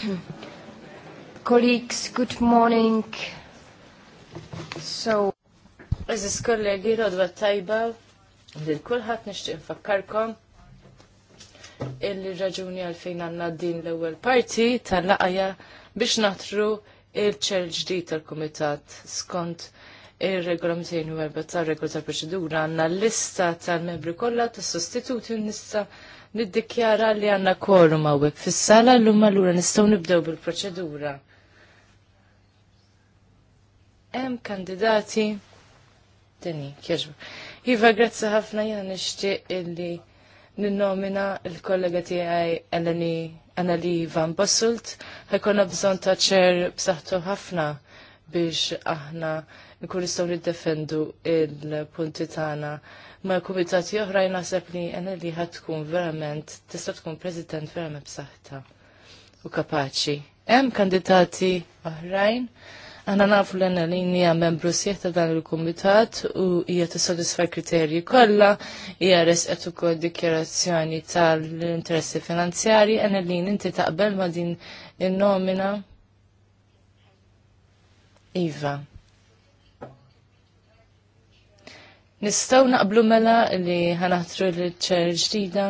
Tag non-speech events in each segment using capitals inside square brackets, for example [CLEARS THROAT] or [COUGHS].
[COUGHS] Colleagues, good morning. So, Aziz kollegi, rodwa tajba, li l-kulħat nishtiq nfakkarkom il-raġuni għalfejn għanna din l-ewel parti tal-laqja biex naħtru il-ċer ġdid tal-Komitat skont il regolament u għarba tal-regol tal-proċedura għanna l-lista tal-membri kollha tas-sostituti nista' niddikjara li għanna korum għawek fis-sala l ura nistaw nibdew bil-proċedura. Hemm kandidati Dini, kjeġbu. Iva, grazzi ħafna jena nishti illi ninnomina il-kollega tiegħi Eleni Anali Van Bossult, ħajkonna bżon ta' ċer b'saħħtu ħafna biex aħna nkun nistaw niddefendu il-punti tagħna ma' kumitati oħra jnaħseb li li ħad tkun verament, tista' tkun president verament b'saħħitha u kapaċi. Hemm kandidati oħrajn. Aħna nafu l li hija membru sieħta ta' dan il-kumitat u hija tissodisfa' kriterji kollha, hija resqet ukoll dikjarazzjoni tal-interessi finanzjari, li inti taqbel ma' din in-nomina. Iva, Nistaw naqblu mela li ħanaħtru l-ċer ġdida?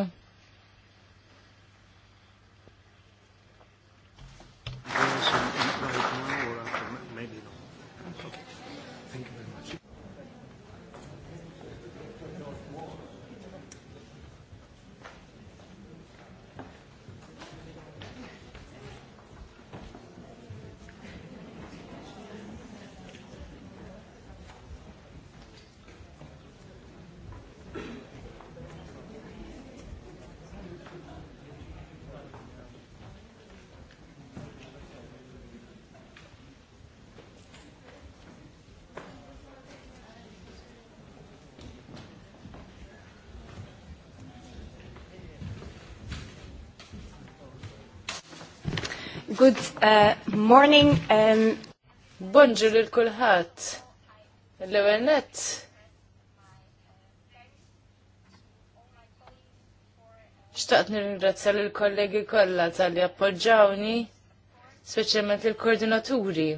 Uh, morning. Um... Bonġur il-kulħat. L-ewenet. Xtaqt nirringrazzja l-kollegi kollha tal-li appoġġawni, speċjalment il-koordinaturi.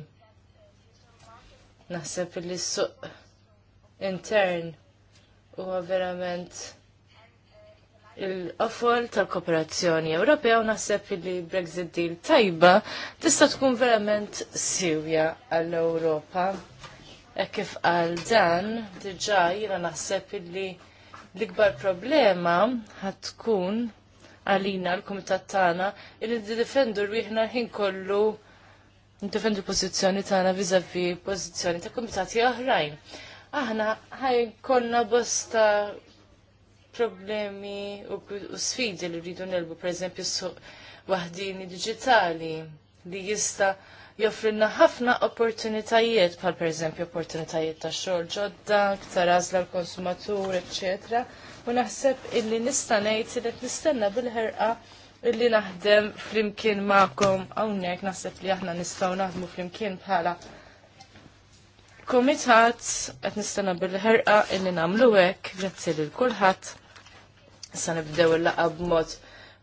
Naħseb li suq intern huwa verament il-qofol tal-kooperazzjoni Ewropea u naħseb li Brexit deal tajba tista' tkun verament sewja għall-Ewropa. E kif għal dan, diġà jiena naħseb li l-ikbar problema ħatkun tkun għalina l-kumitat tagħna li ddifendu rwieħna ħin kollu l pożizzjoni tagħna viżavi pożizzjoni ta' kumitati oħrajn. Aħna ħajkollna bosta problemi u, sfidi li rridu nelbu, per eżempju, suq wahdini digitali li jista joffrinna ħafna opportunitajiet, pal per eżempju opportunitajiet ta' xogħol ġodda, ktar għażla l-konsumatur, ecc. U naħseb illi nista' ngħid li qed nistenna bil-ħerqa illi naħdem flimkien ma'kom hawnhekk naħseb li aħna nistgħu naħdmu flimkien bħala komitat qed nistenna bil-ħerqa illi nagħmlu hekk grazzi lil kulħadd sa nibdew il laqqa b'mod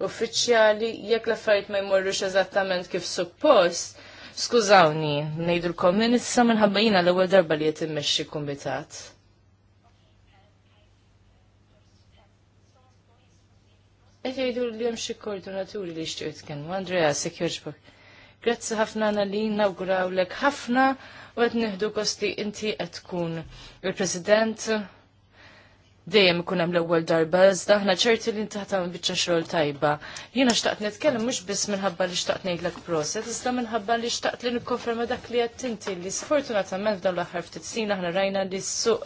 uffiċjali jekk l-affarijiet ma jmorrux eżattament kif suppost. Skużawni, l min issa minħabba jina l-ewwel darba li qed immexxi kumitat. Qed jgħidu li hemm xi koordinaturi li jixtiequ jitkellmu. Andrea, sekjorġbok. Grazzi ħafna għana li nawgurawlek ħafna u għed nihdu kosti inti għed tkun il-President dejjem ikun hemm l-ewwel darba, iżda aħna ċerti li ntaħta biċċa xogħol tajba. Jiena xtaqt nitkellem mhux biss minħabba li xtaqt ngħidlek proset, iżda minħabba li xtaqt li nikkonferma dak li qed tinti li sfortunatament dawn l-aħħar ftit snin aħna rajna li s-suq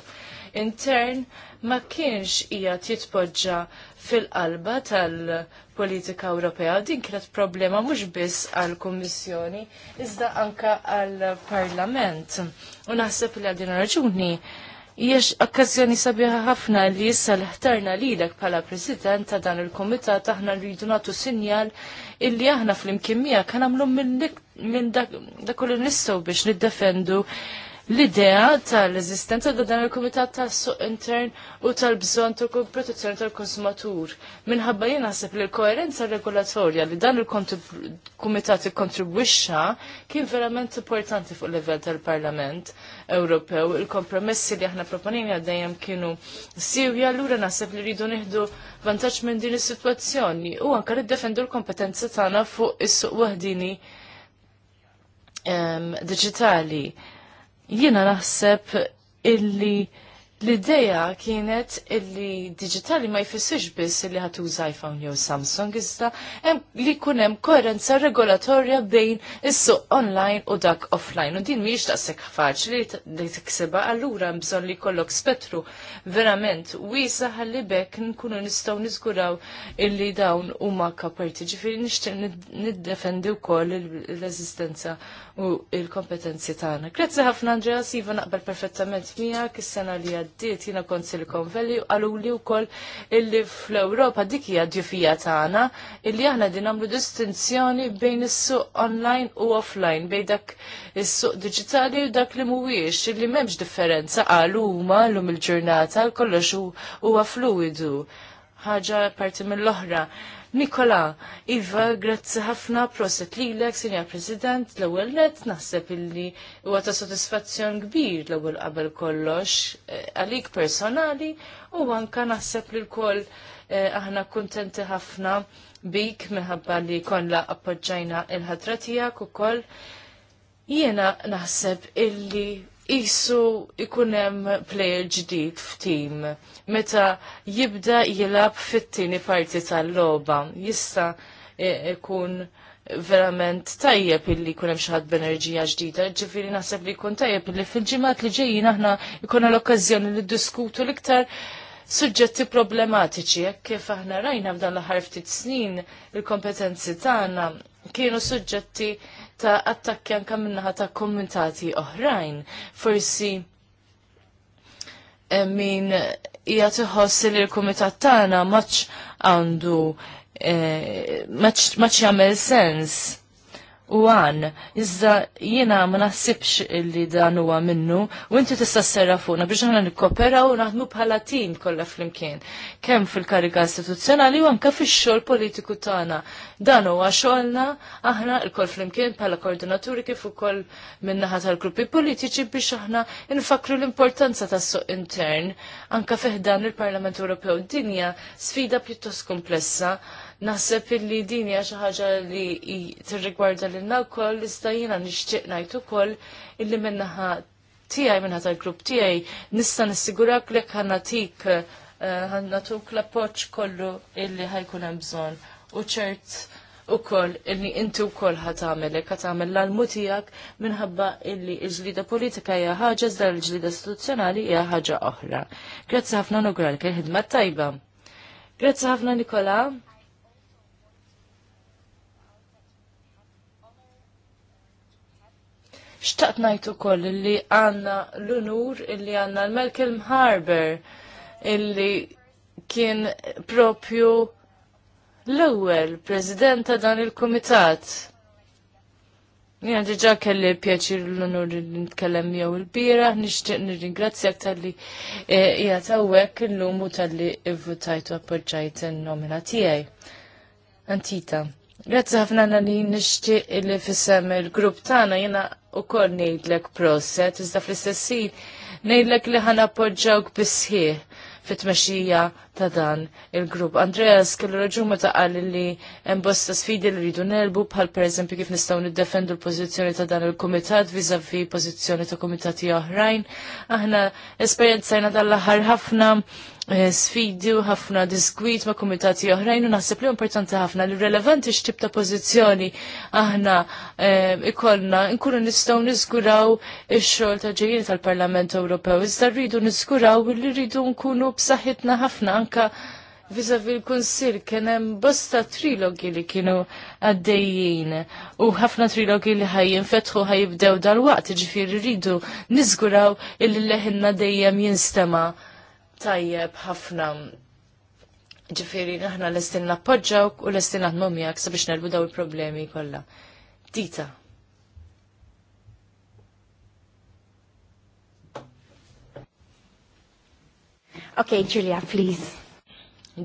intern ma kienx hija jitpoġġa fil-qalba tal-politika Ewropea. Din kienet problema mhux biss għall-Kummissjoni, iżda anka għall-Parlament. U naħseb li għadin raġuni Jiex okkazjoni sabiħa ħafna li issa l-ħtarna li l pala president ta' dan il-komitat aħna rridu natu sinjal illi aħna fl imkimija miegħek kan minn dak kollu nistgħu biex niddefendu l-idea tal-eżistenza ta' dan il-Kumitat tas-Suq Intern u tal-bżonn ta' protezzjoni tal-konsumatur. Minħabba jien naħseb li l-koerenza regolatorja li dan il-Kumitat ikkontribwixxa kien verament importanti fuq livell tal-Parlament Ewropew. Il-kompromessi li aħna proponina dejjem kienu siwja allura naħseb li rridu nieħdu vantaġġ minn din is-sitwazzjoni u anke riddefendu l-kompetenza tagħna fuq is-suq waħdini ehm, digitali Jiena naħseb illi L-ideja kienet illi digitali ma jfissirx biss illi ħatu iPhone jew Samsung iżda li kunem hemm koerenza regolatorja bejn is-suq online u dak offline. U din mhijiex taqsek faċli li tikseba allura hemm li jkollok spettru verament wisa ħalli bekk nkunu nistgħu niżguraw illi dawn huma kaperti. Ġifieri nixtieq niddefendi wkoll l-eżistenza u l-kompetenzi tagħna. Grazzi ħafna Andrea Siva naqbel perfettament miegħek is-sena li għaddiet jina kont Silicon Valley għallu li wkoll illi fl-Ewropa dik hija ġifija tagħna illi aħna din nagħmlu distinzjoni bejn is-suq online u offline bejn dak is-suq digitali u dak li mhuwiex illi m'hemmx differenza qalu huma llum il-ġurnata kollox huwa fluidu ħaġa parti mill ohra Nikola, Iva, grazzi ħafna, proset li l-ek, sinja president, l-ewel let, naħseb illi u għata sotisfazzjon kbir l-ewel qabel kollox, eh, għalik personali, u għanka naħseb li l-koll eh, aħna kontenti ħafna bik minħabba li la appoġġajna il-ħatra u koll. Jiena naħseb illi isu ikunem plejer ġdid f'tim meta jibda jilab fit-tieni parti tal-loba. Jista' e- ikun verament tajjeb illi jkun hemm xi ħadd b'enerġija ġdida, ġifiri naħseb li jkun tajjeb illi fil-ġimgħat li ġejjin aħna jkollna l-okkażjoni li diskutu l-iktar suġġetti problematiċi jekk kif aħna rajna f'dan l-aħħar ftit snin il-kompetenzi tagħna kienu suġġetti ta' attakki anka minnaħa ta' kommentati oħrajn. Forsi eh, min hija tiħoss li l-kumitat tagħna maċ għandu eh, maċ jagħmel sens U għan, Iżda jiena ma naħsibx li dan huwa minnu u inti tista' serra fuqna biex aħna nikkopera u naħdmu bħala tim kollha flimkien. Kemm fil-kariga istituzzjonali u anke fix-xogħol politiku tagħna. Dan huwa xogħolna aħna lkoll flimkien bħala koordinaturi kif ukoll min-naħa tal-gruppi politiċi biex aħna nfakru l-importanza tas-suq intern anke fih dan il-Parlament Ewropew. Dinja sfida pjuttost komplessa naħseb illi din hija xi ħaġa li tirrigwarda lilna wkoll iżda jiena nixtieq ngħid ukoll illi minnaħa tiegħi minnaħa tal-grupp tiegħi nista' nissigurak li lek ħanatik ħannatuk eh, l-appoġġ kollu illi ħajkun hemm bżonn u ċert u koll illi inti u koll ħatamelek, tagħmel l-almu tijak minħabba illi il-ġlida politika hija ħaġa zda l-ġlida istituzzjonali hija ħaġa oħra. Grazzi ħafna nugra l ħidma tajba. Grazzi ħafna Nikola. Xtaqt najtu koll illi għanna l-unur illi għanna l-Malcolm Harbour illi kien propju l ewel president ta' dan il-kumitat. Jena diġa kelli pjaċir l-onur li nitkellem jew il-bira, nishtiq nir-ringrazzjak tal-li e, jgħatawek l-lum u tal-li votajtu appoġġajt il-nomina tijaj. Antita, grazzi ħafna li nishtiq li fissem il-grupp tana jena u kol nejdlek proset, iżda fl-istessin nejdlek li ħana poġġawk bisħieħ fit-tmexxija ta' dan il-grupp. Andreas kellu raġun meta għalli li hemm bosta sfidi li rridu nelbu bħal pereżempju kif nistgħu niddefendu l-pożizzjoni ta' dan il-kumitat fi pożizzjoni ta' kumitati oħrajn. Aħna esperjenzajna tal-aħħar ħafna Eh, sfidi u ħafna diskwit ma' komitati oħrajn u naħseb li importanti ħafna li relevanti x'tib ta' pożizzjoni aħna eh, ikollna nkunu nistgħu niżguraw ix-xogħol ta' ġejjieni tal-Parlament Ewropew. Iżda rridu niżguraw li rridu nkunu b'saħħitna ħafna anka vizavi l-konsil kien hemm bosta trilogi li kienu għaddejjin u ħafna trilogi li ħajjinfetħu ħajibdew dal-waqt ġifieri rridu niżguraw illi leħinna dejjem jinstema' tajjeb ħafna. Ġifiri, aħna l-estin nappoġġawk u l istin naħdmu sabiex nerbu daw il-problemi kollha. Tita. Ok, Julia, please.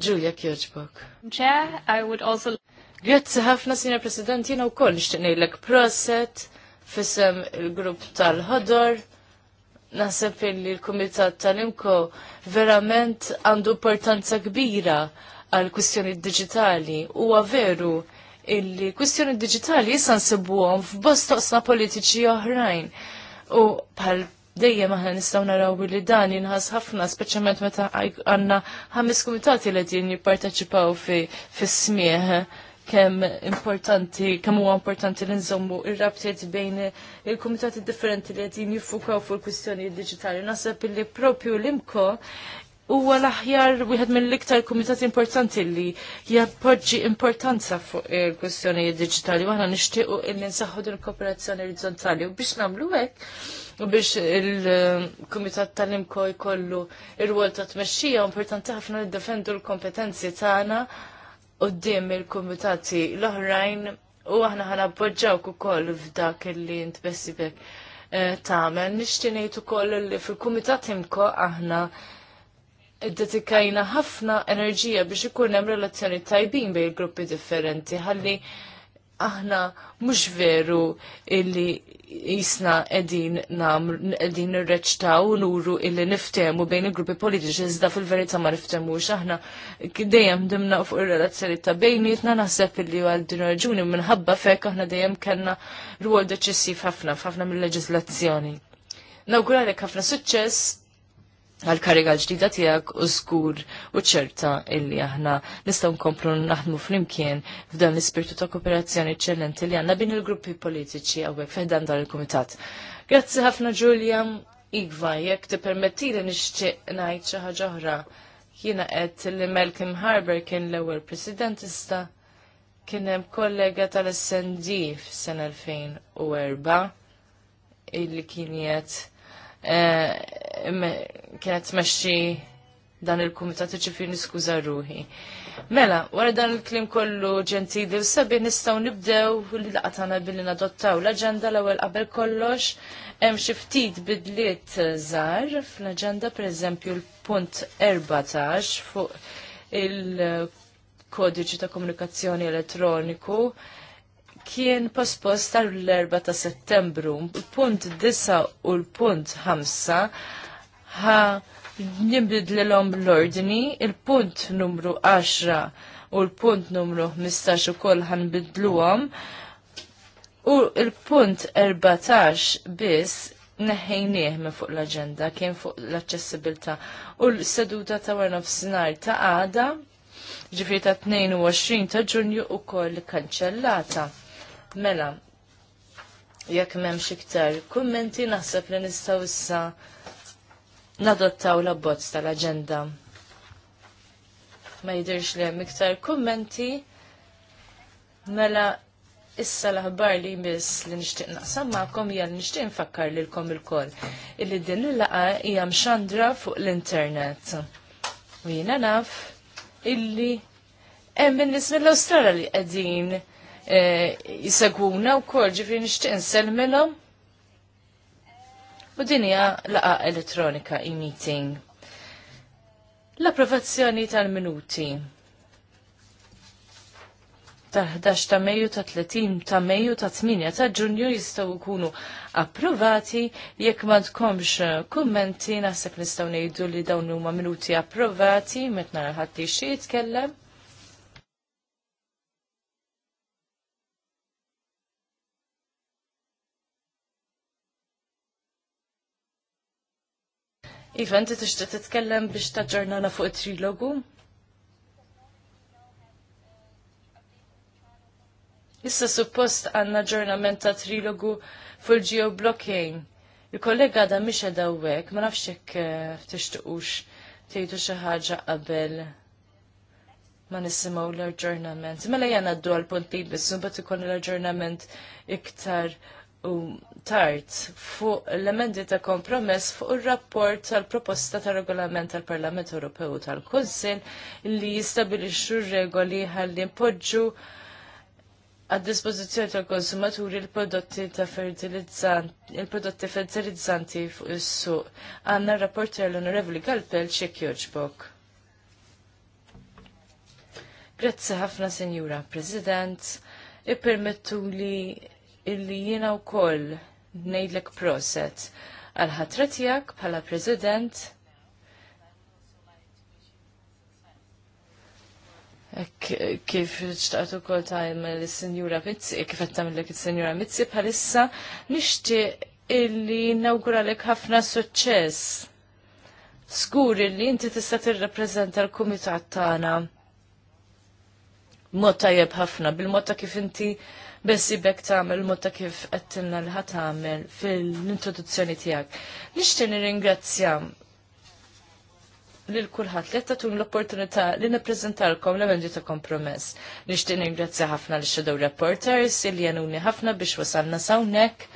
Julia Kjoġbok. Chair, I would also... Grazzi ħafna, Signor President, jena u koll nishtiqnejlek proset fissem il-grupp tal-ħodor. Naħseb li l-Kumitat tal-Imko verament għandu importanza kbira għal kwistjoni digitali u veru illi kwistjoni digitali jissa nsibuhom f'bostoqsna politiċi oħrajn. U bħal dejjem aħna nistgħu naraw li dan jinħas ħafna speċjalment meta għandna ħames kumitati li qegħdin jipparteċipaw fi smieħ kemm importanti, kemm huwa importanti li nżommu ir-rabtiet bejn il-kumitati differenti li qegħdin jiffukaw fuq il-kwistjoni diġitali. Naħseb li propju l-imko huwa l-aħjar wieħed mill-iktar kumitati importanti li jappoġġi importanza fuq il-kwistjoni diġitali u aħna nixtiequ illi nsaħħu din il-kooperazzjoni orizzontali u biex nagħmlu hekk u biex il-kumitat tal-imko jkollu ir-rwol ta' tmexxija importanti ħafna li defendu l-kompetenzi tagħna qoddim il-komitati l-oħrajn u aħna ħana appoġġawk ukoll f'dak li ntbessibek eh, tagħmel. Nixtieq ngħid ukoll li fil-kumitat imko aħna dedikajna ħafna enerġija biex ikun hemm relazzjoni tajbin bejn gruppi differenti ħalli aħna mhux veru illi jisna edin nam, edin u nuru illi niftemu bejn il-gruppi politiċi, iżda fil-verità ma niftemu xaħna dejjem dimna fuq il-relazzjoni ta' bejnietna naħseb illi għal din raġuni minħabba fek aħna dejjem kellna rwol deċessiv ħafna, f'ħafna mill-leġislazzjoni. Nawguralek ħafna suċċess għal-kariga l ġdida tijak u skur u ċerta illi aħna nistaw nkomplu naħdmu flimkien f'dan l-ispirtu ta' kooperazzjoni ċellenti li għanna bin il-gruppi politiċi għawek f'dan dan il-komitat. Grazzi ħafna Ġulja, Igva, jek ti permetti li najt xi ħaġa oħra. Jiena li Malcolm Harbour kien l-ewwel president issa kien hemm kollega tal-SND f'sen 2004 illi kien jgħid eh, kienet tmexxi dan il-kumitat ġifir niskuza ruħi. Mela, wara dan il-klim kollu ġentili, sabi nistaw nibdew li laqatana billi nadottaw l-agenda l-ewwel qabel kollox hemm xi ftit bidliet żgħar fl-aġenda pereżempju l-punt 14 fuq il-kodiċi ta' komunikazzjoni elettroniku kien pospost tal-4 ta' settembru. Il-punt 9 u l-punt 5 ħa nibidlilhom l-ordni il-punt numru 10 u l-punt numru 15 ukoll ħanbidluhom u l-punt 14 biss neħejnieh minn fuq l-agenda kien fuq l accessibilta u l-seduta ta' warna f'sinar ta' għada ġifri ta' 22 ta' ġunju u koll kanċellata. Mela, jekk memx iktar kummenti naħseb li nistaw issa nadottaw l-abbozz tal-agenda. Ma jidirx li hemm iktar kummenti mela issa l-aħbar li jmiss li nixtieq naqsam magħkom hija li nixtieq nfakkar lilkom ilkoll illi din il-laqa hija mxandra fuq l-internet. U jiena naf illi hemm in-nies mill-Awstralja li qegħdin eh, jisegwuna wkoll ġifieri nixtieq nsellmilhom u dinja laqa elettronika e-meeting. L-approvazzjoni tal-minuti ta' 11 ta' Mejju ta' 30 ta' Mejju ta' 8 ta' Ġunju jistgħu jkunu approvati jekk ma tkomx uh, kummenti naħseb nistgħu ngħidu li dawn huma minuti approvati meta nara ħadd jitkellem. Iva, inti tixtieq titkellem biex taġġornana fuq it-trilogu? Issa suppost għanna ġornament ta' trilogu fuq geoblocking. Il-kollega da miex għedawek, ma nafx hekk eh, tixtuqux tgħidu xi ħaġa qabel ma nisimgħu l-aġġornament. Mela jana għaddu għal punt li jbissu, bat ikun l-aġġornament iktar U tard fuq l-emendi ta' kompromess fuq il-rapport tal-proposta ta' regolament tal-Parlament Ewropew tal-Kunsil li jistabilixxu regoli ħalli poġġu għad dispożizzjoni tal-konsumaturi l-prodotti ta' fertilizzanti, il-prodotti fertilizzanti fuq is-suq. Għandna r-rapporter l-Onorevoli Galpel ċek Grazzi ħafna, Senjura President. Ippermettu li illi jiena wkoll ngħidlek proset għal ħatra tiegħek bħala President kif ċtaqt u kol ta' il-Senjura Mizzi, eh, kif għattam l il-Senjura Mizzi bħalissa, nishti illi nawgura lek ħafna suċċess. Skur illi inti tista' tirrappreżenta l-Kumitat tagħna. Mod jeb ħafna, bil motta kif inti Bessi bekk tagħmel mod ta' kif qedtilna li ħat tagħmel fil-introduzzjoni tiegħek. Nixtieq nirringrazzja lil kulħadd li qed l-opportunità li nippreżentalkom l-emendi ta' kompromess. Nixtieq ningrazzja ħafna l shadow reporters li għanuni ħafna biex wasalna sawnek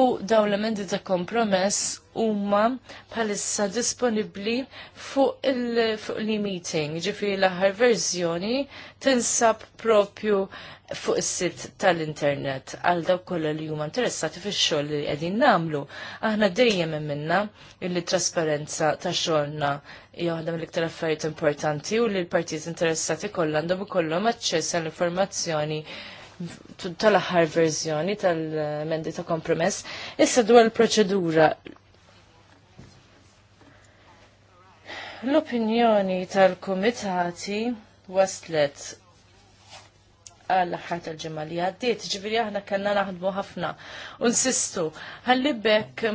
u dawn l-emendi ta' kompromess huma bħalissa disponibbli fuq il-meeting, ġifi ġifiri l-aħħar verżjoni tinsab propju fuq is-sit tal-internet għal dawk kollha li huma interessati fix-xogħol li qegħdin nagħmlu. Aħna dejjem hemm minna li trasparenza ta' xogħolna hija waħda mill-iktar affarijiet importanti u li l-partijiet interessati kollha għandhom ikollhom aċċess għall-informazzjoni tal-aħħar verżjoni tal-mendi ta' kompromess. Issa dwar il-proċedura L-opinjoni tal-komitati waslet għal ħat il-ġemma li għaddiet, ġiviri għahna kanna naħdmu ħafna. Unsistu, għalli bekk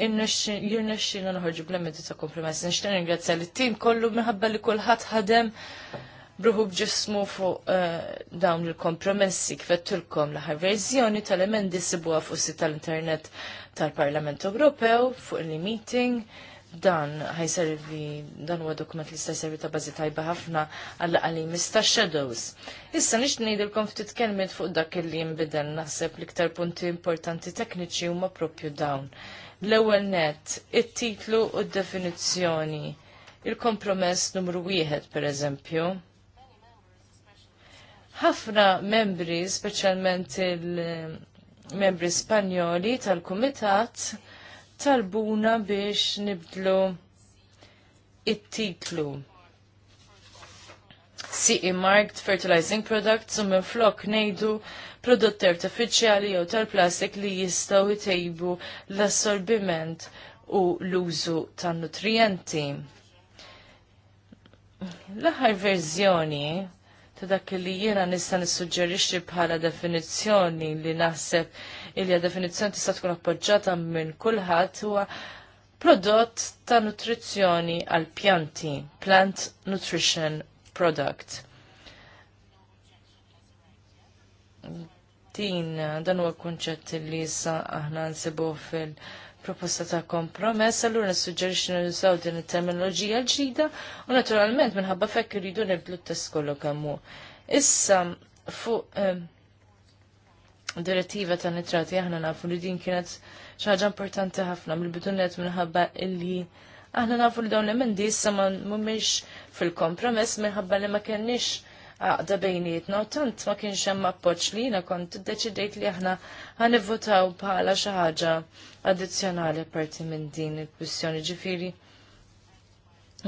jirnexxina nħorġu bl-emedi ta' kompromess. Nishtan ringrazzja li tim kollu miħabba li kulħadd ħadem bruħu bġismu fuq eh, dawn il-kompromessi kvettulkom l-ħar verżjoni tal-emendi sibuha fuq sit tal-internet tal-Parlament Ewropew fuq il-meeting dan ħajservi dan huwa dokument li jista' servi ta' bażi tajba ħafna għal qalim ta' shadows. Issa nix ngħidilkom ftit kelmiet fuq dak li jinbidel naħseb l-iktar punti importanti tekniċi huma propju dawn. L-ewwel net, it-titlu u d-definizzjoni. Il-kompromess numru wieħed pereżempju ħafna membri, speċjalment il-membri Spanjoli tal-Kumitat, talbuna biex nibdlu it-titlu. CE marked fertilizing products u minn flok nejdu prodotti artificiali jew tal-plastik li jistgħu jtejbu l-assorbiment u l-użu tan nutrijenti. L-aħħar verżjoni ta' dak li jiena nista' nissuġġerixxi bħala definizzjoni li naħseb ilja definizzjoni tista' tkun appoġġjata minn kulħadd huwa prodott ta' nutrizzjoni għal pjanti, plant nutrition product. Din dan huwa kunċett li issa aħna nsibu fil- proposta ta' kompromess, allura nissuġġerixxi nużaw din it-terminoloġija l-ġdida u naturalment minħabba fekk iridu nibdlu t-test kollu kemm hu. Issa fuq direttiva ta' nitrati aħna nafu li din kienet xi ħaġa importanti ħafna mill-bidunet minħabba illi aħna nafu li dawn l issa ma mhumiex fil-kompromess minħabba li ma kenniex għaqda bejnietna u tant ma kienx hemm appoġġ li jiena kont iddeċidejt li aħna ħanivvotaw bħala xi ħaġa addizzjonali parti minn din il kwissjoni ġifieri.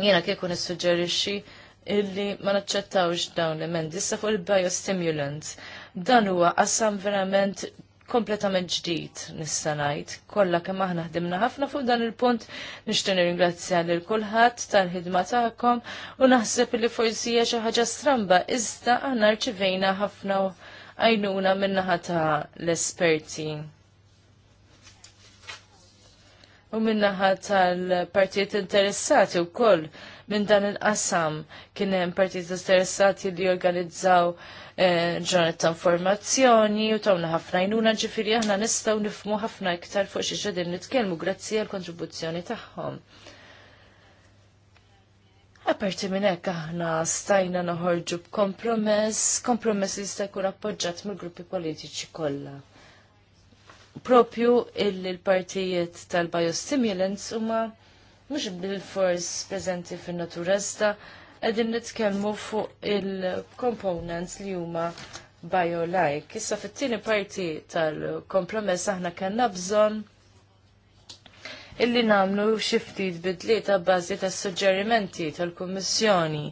Jiena kieku nissuġġerixxi illi ma naċċettawx dawn l-emendi issa fuq il biostimulant Dan huwa qasam verament kompletament ġdid nista' ngħid. Kollha kemm aħna ħdimna ħafna fuq dan il-punt nixtieq nirringrazzja lil kulħadd tal-ħidma tagħkom u naħseb li forsi hija xi ħaġa stramba iżda aħna rċivejna ħafna għajnuna min-naħa ta' l-esperti. U min-naħa tal-partijiet interessati wkoll minn dan il-qasam kien hemm partijiet interessati li organizzaw Eh, ġranet ta' informazzjoni u tawna ħafna jnuna ġifiri aħna nistaw nifmu ħafna iktar fuq xi ġadin nitkellmu grazzi għal kontribuzzjoni tagħhom. Aperti minn hekk aħna stajna noħorġu b'kompromess, kompromess li jista' jkun appoġġat mill-gruppi politiċi kollha. Propju il-partijiet tal-biostimulants huma mhux bil-fors preżenti fin-natura iżda qegħdin nitkellmu fuq il-components li huma bio-like. Issa fit-tieni parti tal-kompromess aħna kellna bżonn illi namlu xi ftit bidliet ta' bażi tas suġġerimenti tal-Kummissjoni.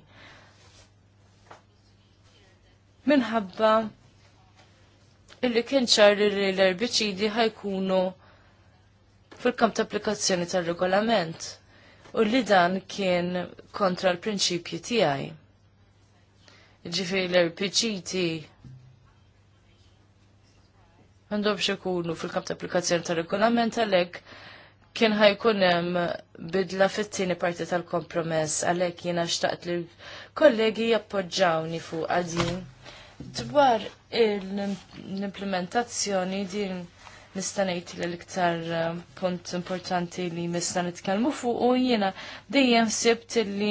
Minħabba illi kien ċar li l-erbiċidi ħajkunu fil-kamp ta' applikazzjoni tal-regolament u li dan kien kontra l-prinċipji tiegħi. Ġifieri l-RPGT għandhom ikunu fil kap ta' applikazzjoni tal-regolament għalhekk kien ħajkun hemm bidla fit-tieni parti tal-kompromess għalhekk jiena xtaqt li kollegi jappoġġawni fuq għadin dwar il implementazzjoni din nista' ngħid li l-iktar eh, punt importanti li nista' nitkellmu fuq u jiena dejjem sibt li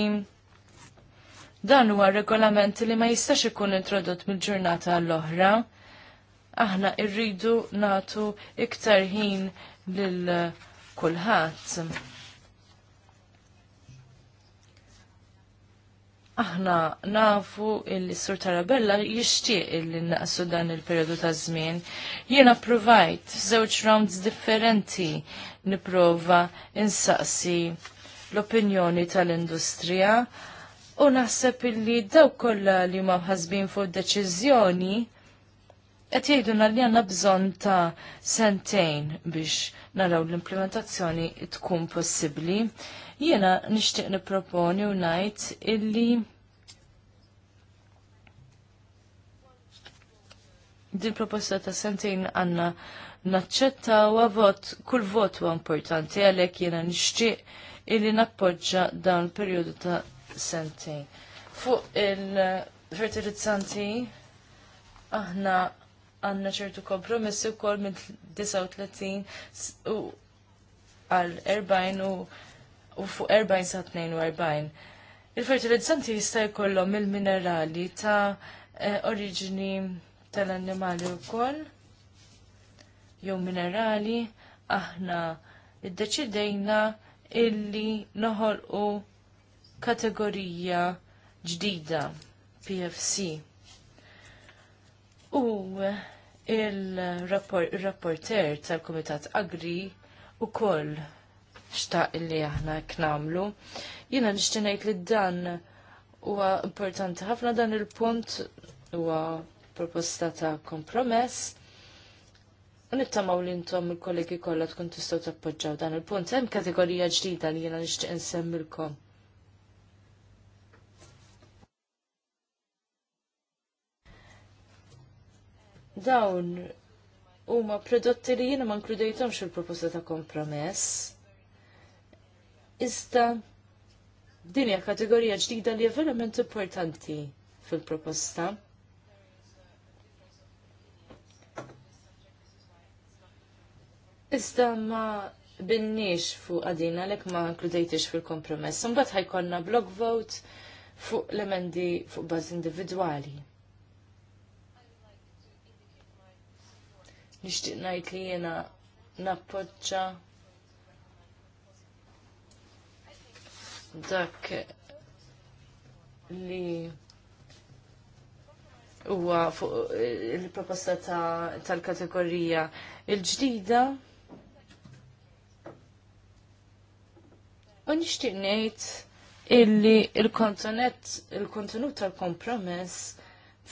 dan huwa regolament li ma jistax ikun introdott mill-ġurnata l-oħra. Aħna irridu nagħtu iktar ħin lil kulħadd aħna nafu il-Sur Tarabella jixtieq il naqsu dan il-periodu ta' żmien. Jena provajt zewċ rounds differenti niprova insaqsi l-opinjoni tal-industrija u naħseb illi daw kollha li ma mħasbin fuq deċiżjoni qed jgħiduna li għandna bżonn ta' sentejn biex naraw l-implementazzjoni tkun possibbli. Jiena nixtieq nipproponi u ngħid illi din proposta ta' sentejn għanna naċċettaw vot, kull vot huwa importanti għalhekk jiena nixtieq illi nappoġġa dan perjodu ta' sentejn. Fuq il-fertilizzanti aħna għanna ċertu kompromessi wkoll minn 39 u għal 40 u u fuq 40 sa 42. Il-fertilizzanti jista' jkollhom il-minerali ta' eh, oriġini tal-annimali wkoll jew minerali aħna iddeċidejna illi noħolqu kategorija ġdida PFC. U il-rapporter tal kumitat Agri u koll xtaq illi aħna knamlu. Jina nishtinajt li dan huwa importanti ħafna dan il-punt huwa proposta ta' kompromess. Nittamaw li ntom il-kollegi kollha tkun tistgħu tappoġġaw dan il-punt. Hemm kategorija ġdida li jiena nixtieq insemmilkom. Dawn huma prodotti li jiena ma nkludejthomx il-proposta ta' kompromess Iżda din hija kategorija ġdida li verament importanti fil-proposta. Iżda ma binniex fuq għadina lek ma kludejtix fil-kompromess. imbagħad ħajkonna blog vote fuq l-emendi fuq baż individwali. Nixtieq ngħid li jiena nappoġġa dak li huwa fuq il-proposta tal-kategorija il-ġdida U nixtieq ngħid illi il-kontenut tal-kompromess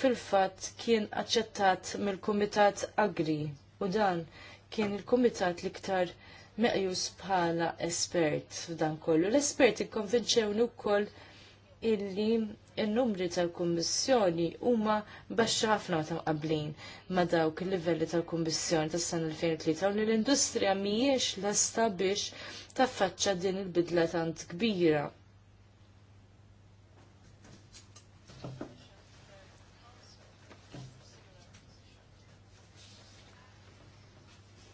fil-fatt kien aċċettat mill-Kumitat Agri u dan kien il-Kumitat l-iktar meqjus bħala espert f'dan kollu. L-espert ikkonvinċewni wkoll illi il-numri tal-Kummissjoni huma baxx ħafna ta' qablin ma' dawk il-livelli tal-Kummissjoni tas san 2003 u l-industrija mhijiex lesta biex taffaċċa din il-bidla tant kbira.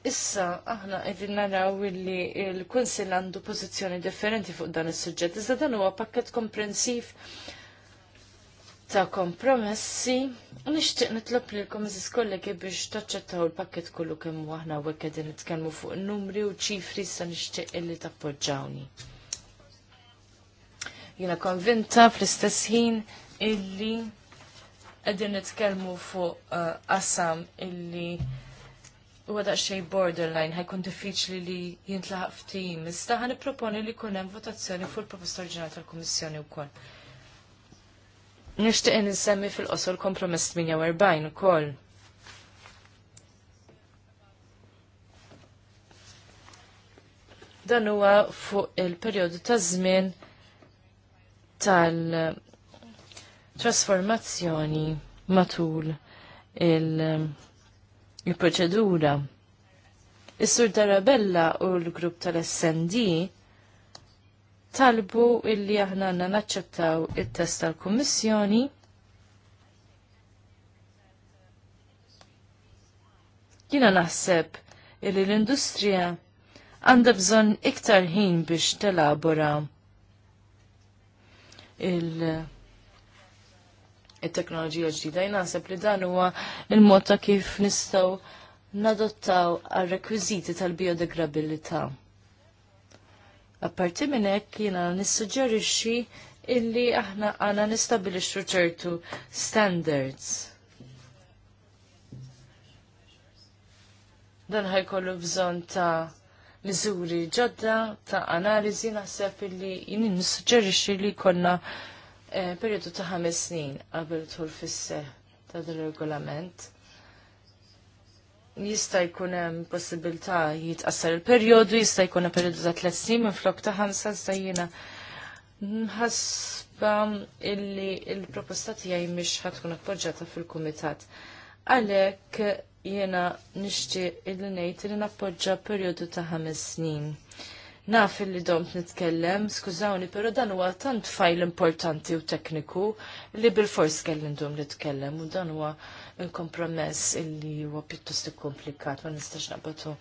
Issa, aħna qegħdin naraw illi l-Kunsill għandu pożizzjoni differenti fuq dan is-suġġett. Iżda dan huwa pakkett komprensiv ta' kompromessi. Nixtieq nitlob lilkom eżis kollegi biex taċċettaw il-pakkett kollu kemm aħna hawnhekk qegħdin nitkellmu fuq numri u ċifri issa nixtieq illi tappoġġawni. Jiena konvinta fl-istess ħin illi qegħdin nitkellmu fuq eh, qasam illi u għada xej borderline ħajkun diffiċli li jintlaħaq f'tim. Iżda ħan proponi li kunem votazzjoni fuq il-proposta oriġinali tal-Kummissjoni wkoll. Nixtieq nisemmi fil-qosor kompromess 48 ukoll. Dan huwa fuq il-perjodu ta' żmien tal-trasformazzjoni matul il- il-proċedura. Is-Sur Darabella u l-grupp tal-SND talbu illi aħna għanna naċċettaw il-test tal-Kummissjoni jina naħseb illi l-industrija għandha bżonn iktar ħin biex telabora il- it-teknoloġija ġdida. Jnaħseb li dan huwa il-mod ta' kif nistgħu nadottaw għal rekwiżiti tal biodegrabilità Apparti minn hekk jiena nissuġġerixxi illi aħna għana nistabilixxu ċertu standards. Dan ħajkollu bżonn ta' miżuri ġodda ta' analiżi naħseb illi jien nissuġġerixxi li konna Eh, periodu ta' ħames snin qabel tul fisse seħ ta' regolament jista' jkun hemm possibilità jitqassar il-perjodu, jista' jkun hemm perjodu ta' tliet snin minn flok ta' ħamsa sa jiena nħassba illi l proposta tiegħi mhix tkun appoġġjata fil-kumitat. Għalhekk jiena nixtieq illi ngħid li nappoġġa perjodu ta' ħames snin. Naf li domt nitkellem, skużawni, pero dan huwa tant fajl importanti u tekniku li bil-fors kellin dom nitkellem u dan huwa il-kompromess illi huwa pjuttost komplikat, ma nistax naqbatu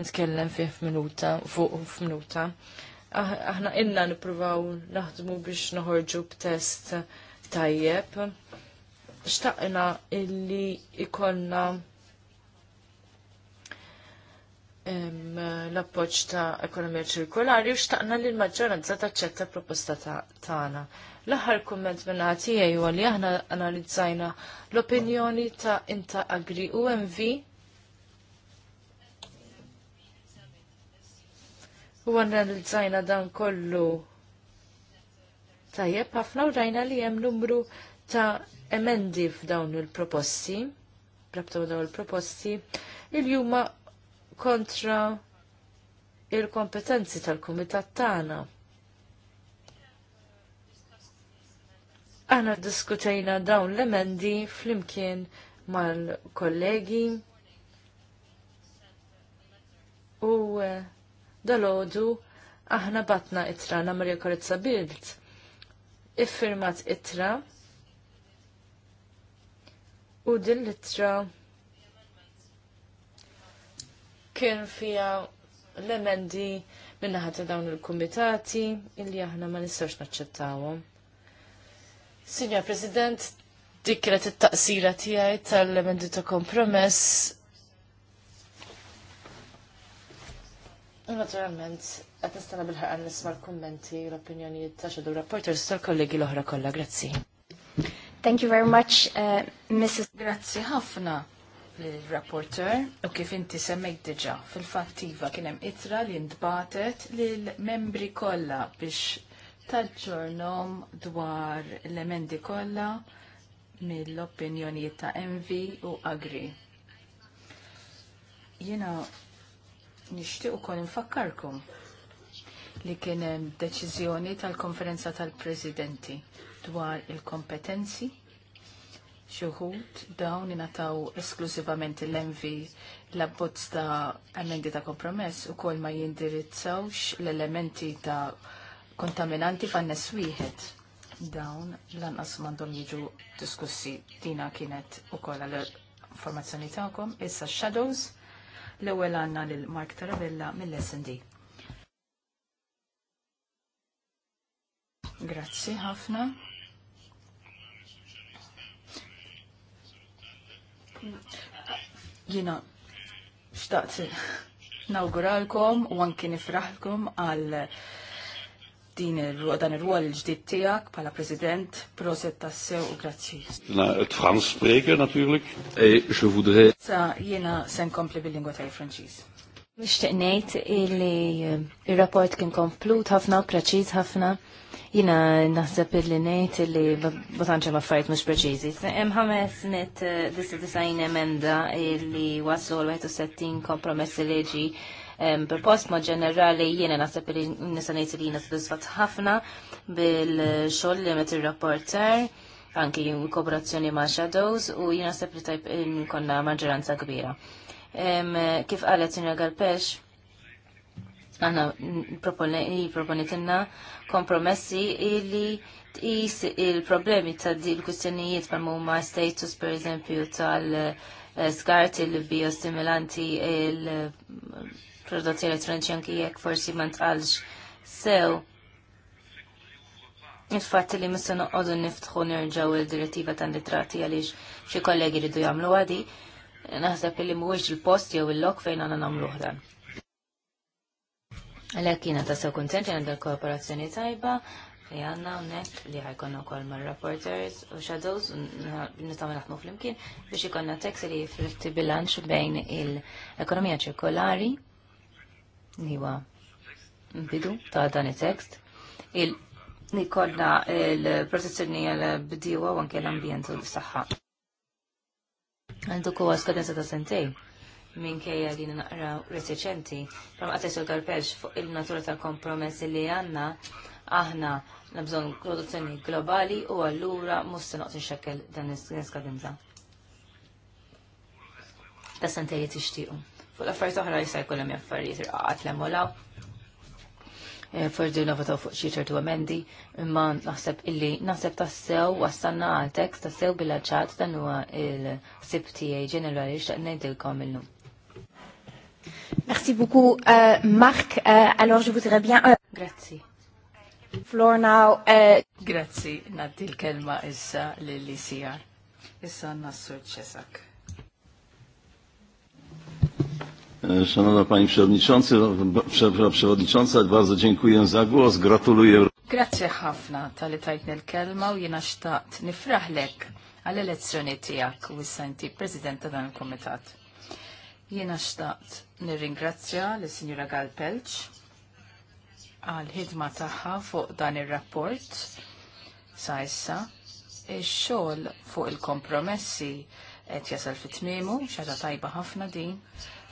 nitkellem fih minuta, fuq f'minuta. Ah, aħna inna nipruvaw naħdmu biex noħorġu b'test tajjeb. Xtaqna illi ikonna l-appoġġ ta' ekonomija ċirkolari u xtaqna li l-maġġoranza taċċetta proposta tagħna. L-aħħar kumment minn tiegħi huwa li aħna analizzajna l-opinjoni ta' Inta Agri UMV u analizzajna dan kollu tajjeb ħafna u rajna li hemm numru ta' emendi f'dawn il-proposti, rabtaw dawn il-proposti, il-juma il proposti il juma kontra il-kompetenzi tal-kumitat tagħna. Aħna diskutejna dawn l-emendi flimkien mal-kollegi u eh, dalodu aħna batna itra na Maria Korizza Bild iffirmat itra u din l-itra kien fija l-emendi minna ħata dawn il-komitati illi aħna ma nistawx naċċettawhom. Signor President, dik kienet it-taqsira tiegħi tal-emendi ta' kompromess. Naturalment, qed nistana bil-ħarqan nisma' l-kummenti u l-opinjonijiet ta' xedur rapporters tal-kollegi l-oħra kollha, grazzi. Thank you very much, uh, Mrs. Grazzi ħafna l-rapporter u kif inti semmejt diġa fil-fattiva kienem itra li ndbatet l-membri kolla biex taġġornom dwar l-emendi kolla mill-opinjonijiet ta' Envi u Agri. Jiena nixtieq ukoll infakkarkom li kienem deċiżjoni tal-konferenza tal-presidenti dwar il-kompetenzi xuħut dawn inataw esklusivament l-envi l-abbozz ta' emendi ta' kompromess u kol ma jindirizzawx l-elementi ta' kontaminanti fan-nes wieħed dawn lanqas mandom jiġu diskussi dina kienet u kol għal informazzjoni ta'kom. Issa Shadows, l-ewel għanna l-Mark Tarabella mill-SND. Grazzi ħafna. Jina, xtaqt nawguralkom u anki nifraħkom għal din dan ir-rwol il-ġdid tiegħek bħala President proset tassew u grazzi. Et Frans spreker natuurlijk. Je voudrais. Sa jiena se nkompli bil-lingwa tal Franċiż. Nishtiq ngħid illi eh, il rapport kien komplut ħafna u preċiż ħafna. Jina naħseb illi ngħid illi botanċa fajt mhux preċiżi. Hemm ħames mit eh, disajn emenda illi waslu l-61 kompromess leġi propost ma ġenerali jiena naħseb li nisa ngħid li jiena sodisfatt ħafna bil-xogħol li met ir-rapporter anki kooperazzjoni ma' Shadows u jiena naħseb li tajb konna maġġoranza kbira kif qalet Sinja għanna proponi tenna kompromessi illi tqis il-problemi ta' di l-kustjonijiet pal mumma status per eżempju tal-skart il-biostimilanti il-prodotti elettroniċi anki jek forsi ma ntqalx sew. il fatti li mista noqogħdu niftħu nerġgħu il-direttiva tan-nitrati għaliex xi kollegi ridu jagħmlu għadi naħseb li mhuwiex il-post jew il-lok fejn għandna nagħmluh dan. Għalhekk jiena ta' sew kuntent li għandha kooperazzjoni tajba li għandna hawnhekk li ħajkonna wkoll mal reporters u shadows nistgħu naħmu flimkien biex ikollna tekst li jifritti bilanċ bejn il-ekonomija ċirkolari Niwa n'bidu bidu ta' dan it-tekst il-Nikolna il-protezzjoni għal-bdiwa u anke l-ambjent u l-saxħa. Għandu kowa skadenza ta' sentej minn kejja li naqra reċeċenti. Pram għatessu għarpelx fuq il-natura tal-kompromess li għanna aħna nabżon produzzjoni globali u għallura mus noqt nxekkel dan skadenza. Ta' sentej jtixtiqu. Fuq l-affarijiet oħra jista' jkollhom affarijiet irqaqat l-emolaw Eh, of she fuq xi amend emendi, imma naħseb illi naħseb tassew wassalna għal text tassew bilanċat dan huwa il-sib tiegħi ġenerali x'taq ngħidilkom kamilnu Merci beaucoup, uh, Marc. uh, alors, je voudrais bien... uh, Grazie. Floor now. uh, Grazie, naddi l-kelma issa l-LCR. Issa nassur ċesak. E, szanowna Pani Przewodniczący, Przewodnicząca, bardzo dziękuję za głos, gratuluję. Grazie ħafna tali li l-kelma u jena xtaqt nifraħlek għall-elezzjoni tijak u jissanti prezidenta President ta' dan il-Komitat. Jena xtaqt nirringrazzja l-Sinjura Galpelċ għal-ħidma taħħa fuq dan il-rapport sa' issa. il xogħol fuq il-kompromessi qed jasal fit-tmiemu, xaġa tajba ħafna din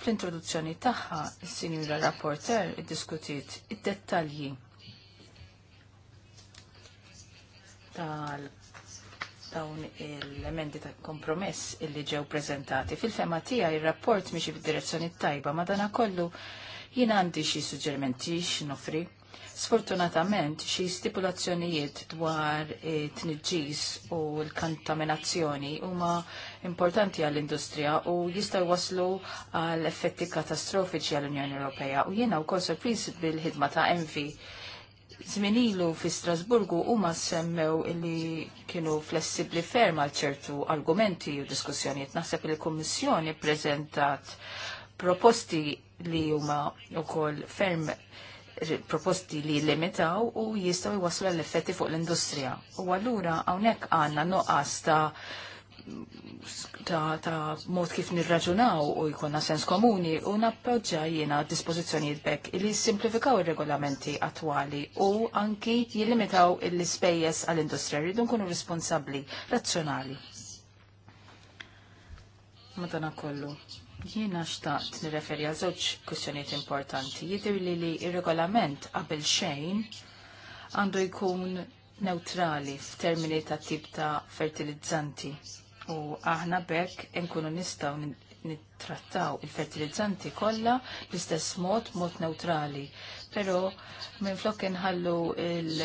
Fl-introduzzjoni tagħha is-Sinjura Rapporter iddiskutiet id-dettalji tal dawn il-emendi ta' kompromess illi ġew prezentati. Fil-fema tiegħi ir-rapport miexi fid-direzzjoni tajba, ma dana kollu jien għandi xi suġġerimenti x'nofri. Sfortunatament, xi stipulazzjonijiet dwar it-tniġġis u l-kontaminazzjoni huma importanti għall-industrija u jistgħu waslu għal effetti katastrofiċi għall-Unjoni Ewropea u jiena wkoll sorpriż bil-ħidma ta' Envi. Zminilu fi Strasburgu huma semmew li kienu flessibli ferm għal ċertu argumenti u diskussjonijiet. Naħseb li l-Kummissjoni preżentat proposti li huma wkoll ferm proposti li limitaw u jistaw jwaslu l-effetti fuq l-industrija. U għallura għawnek għanna nuqqas ta' ta', mod kif nirraġunaw u jkonna sens komuni u nappoġġa jiena dispożizzjonijiet bekk li simplifikaw ir-regolamenti attwali u anki jillimitaw l-ispejjeż għall-industrija rridu nkunu responsabbli, razzjonali. Madana kollu. Jiena xtaqt nirreferi għal żewġ kwistjonijiet importanti. Jidher li li ir-regolament qabel xejn għandu jkun neutrali f'termini ta' tip ta' fertilizzanti. U aħna bekk nkunu nistgħu nittrattaw il-fertilizzanti kollha bl-istess mod mod neutrali pero minn flok inħallu il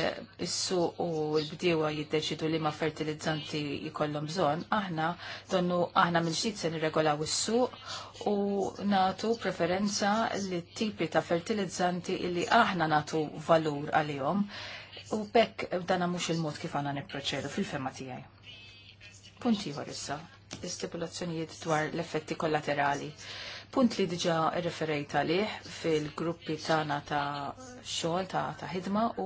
issu u l-bdiewa jiddeċidu li ma fertilizzanti jikollom bżonn, aħna donnu aħna minn ġdid se nirregolaw is-suq u natu preferenza li tipi ta' fertilizzanti li aħna natu valur għalihom. U bekk dana mhux il-mod kif għana nipproċedu fil-fema tiegħi. Punti issa, istipulazzjonijiet dwar l-effetti kollaterali punt li diġa referejt għalih fil-gruppi tagħna ta' xogħol ta' ta' ħidma u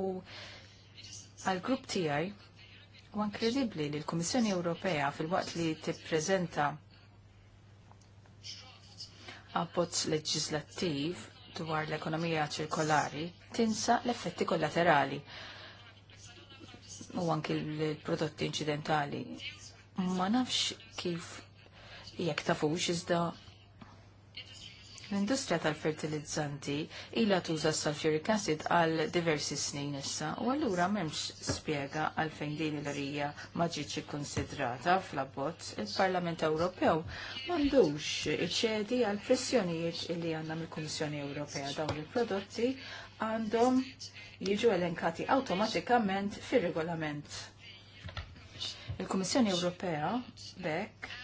għal-grupp tiegħi u inkredibbli li l-Kummissjoni Ewropea fil-waqt li tippreżenta abbozz leġislattiv dwar l-ekonomija ċirkolari tinsa l-effetti kollaterali u anki l-prodotti incidentali. Ma nafx kif jek tafux iżda L-industrija tal-fertilizzanti ilha tuża sulfuric acid għal diversi snin issa u allura m'hemmx spjega għal fejn din l rija ma ġietx ikkonsidrata fl-abbozz il-Parlament Ewropew m'għandux iċedi għal pressjonijiet li għandna mill-Kummissjoni Ewropea dawn il-prodotti għandhom jiġu elenkati awtomatikament fir-regolament. Il-Kummissjoni Ewropea bekk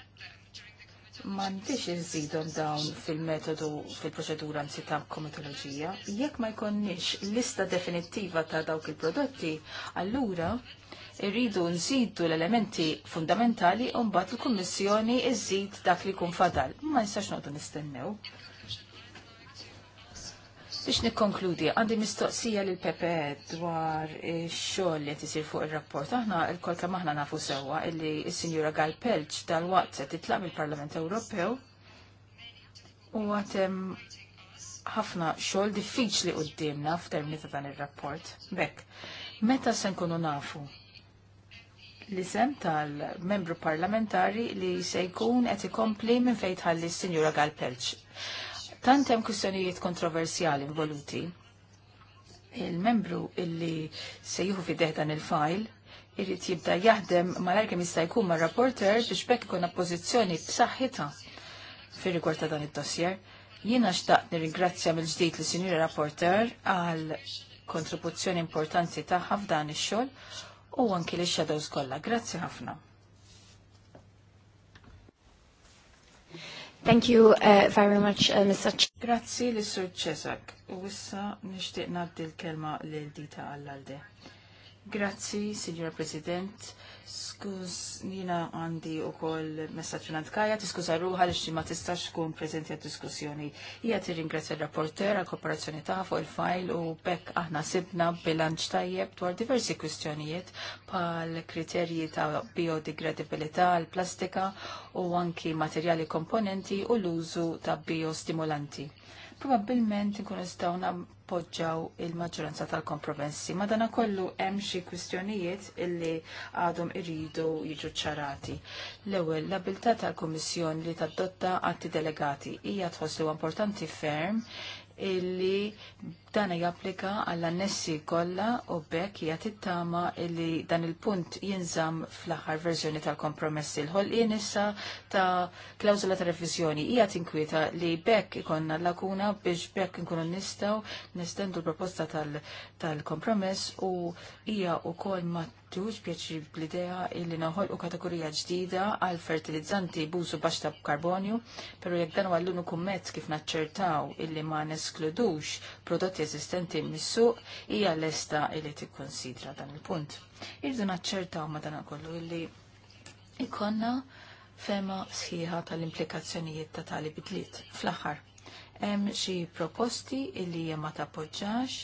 m'għandix irżidhom dawn fil-metodu fil-proċedura msi ta' komitoloġija. Jekk ma jkonniex lista definittiva ta' dawk il-prodotti, allura irridu nżidu l-elementi fundamentali u mbagħad il-Kummissjoni iżid dak li jkun fadal. Ma nistax noqgħdu nistennew. Biex nikkonkludi, għandi mistoqsija lil Pepe dwar xogħol li isir fuq ir-rapport. Aħna l-kol maħna nafu sewwa illi s-Sinjura Pelċ dal-waqt se titlaq mill-Parlament Ewropew u għatem ħafna xogħol diffiċli quddiemna f'termini ta' dan ir-rapport. Bekk, meta se nkunu nafu li sem tal-membru parlamentari li se jkun qed ikompli minn fejn tħalli s-Sinjura Galpelċ tant hemm kwistjonijiet kontroversjali involuti. Il-membru illi se jieħu fideh dan il-fajl irrid jibda jaħdem malar kemm jista' jkun ma' rapporter biex bekk ikun pożizzjoni b'saħħitha fir-rigward ta' dan id-dossier. Jiena xtaqt nirringrazzja mill-ġdid li sinjura rapporter għal kontribuzzjoni importanti tagħha f'dan ix-xogħol u anki li shadows kollha. Grazzi ħafna. Thank you uh, very much, uh, Mr. Grazzi li sur Cesak. U issa nishtiq naddi l-kelma l-dita għall-alde. Grazzi, Signora President. Skuż, nina għandi u koll messaċ minant kaja, tiskuża ruħa li ma tistax kun prezenti għad diskussjoni. Ija tirringrazzja ringrazja il-rapporter għal kooperazzjoni ta' fuq il-fajl u bekk aħna sibna bilanċ tajjeb dwar diversi kwistjonijiet pal kriterji ta' biodegradibilità l plastika u anki materjali komponenti u l-użu ta' biostimulanti. Probabilment nkunu nistgħu Poġġaw il-maġġoranza tal-kompromessi. Madana kollu hemm xi kwistjonijiet illi għadhom iridu jiġu ċarati. L-ewwel l-abilità tal-Kummissjoni li tadotta atti delegati hija tħosslu importanti ferm illi dan japplika għall-annessi kollha u bekk hija tittama illi dan il-punt jinżamm fl-aħħar verżjoni tal-kompromessi l-ħolqien issa ta' klawżola ta' reviżjoni hija tinkwieta li bekk ikonna lakuna biex bekk inkunu nistgħu nestendu l-proposta tal-kompromess u hija wkoll ma' ħadux pjaċir bl-idea illi noħol u kategorija ġdida għal fertilizzanti bużu baxx ta' karbonju, pero jekk dan għallun u kummet kif naċċertaw illi ma neskludux prodotti eżistenti mis-suq, hija lesta illi tikkonsidra dan il-punt. Irdu naċċertaw ma dan kollu illi ikonna fema sħiħa tal-implikazzjonijiet ta' tali bidliet. Fl-aħħar, hemm xi proposti illi ma tappoġġax,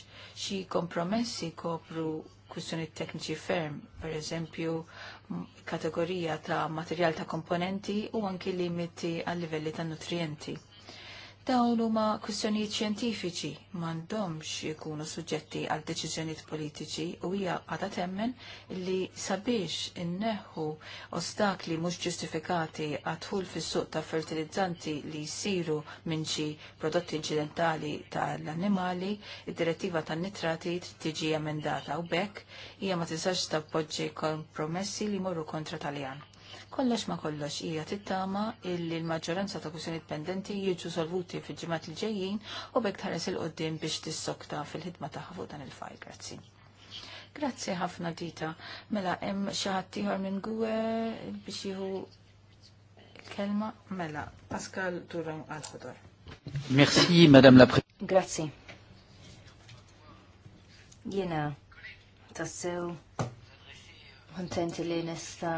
xi kompromessi kopru kwistjoni tekniċi ferm, per eżempju kategorija ta' materjal ta' komponenti u anki limiti għal livelli ta' nutrienti. Dawn huma kwistjonijiet xjentifiċi m'għandhomx ikunu suġġetti għal deċiżjonijiet politiċi u hija għadha temmen li sabiex inneħħu ostakli mhux ġustifikati għadħul fis-suq ta' fertilizzanti li jsiru minn xi prodotti inċidentali tal-annimali, id-direttiva tan-nitrati tiġi emendata u bekk hija ma tistax tappoġġi kompromessi li jmorru kontra Taljan. Kollox ma kollox hija tittama illi l-maġġoranza ta' kwistjonijiet pendenti jiġu solvuti fil-ġimgħat li ġejjin u bek tħares il qoddim biex tissokta fil-ħidma tagħha fuq dan il-fajl. Grazzi. Grazzi ħafna dita. Mela hemm xi ħadd ieħor minn gwe biex jieħu kelma mela Pascal Duran għal-ħodor. Merci, Madame la Presidente. Grazzi. Jena, tassew, kontenti li nista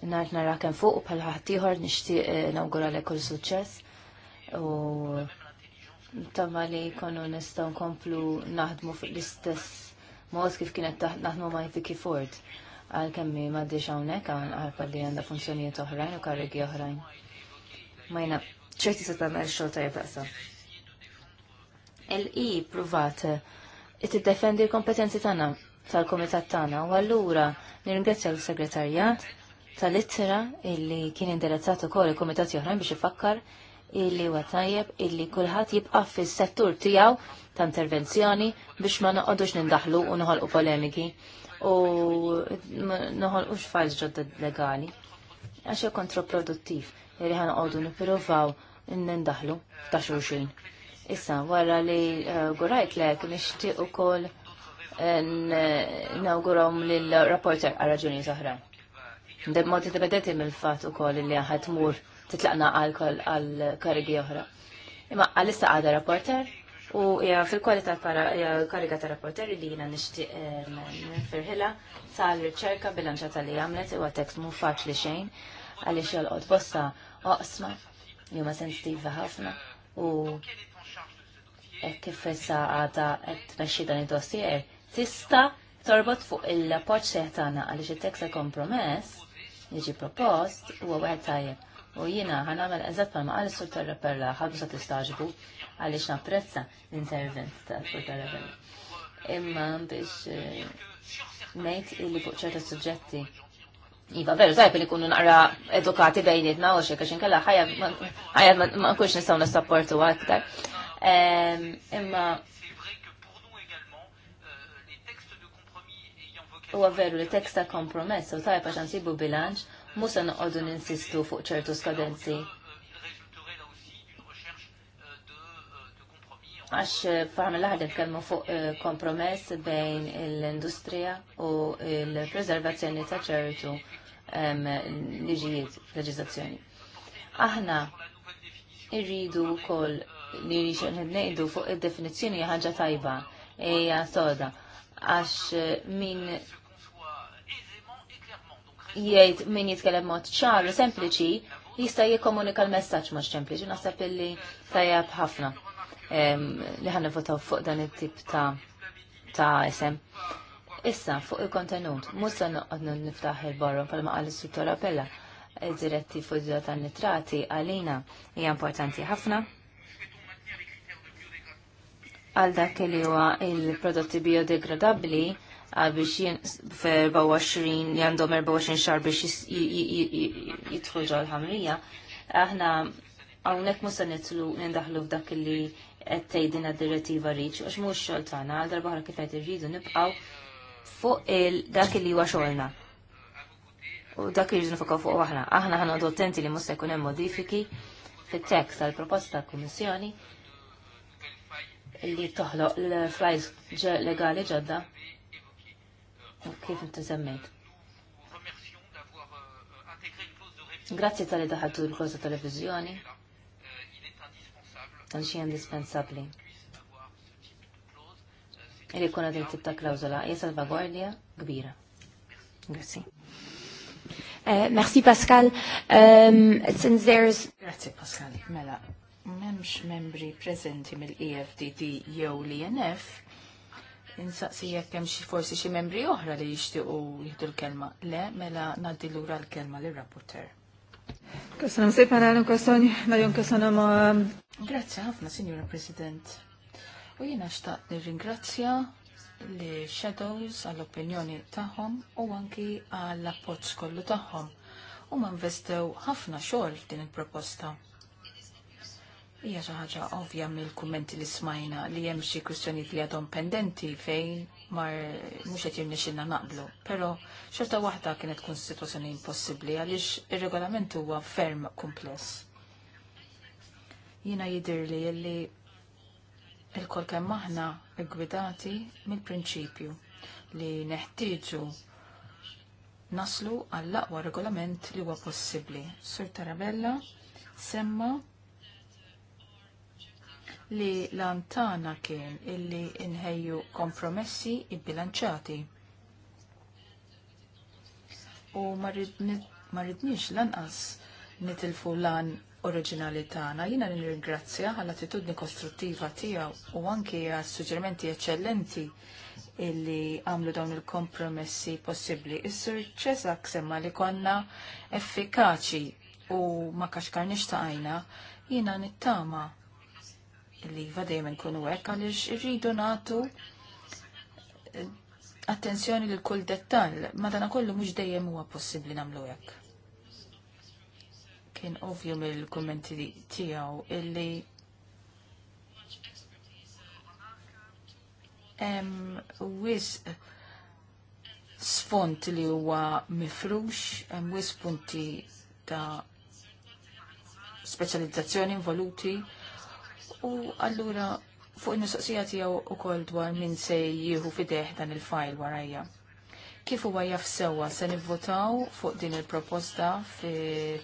nart nara kem fuq u bħal ħatiħor nishtiq eh, nawgura li kull suċċess u tamma li konu nistaw nkomplu naħdmu fuq l-istess mod kif kienet naħdmu ma' Vicky Ford għal kemmi maddi xawnek għan għarpa li għanda funzjonijiet oħrajn u karrigi oħrajn. Majna, ċerti se tamel xol tajab għasa. Il-i provat eh, it-defendi l-kompetenzi tana tal-komitat tana u għallura nirringrazzja l-segretarjat tal-ittra illi kien indirizzat ukoll il-kumitat oħrajn biex ifakkar illi huwa tajjeb illi kulħadd jibqa' fis-settur tiegħu ta' intervenzjoni biex ma noqogħdux nindaħlu u noħolqu polemiki u noħolqux fajls ġodda legali. Għax kontraproduttiv li ħana qogħdu nippruvaw nindaħlu ta' xulxin. Issa, wara li eh, gurajt lek nixtieq ukoll nawgurom lill-rapporter għal raġuni oħrajn mod dipendenti mill-fatt ukoll li għahat mur titlaqna għal għal-karigi oħra. Imma għalissa għada rapporter u fil-kwalità kariga ta' rapporter li jiena nixtieq firħila sal riċerka bil-anċata li għamlet u għatek mu faċli xejn għaliex jolqot bosta oqsma li huma sensittiva ħafna u e kif issa għada qed meċi dan id-dossier tista' torbot fuq il-appoġġ seħtana għaliex it-tekst kompromess jiġi propost huwa wieħed tajjeb. U jiena ħanamel eżatt palma għal sur tar-rappella ħalbu sa tistaġbu għaliex napprezza l-intervent tal sur tar Imma biex eh, ngħid illi fuq ċerta suġġetti Iva, veru, tajb li kunu naqra edukati bejnietna u xek, għaxin kalla ħajja ma nkunx nistaw nissapportu għaktar. Imma Huwa veru li tekst ta' kompromess u tajba xan sibu bilanċ musa noqogħdu ninsistu fuq ċertu skadenzi. Għax eh, faham l-ħad kelmu fuq eh, kompromess bejn l-industrija u l-preservazzjoni ta' ċertu liġijiet leġizazzjoni. Aħna irridu kol li nejdu fuq il-definizjoni ħaġa tajba, eja soda, għax eh, min jgħid min jitkellem mod ċar u sempliċi jista' jikkomunika l-messaġġ mod sempliċi naħseb illi tajab ħafna li ħan votaw fuq dan it-tip ta' ta' Issa fuq il-kontenut, mhux se niftaħ il borro bħalma qal is-suttora Pella diretti fuq id-dor tan-nitrati għalina hija importanti ħafna għal dak li huwa il-prodotti biodegradabbli biex f-24 li għandhom 24 xar biex jitħu ġol ħamrija, aħna għawnek musa nitlu nindaħlu f'dak li għettejdina direttiva riċ, għax mux xol tana, għal-darbaħra kifet irridu nibqaw fuq il dak li għaxolna. U dak li rridu fuq għahna. aħna. Aħna ħana dottenti li musa jkun hemm modifiki fit-tekst tal-proposta tal-Kummissjoni li toħloq l-flajs legali ġodda kif inti semmejt. Grazzi tal-li daħaltu l-klosa televizjoni. Kan xie indispensabli. Irri kuna din tip ta' klawzola. Hija salvagwardja kbira. Grazzi. Eh, merci Pascal. Um, since there's... Grazie Pascal. Mela, memx membri prezenti mill-EFDD jew l-INF, e Insaqsi jekk hemm xi forsi xi membri oħra li jixtiequ jieħdu l-kelma. Le, mela ngħaddi lura l-kelma lir-rapporter. Köszönöm szépen, elnök asszony, ma köszönöm a... Grazie ħafna, Signora President. U jiena xtaqt nirringrazzja li Shadows għall-opinjoni tagħhom u anki għall-appoġġ kollu tagħhom. U ma investew ħafna xogħol din il-proposta. Hija xi ħaġa ovvja mill-kummenti li smajna li hemm xi kwistjonijiet li għadhom pendenti fejn mar mhux qed jirnexxilna naqblu. Però xorta waħda kienet tkun sitwazzjoni impossibbli għaliex ir-regolament huwa ferm kumpless. Jiena jidir li li il-kol kemm aħna gwidati mill-prinċipju li neħtieġu naslu għall-aqwa regolament li huwa possibbli. Sur Tarabella semma' li lantana kien illi inħejju kompromessi ibbilanċati. U marridniex lanqas nitilfu lan oriġinali tagħna. Jiena nirringrazzja għall attitudni kostruttiva tiegħu u anke għas suġġerimenti eċċellenti illi għamlu dawn il-kompromessi possibbli. Is-sur ċesak semma li konna effikaċi u ma kaxkarniex ta' jina jiena nittama li iva dejjem nkunu hekk għaliex irridu nagħtu eh, attenzjoni lil kull dettall, madanakollu mhux dejjem huwa possibbli nagħmlu hekk. Kien ovvju mill-kummenti tiegħu illi hemm wisq sfont li huwa mifrux, hemm wis punti ta' speċjalizzazzjoni involuti, U allura fuq il-mistoqsija tiegħu ukoll dwar min se jieħu fideħ dan il-fajl warajja. Kif huwa jaf sewwa se nivvotaw fuq din il-proposta fi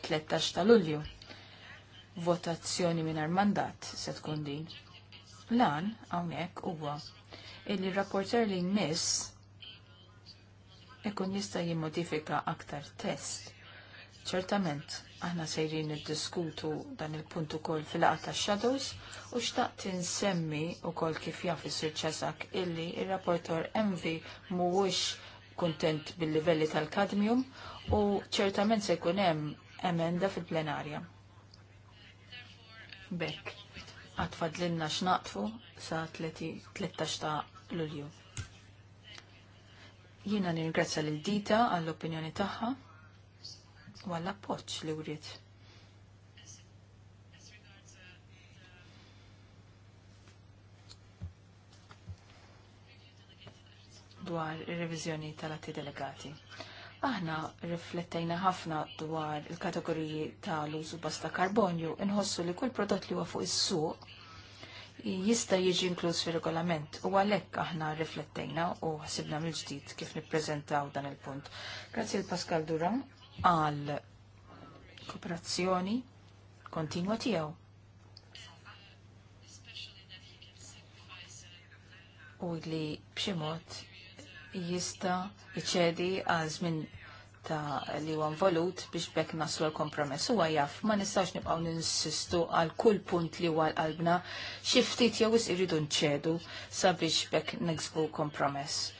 13 ta' Lulju. Votazzjoni mingħajr mandat se tkun din. Lan hawnhekk huwa illi rapporter li jmiss ikun jista' jimmodifika aktar test Ċertament, aħna sejrin id-diskutu dan il-punt ukoll fil-laqa ta' Shadows u xtaqt insemmi koll kif jaf il sir Ċesak illi il rapportor MV Envi mhuwiex kuntent bil-livelli tal-kadmium u ċertament se jkun hemm emenda fil-plenarja. Bekk għatfadlinna xnaqfu sa 13 ta' lulju. Jiena nirgrazza l-dita għall-opinjoni tagħha u għall appoġġ li wrid. dwar ir revizjoni tal-atti delegati. Aħna riflettejna ħafna dwar il-kategoriji tal-użu basta karbonju, inħossu li kull prodott li huwa fuq is-suq jista' jiġi inkluż fir-regolament u għalhekk aħna riflettejna u ħsibna mill-ġdid kif nippreżentaw dan il-punt. Grazzi l Pascal Duran għal kooperazzjoni kontinwa tiegħu. U li b'xi mod jista' iċedi għal żmien ta' li huwa involut biex bekk naslu l-kompromess huwa jaf ma nistax nibqgħu ninsistu għal kull punt li huwa qalbna xi ftit jew iridu nċedu sabiex bekk niksbu kompromess.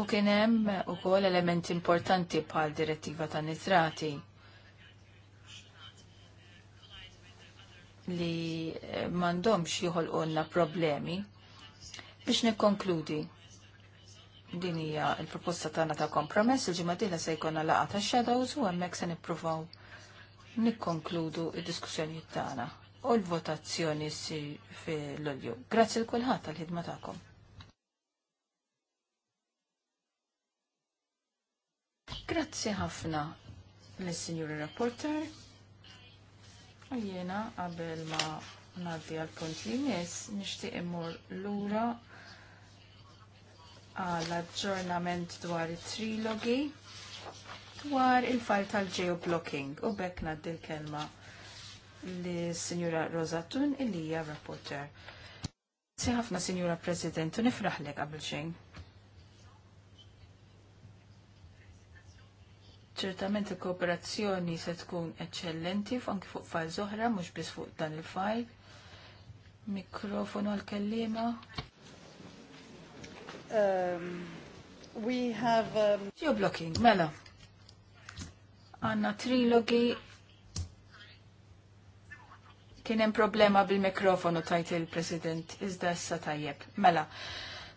U kien hemm ukoll elementi importanti bħal direttiva ta' nitrati li eh, m'għandhomx joħolqulna problemi. Biex nikkonkludi, din hija l-proposta tagħna ta' kompromess il-ġimgħa dilha se jkollna laqgħa ta' shadows u hemmhekk se nippruvaw nikkonkludu id-diskussjonijiet tagħna u l-votazzjoni ssir fil-Lulju. Grazzi l kulħadd tal-ħidma tagħkom. Grazzi ħafna l-Sinjuri Rapporter. U jena qabel ma naddi għal punt li jmiss, nixtieq immur lura għal aġġornament dwar it-trilogi dwar il fall tal-geoblocking u bekk naddi l-kelma li Sinjura Rosatun il-lija rapporter. ħafna Sinjura President, u nifraħlek qabel xejn. ċertament il-kooperazzjoni se tkun eccellenti anki fuq fajl zoħra, mhux biss fuq dan il-fajl. Mikrofonu għal-kellima. Um, we have... Um... Geoblocking, mela. Għanna trilogi kien hemm problema bil-mikrofonu tajt il-President, iżda issa tajjeb. Mela,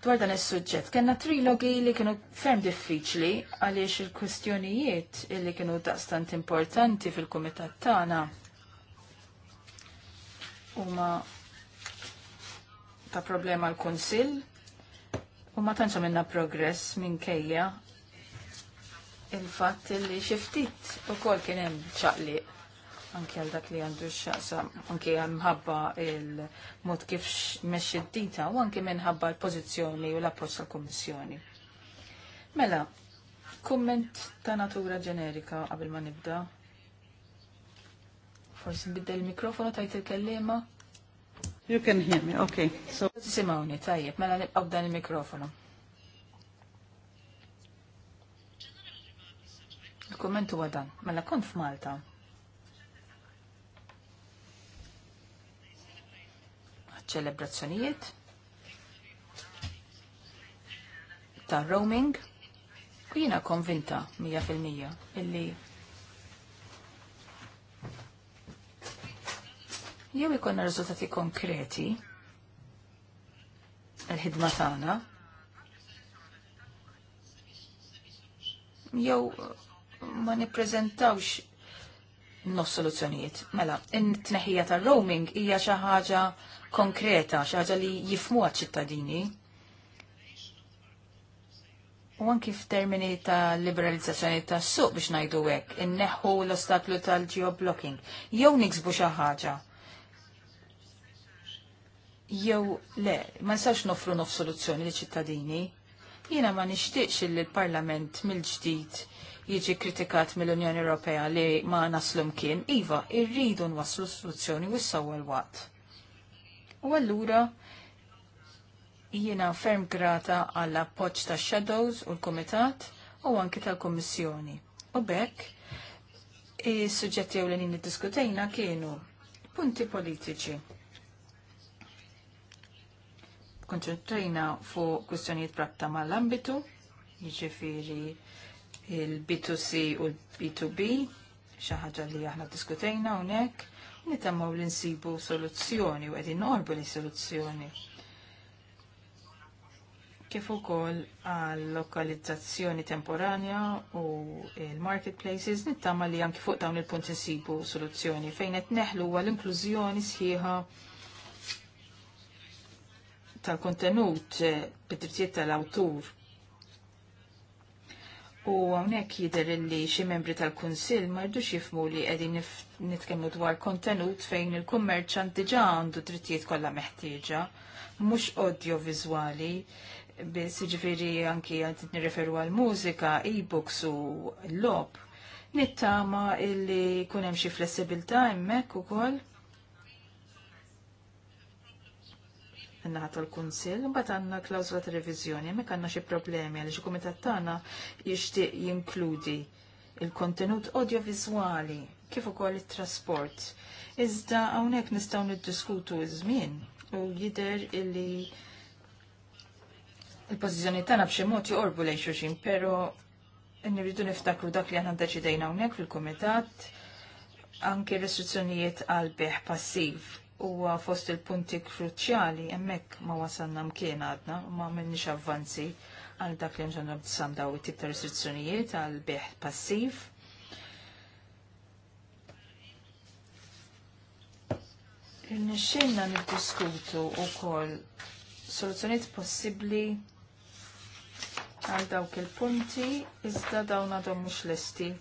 dwar dan is-suġġett. kellna trilogi li kienu ferm diffiċli għaliex il-kwistjonijiet li kienu daqstant importanti fil-kumitat tagħna huma ta' problema l-Kunsill u ma tantx minna progress kejja il-fatt li xi ftit ukoll kien hemm ċaqliq anke għal dak li għandu x-xaqsa, anke mħabba il-mod kif meċi d-dita u anke minħabba l-pozizjoni u l-approċ tal komissjoni Mela, komment ta' natura ġenerika qabel ma nibda. Forsi nbidda il-mikrofonu tajt il-kellima. You can hear me, okay. So... Simawni, tajjeb, mela nibqaw dan il-mikrofonu. Il-komment u dan, mela kont f'Malta. Malta ċelebrazzjonijiet ta' roaming u jina konvinta 100% illi jew ikonna riżultati konkreti l-ħidma tagħna jew ma nippreżentawx nos soluzzjonijiet. Mela, in-tneħija tar-roaming hija xi ħaġa konkreta, xaġa li jifmu ċittadini. U anki f'termini ta' liberalizzazzjoni ta' suq biex najdu hekk, inneħħu l-ostaklu tal-geoblocking, jew niksbu xi ħaġa. Jew le, ma nistax nofru nof soluzzjoni li ċittadini. Jiena ma nixtieqx li l-Parlament mill-ġdid jiġi kritikat mill-Unjoni Ewropea li ma naslu mkien, iva, irridu nwasslu soluzzjoni u s-sawwa l-waqt. U allura jiena ferm grata għall appoġġ ta' Shadows u l-Kumitat u anki tal-Kummissjoni. U bekk is-suġġetti l li diskutejna kienu punti politiċi. Konċentrejna fuq kwistjonijiet pratta mal-ambitu, jiġifieri il-B2C u l-B2B, xi ħaġa li aħna diskutejna hawnhekk nitemmaw li nsibu soluzzjoni u għedin norbu li soluzzjoni. Kif ukoll għal lokalizzazzjoni temporanja u il-marketplaces nittama li anki fuq dawn il-punt nsibu soluzzjoni fejn qed neħlu għal inklużjoni sħiħa tal-kontenut eh, bid-drittijiet tal-awtur U għonek jider li xi membri tal-Kunsil ma rdux jifmu li qegħdin nitkellmu dwar kontenut fejn il-kummerċant diġa għandu drittijiet kollha meħtieġa, mhux vizuali, bis ġifiri anki qed nirreferu għal mużika, e-books u l-lob. Nittama illi kunem hemm xi flessibilità hemmhekk ukoll n n-naħat l kunsil mbagħad għandna klawżla ta' revizjoni, hemmhekk għandna xi problemi għal il-Kumitat tagħna jixtieq jinkludi il-kontenut audiovizwali kif ukoll it-trasport. Iżda hawnhekk nistgħu niddiskutu iż-żmien u jidher illi il-pożizzjoni tagħna b'xi mod joqorbu lejn xulxin, però nirridu niftakru dak li aħna ddeċidejna hawnhekk fil-kumitat anke restrizzjonijiet għal beħ passiv huwa fost il-punti kruċjali hemmhekk ma wasalna mkien għadna ma m'għamilniex avvanzi għal dak li mżonna b'tisandaw it-tip ta' restrizzjonijiet għal biħ passiv. nid-diskutu niddiskutu wkoll soluzzjonijiet possibbli għal dawk il-punti iżda dawn għadhom mhux lesti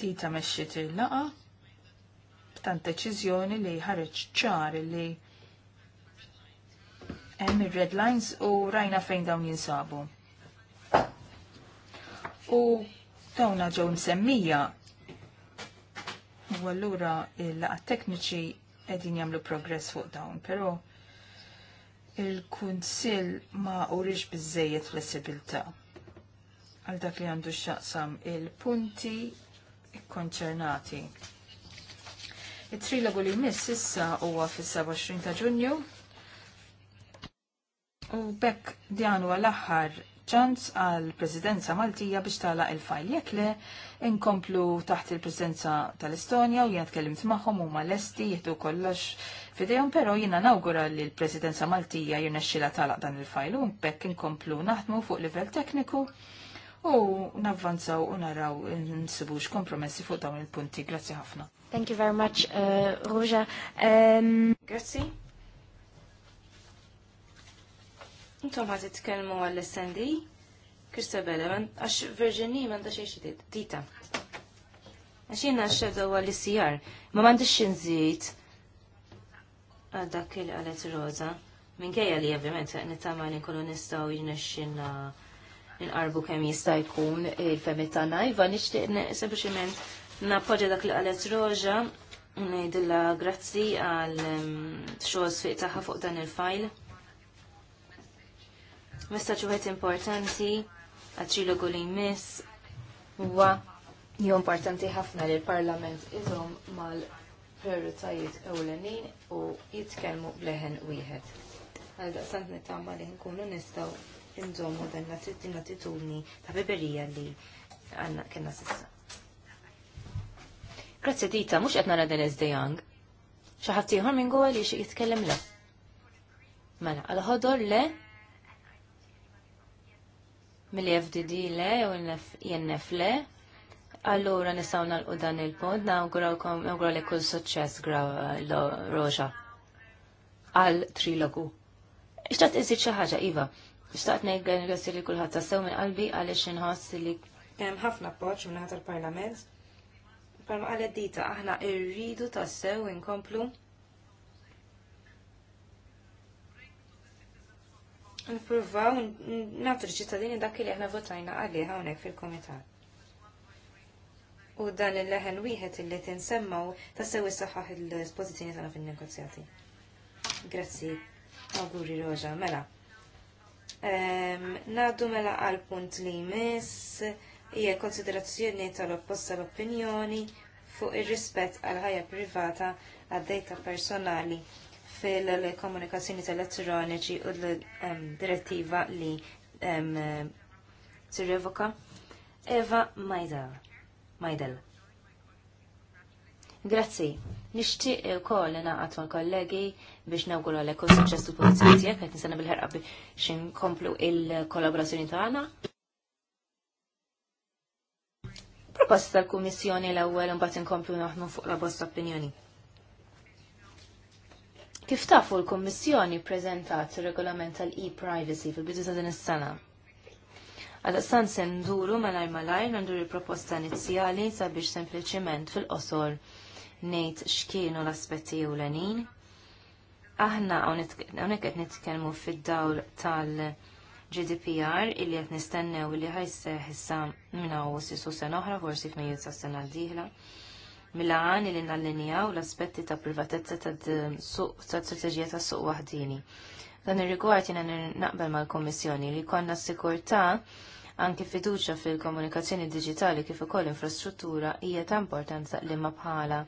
Tita meċċiet il-laqa tant deċiżjoni li ħareġ ċar li hemm ir-red lines u rajna fejn dawn jinsabu. U dawn ġew semmija. u allura il laqa tekniċi qegħdin jagħmlu progress fuq dawn, però il-kunsill ma urix biżejjed flessibilta għal dak li għandu x'aqsam il-punti konċernati. Il-trilogu li jmiss issa huwa fis-27 ta' Ġunju u bekk dan huwa l-aħħar ċans għal presidenza Maltija biex tala il-fajl jekk le inkomplu taħt il-presidenza tal-Estonja u jgħat tkellimt magħhom u mal-esti jihdu kollox fidejhom pero jina nawgura li l-presidenza Maltija jirnexxila tala dan il-fajl u bekk inkomplu naħdmu fuq livell tekniku u navvanzaw u naraw nsibux kompromessi fuq dawn il-punti. Grazzi ħafna. Thank you very much, uh, Ruja. Um... Grazzi. Intom għat għall-SND, Kristabella, għax Virginie manda xie tita. Għax jina xedaw għall scr ma mandi xinżit għal dak il-għalet Rosa. Minkejja li ovvjament nittama li nkunu nistgħu jinexxinna uh, inqarbu kemm jista' jkun il-femmi tagħna. Iva nixtieq sempliċiment nappoġġa dak li qalet Roġa ngħidilha grazzi għal mm, xogħol sfiq tagħha fuq dan il-fajl. Messaġġ wieħed importanti għat-trilogu li jmiss huwa Jo importanti ħafna li l-Parlament iżhom mal-prioritajiet ewlenin u jitkellmu bleħen wieħed. Għal daqsant nittama li nkunu nistaw inżommu dan l-attitudni ta' beberija li għanna kena sissa. Grazie Dita, mux għetna għana Dennis De Young. Xaħat tiħor minn għu għalli xie jitkellem le. Mela, għal-ħodor le, mill-FDD le, u INF e le, Allura nisawna l dan il-punt, nawguralkom nawgura li kull suċċess gra Roġa għal trilogu. Ixtat iżid xi ħaġa, Iva. Xtaqt nejt għal li kullħat tassew minn qalbi għalix nħass li. ħafna poċ minn ħadd il-Parlament. Parma għal dita aħna irridu tassew inkomplu. Nipruvaw nagħtu l-ċittadini dak li aħna votajna għalih hawnhekk fil-Kumitat. U dan il-leħen wieħed illi tinsemmaw tassew is-saħħaħ il spozizjoni tagħna fin-negozjati. Grazzi. Auguri Roġa, mela. Ehm, naddu mela għal punt li jmiss hija konsiderazzjoni tal-opposta l-opinjoni fuq ir-rispett għal ħajja privata għad-dejta personali fil-komunikazzjoni elettroniċi u l-direttiva ehm, li ehm, tirrevoka Eva Majdel. Majdel. Grazzi. Nixtieq ukoll li naqat mal-kollegi biex nawgur għalek kull suċċess u pozizjoni tiegħek qed nistenna bil ħarqa biex nkomplu il-kollaborazzjoni tagħna. Proposta tal-Kummissjoni l-ewwel imbagħad nkomplu naħmu fuq la bosta opinjoni. Kif tafu l komissjoni prezentat regolament tal-e-privacy fil-bidu ta' din is-sena? Għal-istan se nduru malajr malajr ndur il-proposta inizjali sabiex sempliciment fil-qosor ngħid x'kienu l-aspetti l-enin. Aħna hawnhekk qed nitkellmu fid-dawl tal-GDPR illi qed nistennew illi ħajseħ issa minna u sisu sena oħra forsi f'Mejju sas-sena d-dieħla. Milan li nallinjaw l-aspetti ta' privatezza ta' strategija ta' suq wahdini. Dan ir-rigward jina naqbel mal komissjoni li konna sikurta' Anki fiduċa fil-komunikazzjoni digitali kif ukoll infrastruttura hija ta' importanza li ma bħala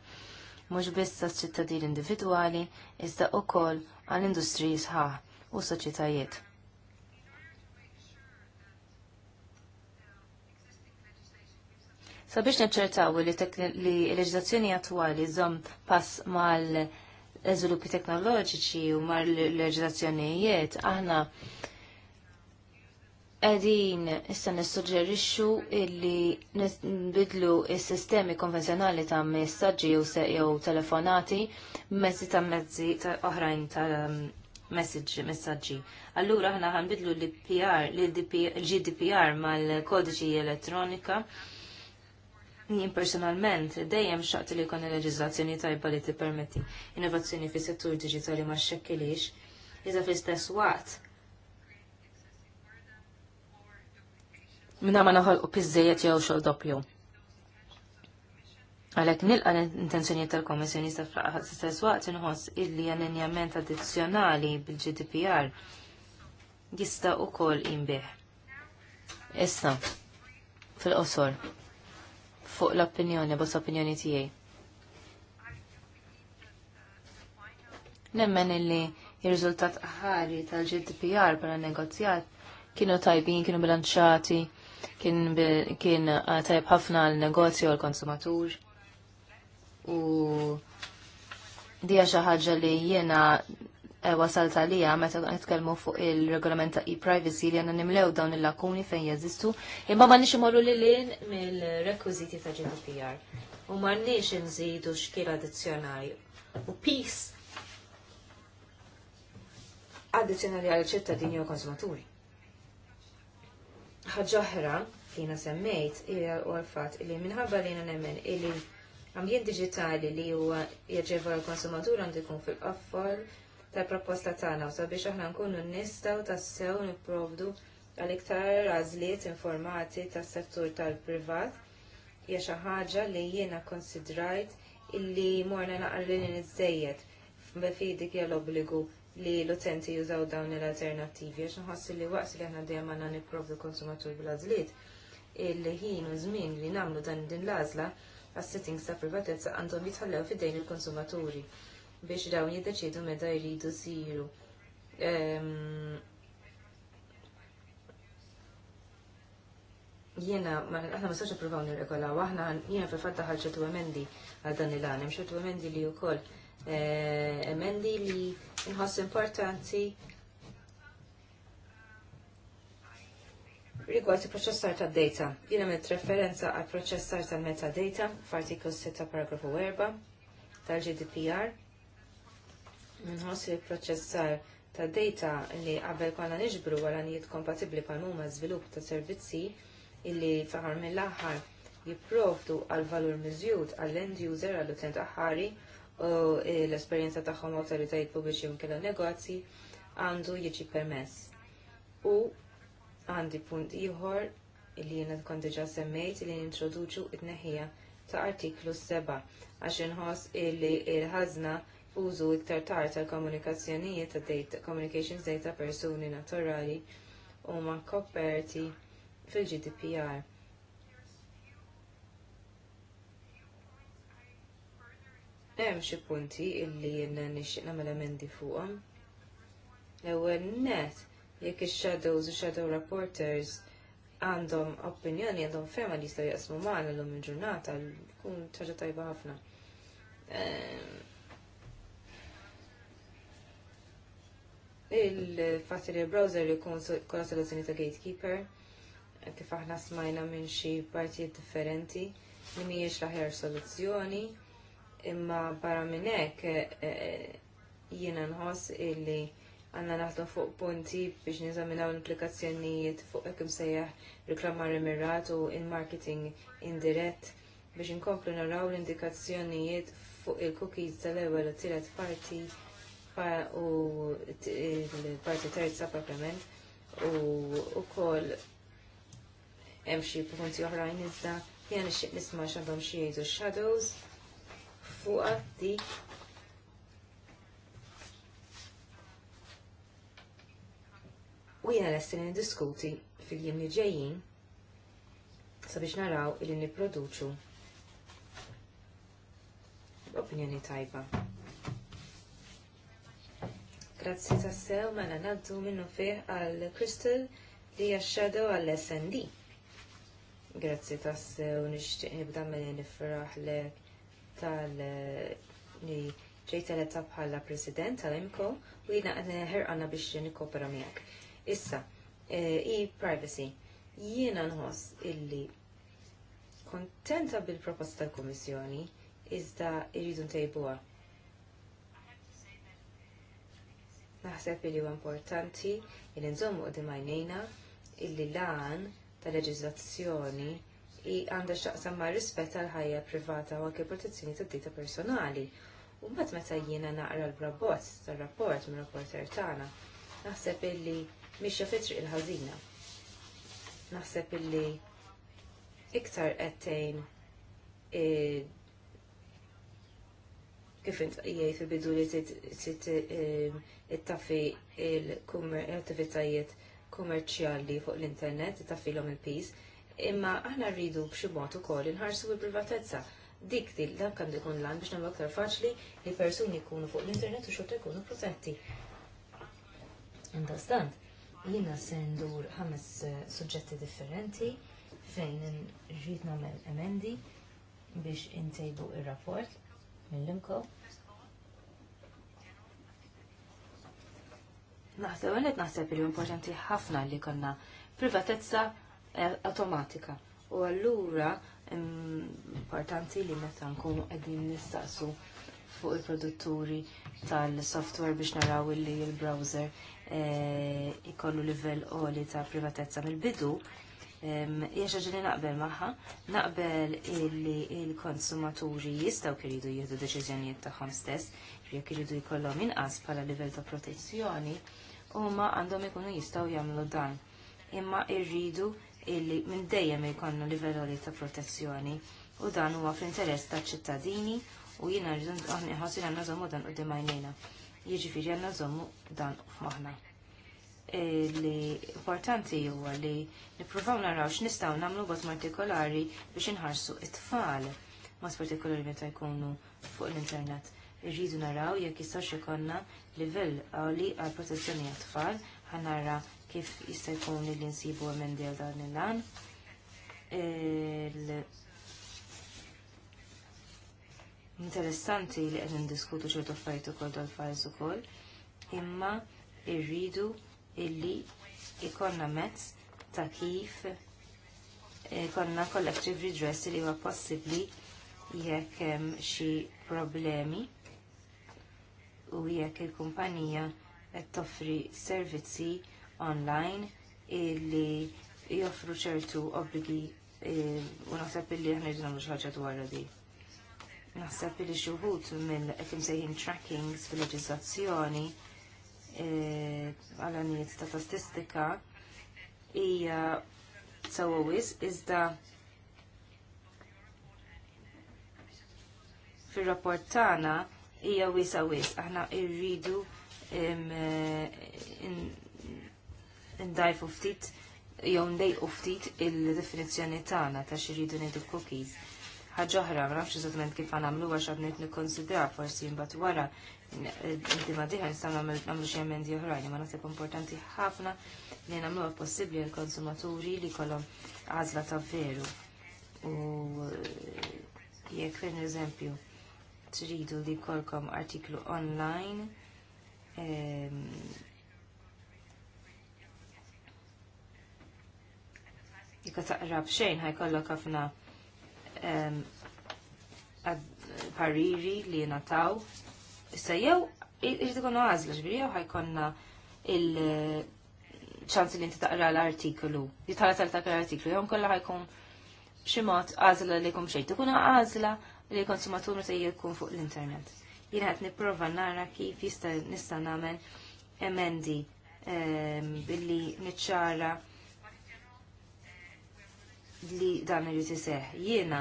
mhux biss għas ċittadini individwali iżda wkoll għall-industriji sħaħ u soċjetajiet. Sabiex neċċertaw li l-leġizzazzjoni attwali żomm pass mal-eżviluppi teknoloġiċi u mal l-leġizzazzjonijiet, aħna Edin issa nissuġġerixxu illi nbidlu is-sistemi konvenzjonali ta' messaġġi jew telefonati mezzi ta' mezzi ta' oħrajn ta' messaġġi messaġġi. Allura aħna ħanbidlu l-PR l-GDPR mal-kodiċi elettronika. Jien personalment dejjem xaqt li jkun il-leġiżlazzjoni tajba li tippermetti innovazzjoni fis-settur diġitali ma xekkilix, iżda fl-istess waqt minna ma naħolqu pizzejiet jew xogħol doppju. Għalhekk nilqa l-intenzjonijiet tal-Komissjoni sa fl stess waqt inħoss illi għaninjament addizzjonali bil-GDPR jista' ukoll jinbih. Issa, fil-qosor, fuq l-opinjoni, bos opinjoni tiegħi. Nemmen illi il-riżultat ħari tal-GDPR bħala negozjat kienu tajbin, kienu bilanċati, kien uh, tajb ħafna l negozju għal konsumatur u dija xi ħaġa li jiena eh, wasalt għalija meta nitkellmu fuq il-regolament ta' e-privacy li għandna nimlew dawn il-lakuni fejn jeżistu, imma ma nix imorru li l-in mill-rekwiżiti ta' GDPR u ma nix nżidu xkil addizjonali u peace addizjonali għal ċittadini u konsumaturi ħagġoħra li jina semmejt u għalfat li minħabba li jina nemmen illi ambjent digitali li huwa jaġeva l-konsumatur għandu jkun fil qaffar tal-proposta tagħna u sabiex aħna nkunu nistgħu tassew nipprovdu għal-iktar għażliet informati tas-settur tal-privat hija xi ħaġa li jiena konsidrajt illi morna naqarlin iżejjed f'dik hija l-obbligu li l-utenti jużaw dawn l-alternativi għax nħossu li waqs li aħna dejjem għandna niprof l-konsumatur bil-għażliet il-ħin u żmien li nagħmlu dan din l-għażla għas-settings ta' privatezza għandhom jitħallew fidejn il-konsumaturi biex dawn jiddeċidu meta jridu siru. Ehm, jiena, aħna ma sax nippruvaw nirregolaw, aħna jiena fil-fatt daħal emendi għal dan il-għan, hemm ċertu emendi li wkoll Eh, emendi li inħoss importanti rigward il-proċessar ta' data. Jina met referenza għal proċessar ta' metadata f'artiklu 6 paragrafu 4 tal-GDPR. Nħoss li proċessar ta' data li qabel konna niġbru għalanijiet kompatibli pa' huma żvilupp ta' servizzi illi faħar mill-aħħar jipprovdu għal valur miżjud għall-end user għall-utent aħħari u l-esperjenza tagħhom awtoritajiet pubbliċi u kellha negozji għandu jiġi permess. U għandi punt ieħor li jiena kont diġà semmejt li jintroduċu it-neħija ta' artiklu 7 għax inħoss li l ħazna użu iktar tar tal-komunikazzjonijiet ta' data, communications data persuni naturali huma koperti fil-GDPR Hemm xi punti illi jenna nixtieq nagħmel emendi fuqhom. L-ewwel net jekk ix-shadows u shadow reporters għandhom opinjoni għandhom ferma li jistgħu jaqsmu magħna l il-ġurnata tkun ħaġa tajba ħafna. Ehm, il fatti li browser li jkun kolla soluzzjoni ta' gatekeeper kif aħna smajna minn xi partijiet differenti li mhijiex l-aħjar soluzzjoni imma barra minn hekk eh, eh, jiena nħoss illi għandna naħdu fuq punti biex niżaminaw l-implikazzjonijiet fuq hekk imsejjaħ reklamar immirat u il-marketing indirett biex inkomplu naraw l-indikazzjonijiet fuq il-cookies tal-ewwel u tielet parti u l-parti terza propriament u wkoll hemm xi punti oħrajn iżda jiena nixtieq nisma' x'għandhom xi jgħidu shadows fuq għaddi. U jena l diskuti fil-jiem li ġejjin sabiex naraw il niproduċu opinjoni tajba. Grazzi tassew na' mela naddu minnu fiħ għal Crystal li jaxxadu għal SND. Grazzi tassew nishtiq nibda mela nifraħ lek tal li ġejt eletta bħala president tal-IMCO u jina għanna biex nikopera miegħek. Issa, e-privacy, eh, jiena nħoss illi kontenta bil-proposta tal-Komissjoni iżda irridu ntejbuha. Naħseb li huwa importanti li nżommu qudiem għajnejna illi lan tal-leġiżlazzjoni li għandha xaqsam ma' rispett għal ħajja privata u anke protezzjoni tad dita personali. U mbagħad meta jiena naqra l-brabbozz tar-rapport minn rapporter tagħna, naħseb illi mixja fitriq il-ħażina. Naħseb illi iktar tgħin kif int jgħid fil-bidu li taffi l attivitajiet kummerċjali fuq l-internet, taffilhom il-peace, imma aħna rridu b'xi mod ukoll inħarsu l privatezza Dik din dan kan ikun lan biex nagħmlu aktar faċli li persuni jkunu fuq l-internet u xorta jkunu protetti. Understand? Jina sendur ħames eh, suġġetti differenti fejn rrid nagħmel emendi biex intejbu ir-rapport mill-imkom. Naħseb għanet naħseb li importanti ħafna li konna privatezza automatika. U allura importanti li meta nkunu qegħdin nistaqsu fuq il-produtturi tal-software biex naraw li il-browser eh, ikollu livell għoli ta' privatezza mill-bidu, jiex li naqbel maħħa, naqbel illi il-konsumaturi jistaw kiridu jihdu deċiżjonijiet tagħhom stess, jekk iridu jkollhom inqas bħala livell ta' protezzjoni, huma għandhom ikunu jistaw jagħmlu dan. Imma irridu illi minn dejjem jkollna livelloli ta' protezzjoni u dan huwa fl-interess ta' ċittadini u jiena rridu nħossu li għandna żommu dan qudiem għajnejna. Jiġifieri għandna żommu dan f'maħna. Li importanti huwa li nippruvaw naraw x'nistgħu nagħmlu bot partikolari biex inħarsu it-tfal mod partikolari meta jkunu fuq l-internet. Irridu naraw jekk jistax ikollna livell għali għal protezzjoni għat-tfal ħanara kif jista' jkun li nsibu minn għal dan il-lan. Interessanti li qed ndiskutu ċertu affarijiet ukoll dal-fajs ukoll, imma irridu illi ikonna mezz ta' kif ikonna eh, collective redress li huwa possibbli jekk hemm xi problemi u jekk il-kumpanija qed toffri servizzi online illi joffru ċertu obbligi eh, u naħseb illi ħna ġdina mux dwarra di. Naħseb illi xuħut minn kim sejħin trackings fil-leġizzazzjoni eh, għal-għaniet ta' statistika hija sawawis iżda fil-rapport tagħna hija wisa wis. Aħna irridu ndajf uftit, jow ndejqu ftit il-definizzjoni tagħna ta' xi nejdu ngħidu cookies. Ħaġa oħra, ma nafx eżattament kif għamlu għax għad ngħid nikkonsidra forsi mbagħad wara inti ma diħan nistan nagħmlu xi emendi oħrajn, ma nafx importanti ħafna li nagħmluha possibbli l-konsumaturi li jkollhom għażla ta' veru. U jekk fejn eżempju tridu li kolkom artiklu online ehm, jika taqrab xejn ħajkollok ħafna pariri li nataw. Issa jew irrid ikunu għażla ġbir jew ħajkonna il-ċans li inti taqra l-artiklu, jitħala tal-taqra l-artiklu, jom kollha ħajkun xi mod għażla li jkun xejn, tkun għażla li konsumatur se jkun fuq l-internet. Jien qed nipprova nara kif jista' nista' nagħmel emendi billi niċċara li dan irid iseħħ. Jiena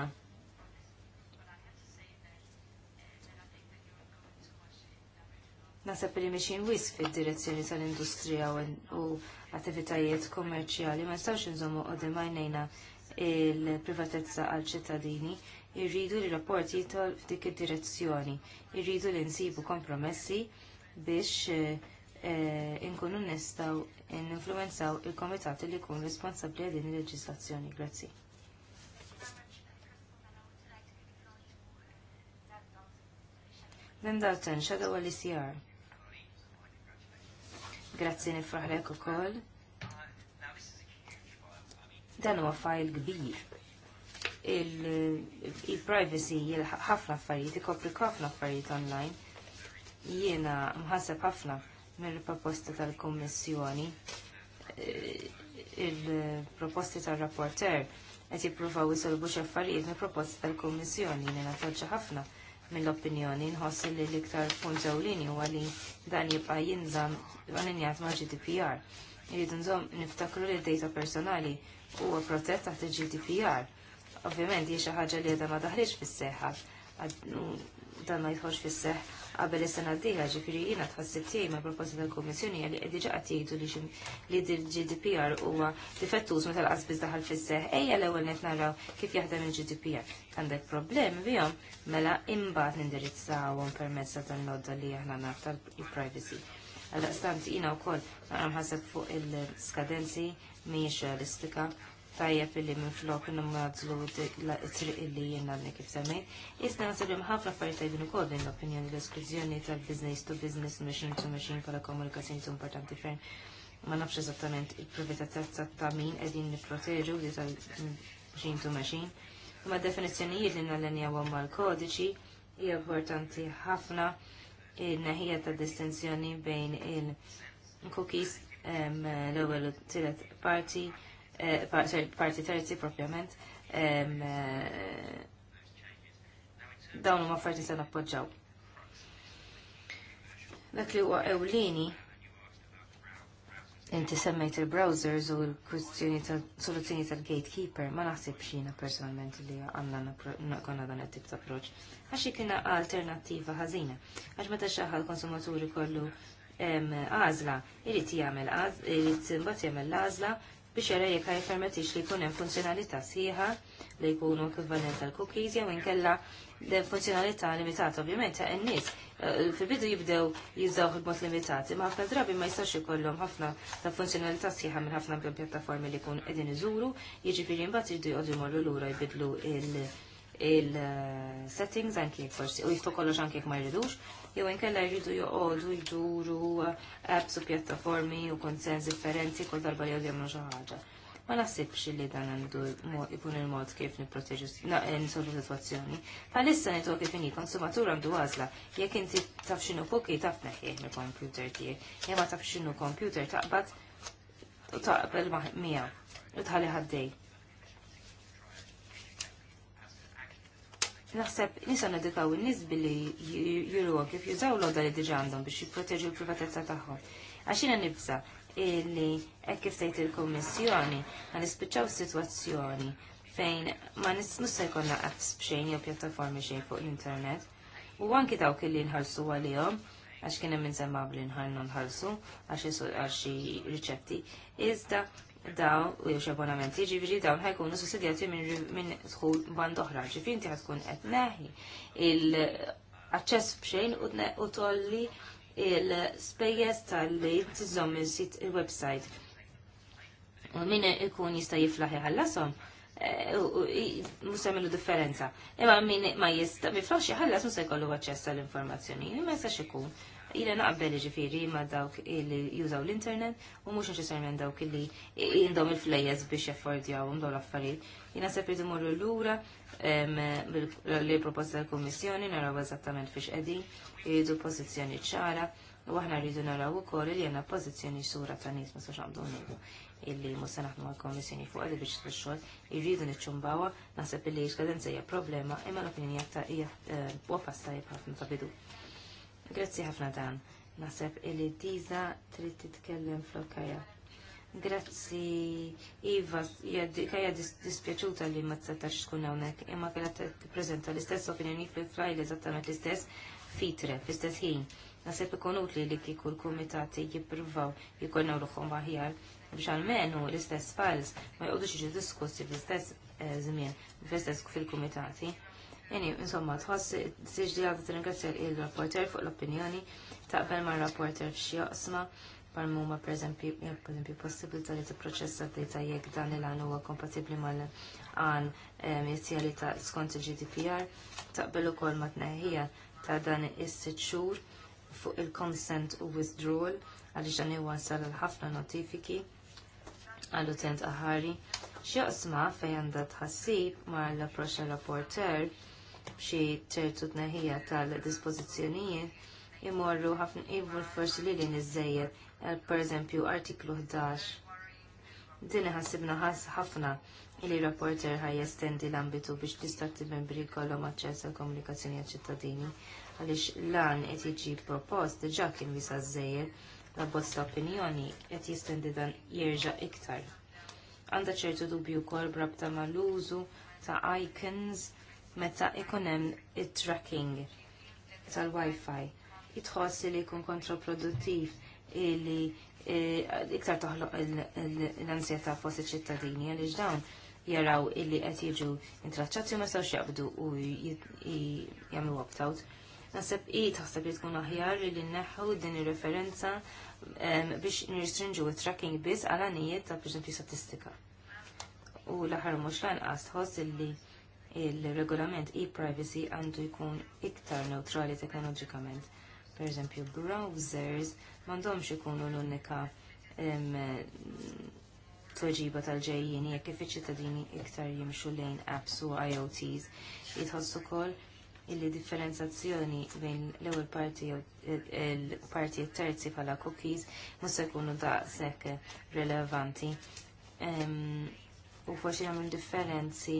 Nasab li mexin wis fil-direzzjoni tal-industrija u attivitajiet kommerċjali ma nistawx nżommu u għajnejna il-privatezza għal ċittadini, irridu li rapport jitol f'dik id-direzzjoni, irridu li nsibu kompromessi biex eh, inkunu nistaw ninfluwenzaw il-komitat li jkun responsabbli għal din il-leġislazzjoni. Grazzi. Lem Dalton, xadaw għal-ICR. Grazzi nifraħlek u koll. Dan huwa fajl kbir. Il-privacy jilħaq ħafna affarijiet, ikopri ħafna affarijiet online. Jiena mħasseb ħafna mill-proposta tal-Kommissjoni. Eh, il-proposti tal-rapporter qed jippruvaw isolbu affarijiet mill-proposti tal-Kommissjoni li natoġġa ħafna mill-opinjoni nħossi li l-iktar punt ewlieni huwa li dan jibqa' jinżamm għalinjat ma' GDPR. Irridu nżomm niftakru li d-data personali huwa protett taħt il-GDPR. Ovvjament hija xi ħaġa li għadha ma daħliġ fis-seħħa dan ma fis-seħħ qabel is-sena d-dieħla ġifieri jiena tħassib tiegħi ma' proposta tal-Kummissjoni li qed diġà qed jgħidu li l-GDPR huwa difettuż meta l biss daħal fis-seħ. Ejja l-ewwel qed naraw kif jaħdem il-GDPR. Għandek problemi bihom mela imbagħad nindirizzawhom permezz ta' dan-lodda li aħna naf tal-privacy. Għal-daqstant jiena wkoll naqra mħasseb fuq il-skadenzi mhijiex realistika fil-li minn flok n t triq illi jenna għannek il-semej. Isna għasib ħafna affarijiet għajdin ukoll din l-opinjoni l-esklużjoni tal-business to business, machine to machine, pala komunikazzjoni t importanti ferm. Ma nafx eżattament il tazza ta' min qegħdin nipproteġu li tal-machine to machine. Ma definizzjonijiet li nallenja għamma l-kodiċi hija importanti ħafna il naħija ta' distinzjoni bejn il-cookies l-ewwel u t-tielet parti Eh, parti terzi propjament, eh, dawn huma affarijiet se nappoġġaw. Dak li huwa ewlieni Inti semmejt il-browsers u l-kwistjoni tal-soluzzjoni tal-gatekeeper, ma naħsibx jiena personalment li għandna konna dan it-tip ta' approċ. Għax kiena alternattiva ħażina. Għax meta xaħal konsumaturi kollu għażla, irid jagħmel irid mbagħad jagħmel l-għażla biex jara jekka jifermetix li jkun hemm funzjonalità sħiħa li jkunu ekvivalent tal cookies jew inkella funzjonalità limitata ovvjament ta' n-nies eh, fil-bidu jibdew jużaw il-mod limitati, imma ħafna drabi ma jistax ikollhom ħafna ta' funzjonalità sħiħa minn ħafna pjattaformi li jkun qegħdin iżuru, jiġifieri mbagħad jridu jqogħdu jmorru lura jbidlu il- il-settings eh, anki forsi u jiftu kollox anki ma jridux jew inkella jridu joqogħdu jduru su pjattaformi u konsens differenti kull darba jew jagħmlu xi ħaġa. Ma naħsibx li dan għandu jkun il-mod kif nipproteġu nsolvu situazzjoni. Bħalissa nitwa kif inhi konsumatur għandu għażla jekk inti taf x'inhu kuki taf neħieħ mill-kompjuter tiegħek, jew ma taf x'inhu kompjuter taqbad u taqbel miegħu u tħalli ħaddej. Naħseb nisa nedikaw il nies billi jirruwa kif jużaw l-oda li diġa għandhom biex jipproteġu l-privatezza tagħhom. Għaxina jiena nibsa illi hekk kif il il-Kummissjoni ħanispiċċaw sitwazzjoni fejn ma nismus se jkollna apps b'xejn jew pjattaformi xejn fuq l-internet. U anki daw kelli nħarsu għalihom, għax kien hemm insemma bli nħarnu nħarsu għax xi riċetti. Iżda daw u jew abbonamenti, ġifieri dawn ħajkunu sussidjati minn dħul band uħra, ġifinti ħatkun ħadkun qed il-aċċess b'xejn u tolli il-spejjeż tal-li t-zom il-sit il-website. U min ikun jista' jiflaħi ħallasom, eh, musa differenza. Imma min ma jista' miflaħx ħallas musa jkollu aċċess tal-informazzjoni, ma jistax xikun jina naqbel ġifiri ma dawk li jużaw l-internet u mux neċessarjament dawk li jindom il-flejjes biex jaffordjawhom dawn l-affarijiet. Jina sepp li morru lura li proposta l-Kommissjoni naraw eżattament fiex qegħdin, jridu pożizzjoni ċara u aħna rridu naraw ukoll li għandna pożizzjoni sura ta' nies ma sax għandhom ngħidu illi se naħdmu għal-Kommissjoni fuq għalli biex t-xol, irridu nċumbawa, naħseb li xkadenza hija problema, imma l-opinjoni hija eh, wafas ħafna ta' bidu. Grazzi ħafna dan. Naseb illi diza trid titkellem flokkaja. Grazzi, Iva, kajja dispjaċuta li ma t-setax tkun hawnhekk, imma t tippreżenta l-istess opinjoni fil li eżattament l-istess fitre, fl-istess ħin. Nasib ikun utli li kieku l-komitati jippruvaw jikonnew ruħhom aħjar biex għalmenu l-istess fals ma jgħodux jiġu diskussi fl-istess eh, żmien, fl-istess fil-komitati. Eni, insomma, tħoss siġdi għadha t l il-rapporter fuq l-opinjoni taqbel ma' rapporter f'xjoqsma par muma ma' per eżempju possibilità li t-proċessa ta' jekk dan il-għan huwa kompatibli mal-għan ehm, inizjali ta' skont il-GDPR taqbel ukoll ma' t tneħħija ta' dan is sitxur xhur fuq il-consent u withdrawal għaliex dan iwassal għal ħafna notifiki għall-utent aħari xieqsma fejn għandha tħassib ma' l-approċċ rapporter b'xi ċertu tneħija tal-dispożizzjonijiet imorru ħafna imur forsi li li niżejjed, per eżempju artiklu 11. Din ħassibna ħafna li rapporter ħaj jestendi l-ambitu biex l membri kollhom aċċess għal komunikazzjoni għal-ċittadini għaliex lan qed jiġi propost diġà kien wisa żejjed la bosta opinjoni qed jistendi dan jerġa' iktar. Għandha ċertu dubju wkoll brabta mal-użu ta' icons meta ikun hemm it-tracking tal-Wi-Fi. Itħossi li jkun kontraproduttiv li e, iktar toħloq l-ansjeta fos iċ-ċittadini għaliex dawn jaraw illi qed jiġu intraċċati ma sawx jaqbdu u jagħmlu opt-out. Naseb i taħseb li tkun aħjar li neħħu din ir-referenza biex nirstrinġu it-tracking biss għal anijiet ta' preżempju statistika. U l-aħħar mhux lanqas tħoss illi il-regolament e-privacy għandu jkun iktar neutrali teknoloġikament. Per eżempju, browsers mandomx ikunu l-unika tweġiba tal-ġejjini jekk kif iċ-ċittadini iktar jimxu lejn apps u IoTs. Jitħossu ukoll illi differenzazzjoni bejn l-ewwel parti u l-parti terzi bħala cookies mhux se jkunu daqshekk rilevanti u forsi jagħmlu differenzi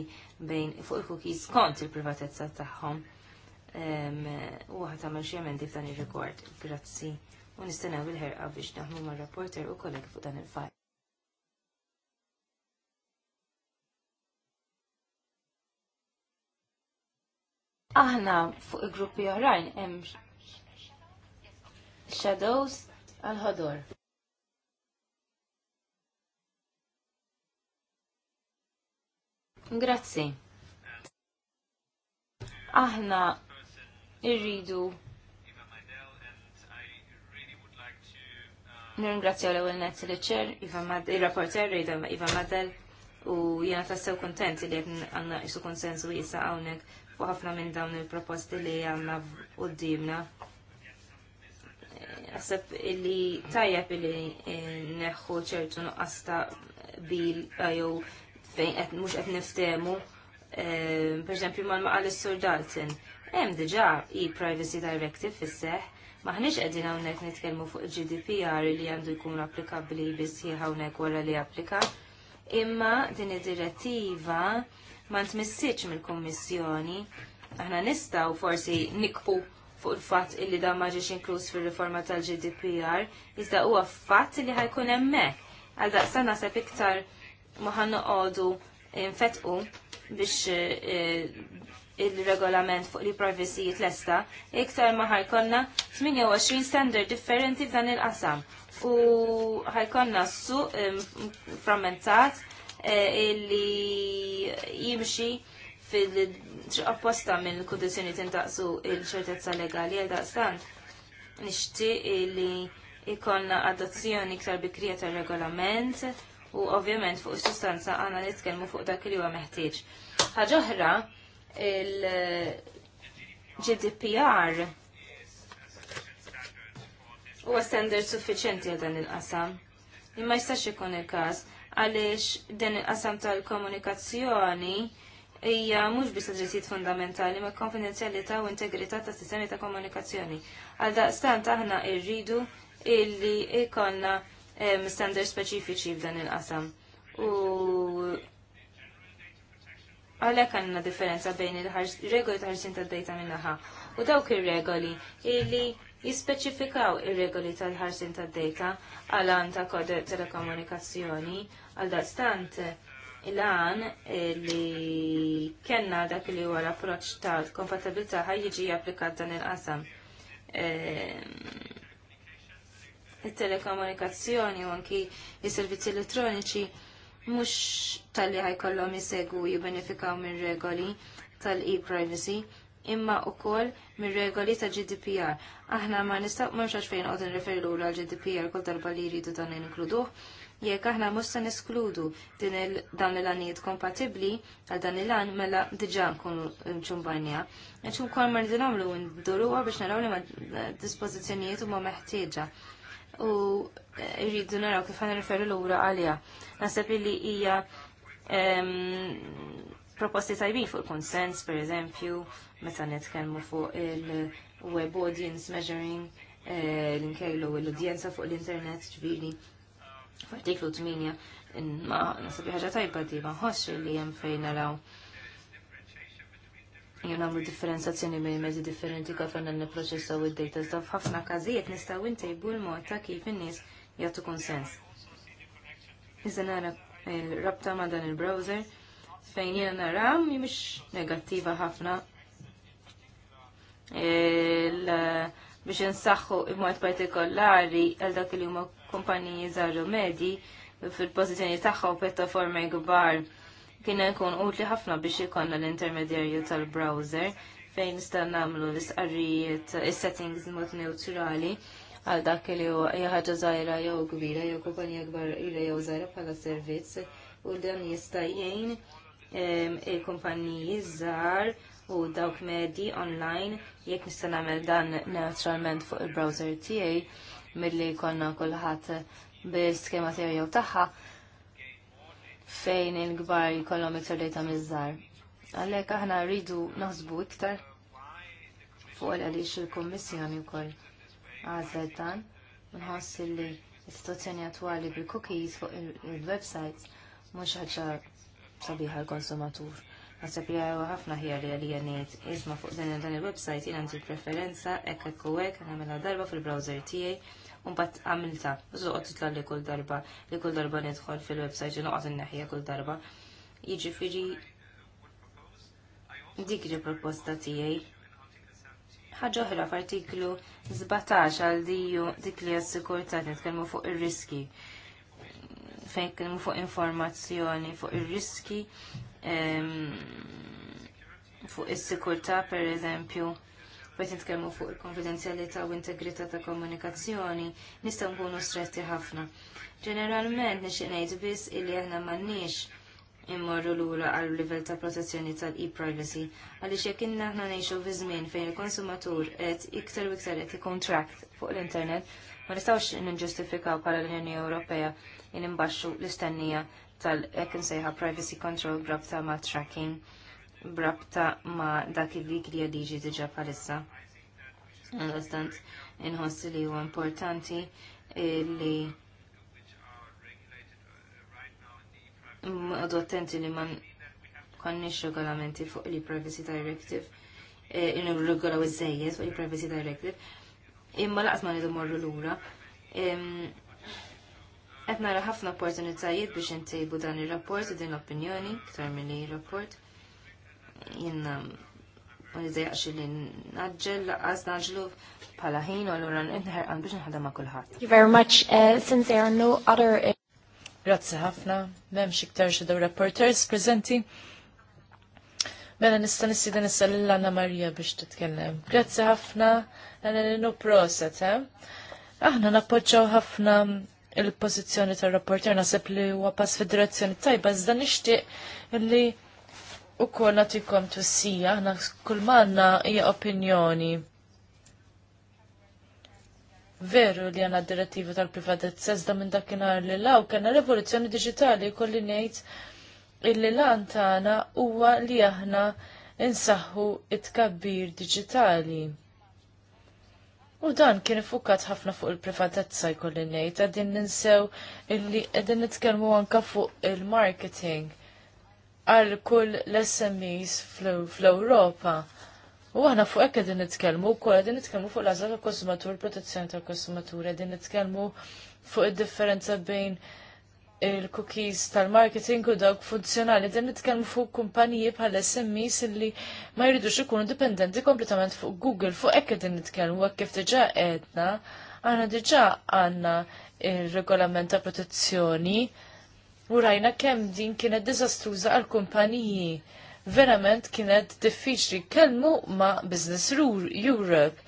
bejn fuq il-cookies kont il-privatezza tagħhom. U għat għamil xi emendi f'dan ir-rigward. Grazzi. U nistennew il-ħerqa biex naħmu ma' rapporter u kolleg fuq dan il-fajl. Aħna fuq il-gruppi oħrajn hemm shadows għal-ħodor. Grazzi. Aħna irridu Nirringrazzjaw l-ewwel net li ċer, iva il-rapporter Iva Madel u jiena tassew kuntenti li qed għandna isu konsensu jisa hawnhekk fuq ħafna minn dawn il-proposti li għandna qudiemna. Naħseb illi tajjeb illi neħħu ċertu nuqqas ta' bil jew fejn qed mhux qed niftehmu eh, pereżempju mal-maqal is-Sur Dalton. Hemm diġà e-Privacy Directive fis-seħ, maħniex qegħdin hawnhekk nitkellmu fuq GDPR li għandu jkun applikabbli biss hi hawnhekk wara li applika. Imma din id-direttiva ma ntmissitx mill-Kummissjoni aħna nistgħu forsi nikbu fuq il-fatt illi dan ma ġiex inkluż fir-riforma tal-GDPR, iżda huwa fatt li ħajkun hemmhekk. Għal daqsan nasab iktar maħanna għodu infetqu biex eh, eh, il-regolament fuq li privacy jitlesta, iktar ma ħajkonna 28 standard differenti f'dan il-qasam. U ħajkonna su eh, frammentat illi jimxi fil-apposta minn kondizjoni tintaqsu il-ċertezza legali għal daqstan. Nishti illi ikonna adozzjoni iktar bikrija tal-regolament u ovvjament fuq is-sustanza għandna nitkellmu fuq dak li huwa meħtieġ. Ħaġa oħra il-GDPR huwa standard suffiċenti għal dan il-qasam. Imma jistax ikun il-każ għaliex dan il-qasam tal-komunikazzjoni hija mhux biss id-drittijiet fundamentali ma' konfidenzjalità u integrità ta' sistemi ta' komunikazzjoni. Għal daqstant aħna rridu illi ikolna standard speċifiċi f'dan il-qasam. U għalek għanna differenza bejn il-regoli ta' ħarsin tad-data minnaħa u dawk ir-regoli illi jispeċifikaw ir-regoli tal-ħarsin tad-data għal għan ta' kod telekomunikazzjoni għal dastant il-għan li kena dak li huwa l-approċ tal-kompatibilità ħajġi jiġi applikat dan il-qasam il-telekomunikazzjoni u anki il-servizzi elettroniċi mux tal-li ħajkollhom jisegwu jibbenefikaw minn regoli tal-e-privacy imma u koll minn regoli ta' GDPR. Aħna ma nistaq marxax fejn għodin referlu l GDPR kol darba li jridu dan inkluduħ. Jek aħna musta neskludu din dan l-għaniet kompatibli għal dan il-għan mela diġa nkunu ċumbanja. Nċum kol mar din għamlu nduruwa biex naraw li ma dispozizjonijiet u ma meħtieġa u rridu naraw kif għan referu l-ura għalija. Nasab li hija proposti tajbin fuq il-konsens, per eżempju, meta netkellmu fuq il-web audience measuring, eh, l-inkejlu l-udjenza fuq l-internet ġviri, f'artiklu 8, ma nasab ħaġa tajba di ma li jem fejn naraw namlu differenzazzjoni bejn mezzi differenti kif għandna u id-data. Iżda f'ħafna każijiet nistgħu ntejbu l-mod ta' kif in-nies jagħtu konsens. Iżda nara eh, rabta ma' dan il-browser fejn jiena nara mhix negattiva ħafna eh, biex insaħħu b'mod partikolari għal dak li huma kumpaniji medji fil pozizjoni tagħha u pjattaformi kbar kien ikun utli ħafna biex ikonna l-intermedjarju tal-browser fejn nista' nagħmlu l-isqarrijiet is-settings mod neutrali għal dak li hija ħaġa żgħira jew kbira jew kumpanija kbar ilha jew żgħira bħala servizz u dan jista' jgħin il-kumpaniji żgħar u dawk medji online jekk nista' nagħmel dan naturalment fuq il-browser tiegħi milli jkollna kulħadd bi skema tiegħu jew tagħha fejn il-gbar jikollom iktar dejta mizzar. żgħar aħna rridu naħsbu iktar fuq li il kommissjoni wkoll għażlet dan nħoss li l-istituzzjoni attwali bil-cookies fuq il-websites mhux ħaġa sabiħa l-konsumatur. Għasab li għawa ħafna ħjar li għaniet isma fuq dan il-website jina għandi preferenza ekk ekk u ekk darba fil-browser tijaj un bat għamilta. Zuqot titla li kull darba, li kull darba nidħol fil-websajt noqgħod naħja kull darba. Jiġifieri dik li proposta tiegħi. Ħaġa oħra f'artiklu 17 għal diju dik li għas-sikurtà nitkellmu fuq ir-riski fejn kelmu fuq informazzjoni fuq ir-riski fuq is-sikurtà pereżempju fejt nitkellmu fuq il-konfidenzjalità u integrità ta' komunikazzjoni nistgħu nkunu stretti ħafna. Ġeneralment nixtieq ngħid biss illi aħna m'għandniex immorru lura għal livell ta' protezzjoni tal-e-privacy għaliex jekk inna aħna ngħixu fi żmien fejn il-konsumatur qed iktar u iktar qed ikontrakt fuq l-internet ma nistgħux ninġustifikaw bħala l-Unjoni Ewropea in imbaxxu l-istennija tal-ekin sejħa privacy control grab ta' ma' tracking brabta ma dak il-dik li għadiġi diġa palissa. Għal-għastant, inħossi li huwa importanti li għadu attenti li man konnix regolamenti fuq li Privacy Directive, eh, in-regola u zzejjes fuq li Privacy Directive, imma laqas ma nidu morru l-ura. Etna ħafna opportunitajiet biex intejbu dan il-rapport u din l-opinjoni, ktar mill-rapport. il rapport jenna u jizdejaqx li naġġel, għaz naġlu bħala ħin u l-għura nħer għan biex nħadda ma kullħat. Thank you very much, uh, since there are no other... Uh, Grazzi ħafna, memx iktar xedaw reporters prezenti. Mela nista nissi dan issa l-Anna Marija biex titkellem. Grazzi ħafna, għana l inu proset, eh? Aħna nappoġġaw ħafna il-pozizjoni tal-rapporter, nasib li huwa pass fid tajba, zda nixtieq li u kol natikom tussija, ħna kull manna hija opinjoni. Veru li għana direttiva tal-privatezza da minn dakinhar li law kena rivoluzzjoni digitali kolli ngħid illi lan tagħna huwa li aħna insaħħu it-kabbir digitali. U dan kien ifukat ħafna fuq il-privatezza jkolli ngħid qegħdin ninsew illi qegħdin nitkellmu anke fuq il-marketing għal kull l-SMEs fl-Europa. U għana fuq ekk għedin nitkellmu u kol għedin nitkelmu fuq l ta' konsumatur, protezzjoni tal konsumatur, għedin nitkellmu fuq il-differenza bejn il-cookies tal-marketing u dawk funzjonali, għedin nitkellmu fuq kumpaniji bħal SMEs li ma jridux ikunu dipendenti kompletament fuq Google, fuq ekk għedin nitkellmu għak kif diġa għedna, għana diġa għanna il-regolament ta' protezzjoni u rajna kemm din kienet diżastruża għal kumpaniji. Verament kienet diffiċli kelmu ma' Business Europe.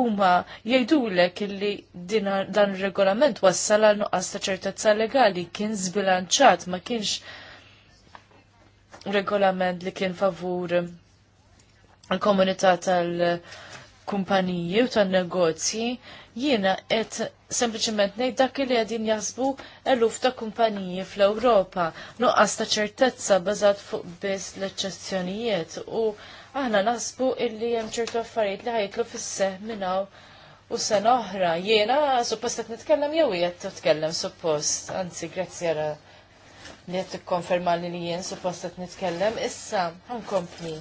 Uma jgħidulek illi dan ir-regolament wassal għal nuqqas ta' ċertezza legali kien zbilanċat ma kienx regolament li kien favur l-komunità tal-kumpaniji u tan-negozji Jiena qed sempliċement ngħid dak li qegħdin jazbu eluf ta' kumpaniji fl-Ewropa, nuqqas ta' ċertezza bazat fuq biss l-eċċezzjonijiet u aħna naħsbu illi hemm ċertu affarijiet li ħajtlu fis-seħ minnaw u sena oħra. Jiena suppost qed nitkellem jew qed titkellem suppost, anzi grazzi għara li qed tikkonferma li jien suppost qed nitkellem issa ħankompli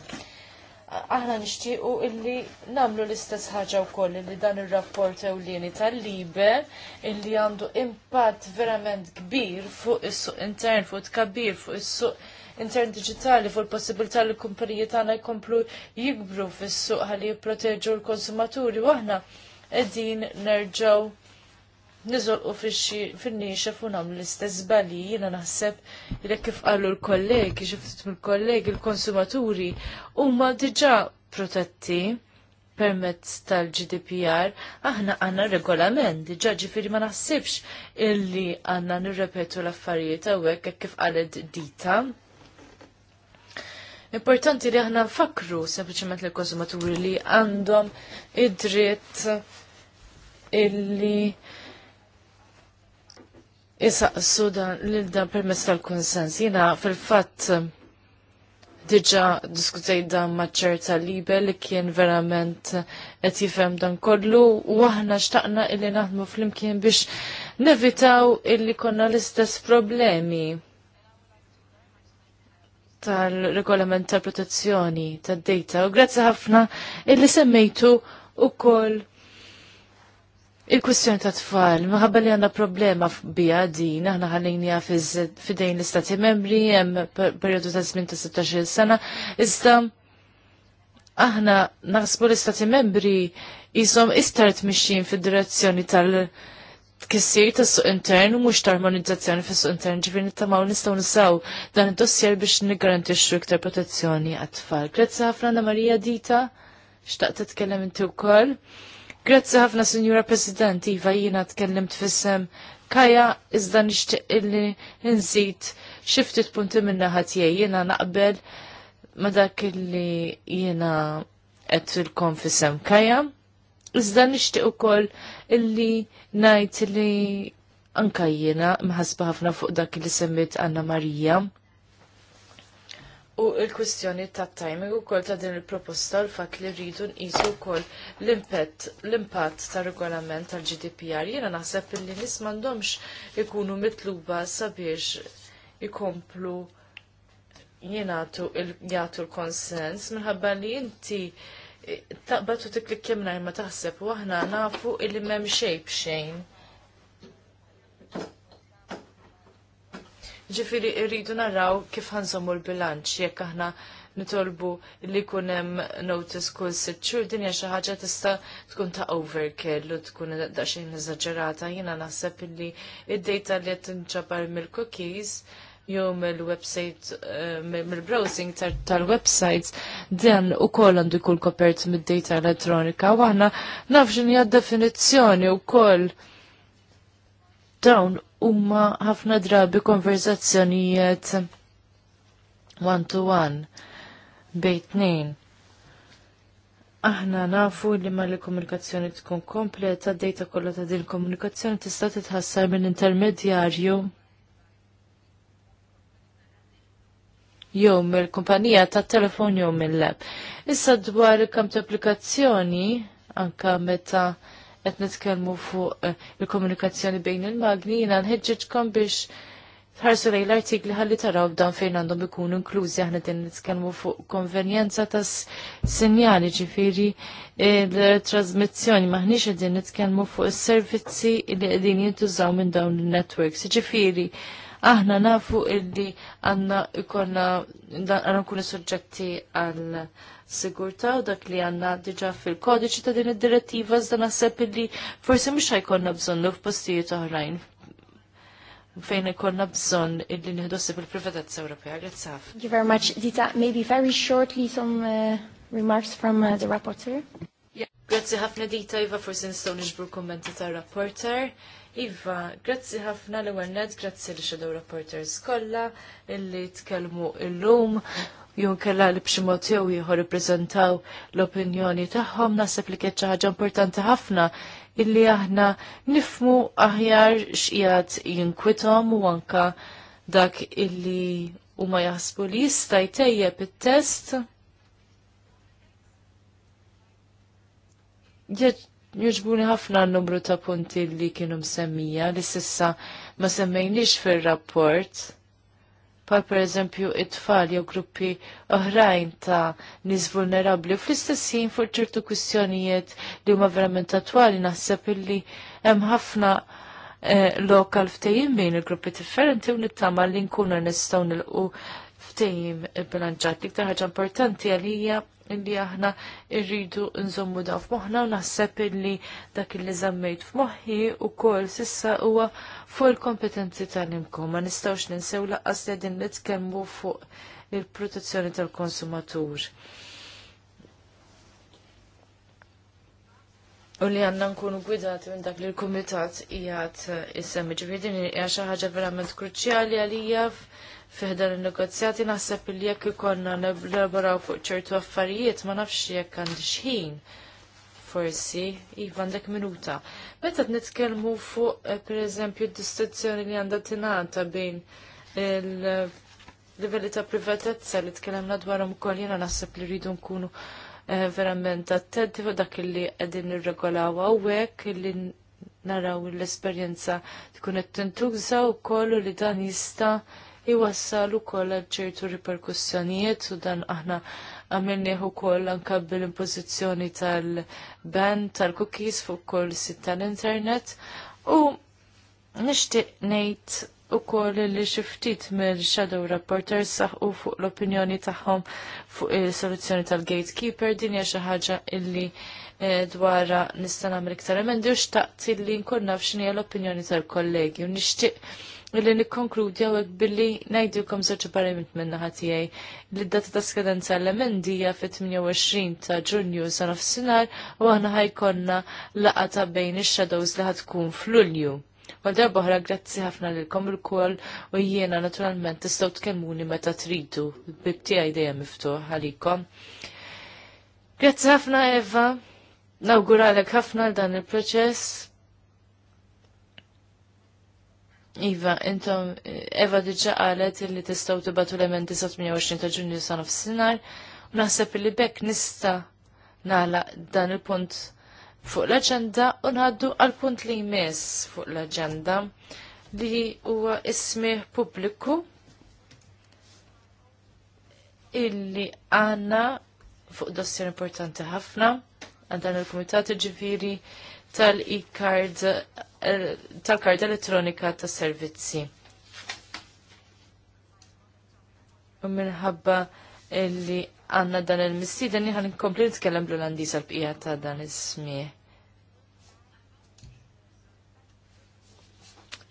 aħna nixtiequ illi namlu l-istess ħaġa wkoll li dan ir-rapport ewlieni tal-liber illi għandu impatt verament kbir fuq is-suq intern, fuq tkabbir, fuq is-suq intern digitali fuq il-possibilità li l-kumpaniji tagħna jkomplu jikbru fis-suq ħalli jipproteġu l-konsumaturi u aħna qegħdin nerġgħu u fil-nixa fu l-istess bali, jina naħseb jina kif għallu l-kollegi, xiftit mill-kollegi, l-konsumaturi, huma diġa protetti permezz tal-GDPR, aħna għanna regolament, diġa ġifiri ma naħsibx illi għanna nirrepetu l-affarijiet għawek kif għalet dita. Importanti li aħna nfakru sempliciment l-konsumaturi li għandhom id-dritt illi Issa, dan lil dan permess tal-konsens. Jiena fil-fatt diġa diskutej dan maċċerta libel li kien verament qed jifhem dan kollu u aħna xtaqna illi naħdmu flimkien biex nevitaw illi konna l-istess problemi tal-regolament tal-protezzjoni tad-data u grazzi ħafna illi semmejtu ukoll Il-kwistjoni ta' tfal, maħabba li għanna problema f'bija din, aħna ħallini fidejn l-istati membri, jem periodu ta' 18 ta' 16 sena, iżda aħna naħsbu l-istati membri jisom istart mixin fid-direzzjoni tal- tkissir tas suq intern u mhux armonizzazzjoni fis suq intern ta' nittamaw nistgħu nisaw dan id-dossier biex niggarantixxu iktar protezzjoni għat-tfal. Grazzi ħafna Anna Marija Dita, xtaqt titkellem inti wkoll. Grazzi ħafna, Signora President, Iva, jina tkellimt fissem. Kaja, iżda nishtiq illi nżid xiftit punti minna ħatijaj, jina naqbel ma dak illi jina għedfilkom fissem. Kaja, iżda nishtiq u koll illi najt illi anka jina mħasba ħafna fuq dak illi semmit Anna Marija u il-kwistjoni ta' timing u kol ta' din il-proposta l fat li rridu nqisu kol l-impatt ta' regolament tal-GDPR. Jiena naħseb li nis mandomx ikunu mitluba sabiex ikomplu jenatu jgħatu l-konsens minħabba li inti eh, taqbatu li kemna ma taħseb u aħna nafu illi m'hemm xejn Ġifiri rridu naraw kif ħanżommu l-bilanċ jekk aħna nitolbu li jkun hemm notice kull sitt xhur din hija xi ħaġa tista' tkun ta' overkill u tkun daqsxejn eżaġerata. Jiena naħseb illi id-data li qed tinġabar mill-cookies jew mill-website eh, mill-browsing tal-websites dan ukoll għandu jkun kopert mid-data elettronika u aħna nafx hija definizzjoni wkoll dawn huma ħafna drabi konverzazzjonijiet one to one bejn tnejn. Aħna nafu li ma li komunikazzjoni tkun kompleta, dejta kollha ta' din komunikazzjoni tista' titħassar minn intermedjarju jew mill-kumpanija tat telefon jew mill-lab. Issa dwar il ta' applikazzjoni anka meta' qed nitkellmu fuq eh, il-komunikazzjoni bejn il-magni jiena nħeġġeġkom biex tħarsu lej l-artikli ħalli taraw b'dan fejn għandhom ikunu inklużi aħna din nitkellmu fuq konvenjenza ta' sinjali ġifieri l-trasmizzjoni maħniex qegħdin nitkellmu fuq is-servizzi li qegħdin jintużaw minn dawn il networks Ġifieri aħna nafu illi għandna ikonna għandna nkunu suġġetti għal sigurta u dak li għanna diġa fil-kodiċi ta' din id-direttiva zda naħseb li forsi mhux ħajkonna l-uf postijiet oħrajn fejn ikonna bżonn illi nieħdossi bil-privatezza Ewropea. Grazzi ħafna. Thank you very much, Dita. Maybe very shortly some uh, remarks from uh, the rapporteur. Grazzi ħafna Dita, Iva forsi stoni niġbru kommenti tar-rapporter. Iva, grazzi ħafna l ewwel grazzi li Shadow rapporters kollha illi tkellmu illum jun kella li b'xi mod jew reprezentaw l-opinjoni tagħhom naħseb li kieċa xi importanti ħafna illi aħna nifmu aħjar x'qiegħed jinkwitom u anka dak illi huma jaħsbu li jista' jtejjeb it-test. Jieġbuni ħafna n-numru ta' punti li kienu msemmija li sissa ma semmejniex fil-rapport pal per eżempju it-tfal jew gruppi oħrajn ta' nis vulnerabli u fl-istess jien fuq ċertu kwistjonijiet li huma verament attwali naħseb illi hemm ħafna eh, lokal ftejjim bejn il-gruppi differenti u nittama li nkunu nistgħu nilqu ftejjim bilanċat. L-iktar ħaġa importanti għalija illi aħna irridu nżommu daw f'moħħna u naħseb illi dak illi żammejt f'moħħi u kol sissa huwa fuq il-kompetenzi tal-imkom. Ma nistgħux ninsew laqqas li din li nitkellmu fuq il-protezzjoni tal-konsumatur. U li għanna nkunu gwidati minn dak li l-Kumitat jgħat jissemmi ġifiri din hija xi ħaġa verament kruċjali għalija fiħdan il-negozjati naħseb li jekk ikonna nelaboraw fuq ċertu affarijiet ma nafx jekk għandi xħin forsi, iva għandek minuta. Meta t-nitkelmu fuq, eh, per eżempju, distinzjoni li għandha inata bejn il-livelli ta' privatezza li tkellemna dwarhom ukoll jena naħseb li rridu nkunu eh, verament attenti fuq dak li qegħdin nirregolaw hawnhekk li naraw l-esperjenza tkun qed tintuża wkoll li dan jista' iwassal ukoll ċertu riperkussjonijiet u dan aħna għamilni ukoll anke bil-impożizzjoni tal-ban tal-cookies fuq koll sit tal-internet u nixtieq ngħid u koll li xiftit mill shadow reporters saħqu fuq l-opinjoni tagħhom fuq il-soluzzjoni tal-gatekeeper din hija xi ħaġa illi eh, dwara nista' nagħmel iktar emendi u xtaqt illi nkun naf x'inhi l-opinjoni tal-kollegi u nixtieq Illi nikkonkludja għawek billi najdilkom zoċi parimit minna ħatijaj. L-data ta' skadenza l-emendija fit-28 ta' ġunju sa' nofsinar u għana ħajkonna laqa ta' bejn ix-shadows li ħatkun fl-ulju. Għal-darba ħra grazzi ħafna l-kom l kol u jiena naturalment tistaw tkellmuni meta tridu, bibti għajdejja miftuħ għalikom. Grazzi ħafna Eva, nawguralek ħafna l-dan il-proċess, Iva, intom, Eva diġa għalet li tistaw tibatu l-emendi 28 ta' ġunju sa' sinar, u naħseb li bekk nista nala dan il-punt fuq l-agenda u nħaddu għal-punt li jmiss fuq l-agenda li huwa ismi pubbliku illi għanna fuq dossier importanti ħafna għandan il komitati ġifiri tal-e-card eh, tal-kard elettronika ta' servizzi. U minħabba illi għanna dan il dan jħan nkompli nitkellem bl-Olandis għal-bqija ta' dan ismi.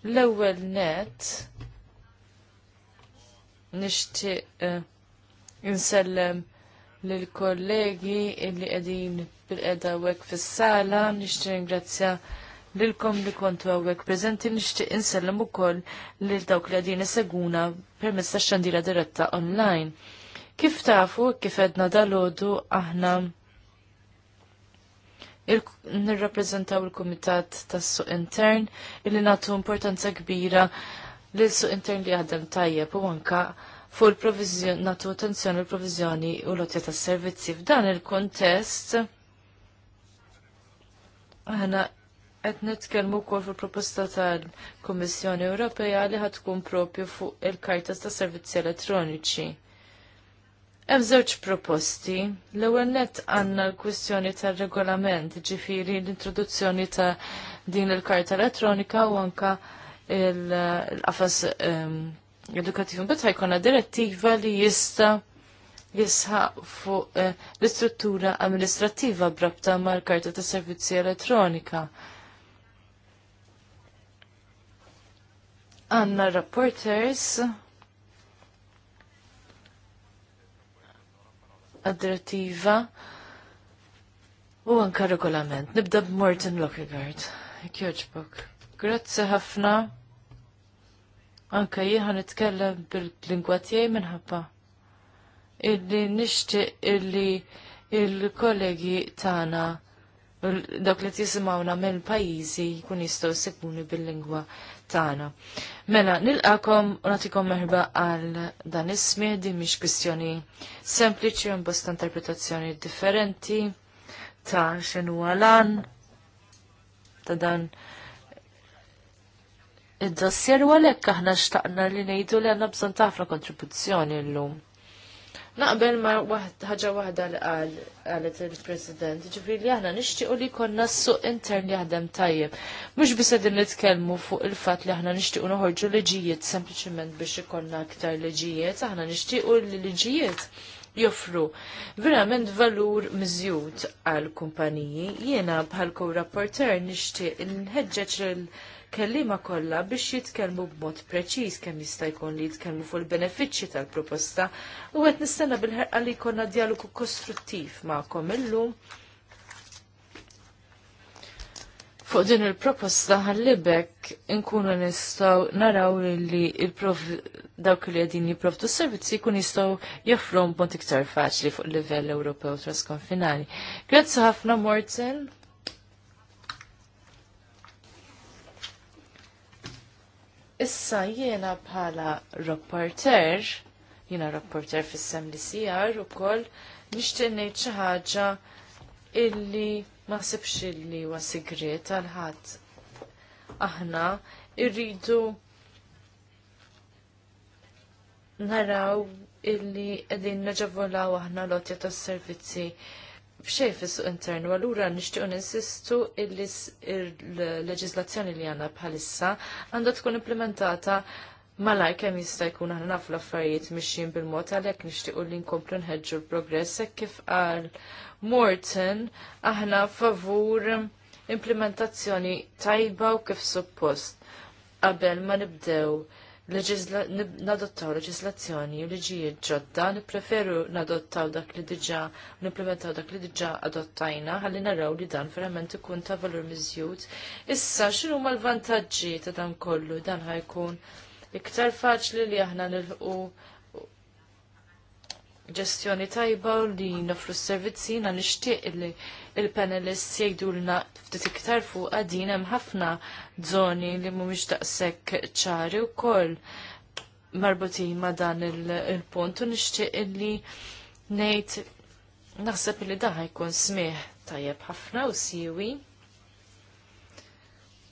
L-ewwel net nixtieq eh, insellem lill-kollegi illi qegħdin bil edha għek fis-sala, nixtieq ringrazzja lilkom li kontu hawnhekk preżenti nixtieq insellem ukoll lil dawk li għedin seguna permezz tax-xandira diretta online. Kif tafu kif edna dalodu aħna nirrappreżentaw il-Kumitat tas-Suq Intern illi nagħtu importanza kbira lil suq intern li għadem tajjeb u anka fuq il-provizjoni, natu attenzjoni l-provizjoni u l-otja ta' servizzi. F'dan il-kontest, aħna qed nitkellmu wkoll fil-proposta tal-Kummissjoni Ewropea li ħad tkun propju fuq il-karta ta' servizzi elettroniċi. Hemm żewġ proposti. L-ewwel nett għandna l-kwistjoni tar-regolament, ġifieri l-introduzzjoni ta' din il-karta elettronika u anka l-qafas ehm, edukattiv. Mbagħad ħajkonna direttiva li jista' jisħaq fuq eh, l-istruttura amministrativa brabta mal-karta ta' servizzi elettronika. Anna Reporters għad-direttiva u anka regolament. Nibda b'Morten Lockegaard. Kjoġbok. Grazzi ħafna. Anke jieħan nitkellem bil-lingwa tiegħi minħabba illi nixtieq illi il-kollegi tagħna dawk li tisimawna minn pajjiżi jkun jistgħu jsibbuni bil-lingwa tagħna. Mela, nilqakom u nagħtikom meħba għal dan ismi di mhix kwistjoni sempliċi u bosta interpretazzjoni differenti ta' xinu għalan ta' dan id-dossier u għalhekk aħna xtaqna li ngħidu li għandna bżonn ħafna kontribuzzjoni llum. Naqbel ma ħaġa waħda li qal qalet il-President, ġifri li aħna nixtiequ li konna suq intern li jaħdem tajjeb. Mhux biss qegħdin nitkellmu fuq il-fatt li aħna nixtiequ noħorġu liġijiet sempliċement biex ikollna aktar liġijiet, aħna nixtiequ li liġijiet joffru verament valur miżjud għal kumpaniji. Jiena bħal kow rapporter nixtieq nħeġġeġ kellima kollha biex jitkellmu b'mod preċiż kemm jista' jkun li jitkellmu fuq il-benefiċċji tal-proposta u qed nistenna bil-ħerqa li jkollna dialogu kostruttiv magħkom illum. Fuq din il-proposta ħallibek inkunu nistaw naraw li il-prof dawk li għedin jiprovdu s-servizzi kun jistaw joffru bont iktar faċli fuq livell Ewropew trasconfinali. Grazzi ħafna Morten. Issa jiena bħala rapporter, jiena rapporter fis-sem li sijar u koll, nishtinni ngħid xi ħaġa illi ma sibx illi huwa sigriet għal ħadd. Aħna irridu naraw illi qegħdin naġavolaw aħna lotja tas-servizzi f'xej fis-suq internu, allura nixtiequ ninsistu illi l leġizlazzjoni li għandna bħalissa għandha tkun implementata mala kemm jista' jkun aħna nafu l-affarijiet mixjin bil-mod għalhekk nixtiequ li nkomplu nħeġġu l-progress hekk kif qal Morton aħna favur implementazzjoni tajba u kif suppost qabel ma nibdew nadottaw leġislazzjoni u liġijiet ġodda, nipreferu nadottaw dak li diġa, nimplementaw dak li diġa adottajna, ħalli naraw li dan verament ikun ta' valur miżjud. Issa, xinu ma l-vantagġi ta' dan kollu, dan ħajkun iktar faċli li aħna nilħu ġestjoni tajba u li nofru s servizzina nishtiq li il-panelists jgħidulna ftit iktar fuq għadin hemm ħafna żoni li mhumiex daqshekk ċari wkoll marbutin ma' dan il-punt u nixtieq illi ngħid naħseb li dan jkun smih tajjeb ħafna u siwi.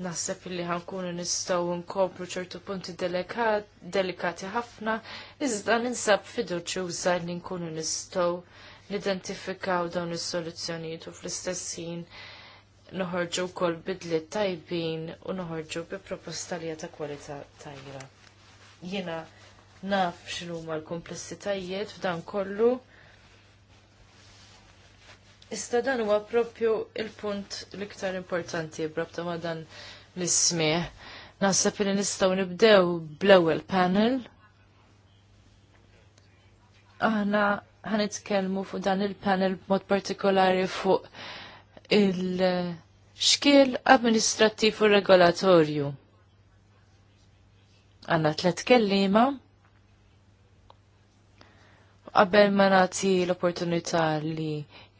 Naħseb li ħankunu nistgħu nkopru ċertu punti delikati ħafna, iżda ninsab fiduċjuża li nkunu nistgħu nidentifikaw dawn is-soluzzjonijiet u fl-istess ħin noħorġu wkoll bidliet tajbin u noħorġu bi proposta li ta' kwalità tajra. Jiena naf x'huma l-komplessitajiet f'dan kollu. Iżda dan huwa propju il-punt l-iktar importanti brabta ma dan l-ismieħ. Naħseb li nistgħu nibdew bl-ewwel panel. Aħna ħanitkellmu fuq dan il-panel b'mod partikolari fuq il-xkiel amministrattiv u regolatorju. Għanna tlet kellima. Qabel ma nagħti l-opportunità li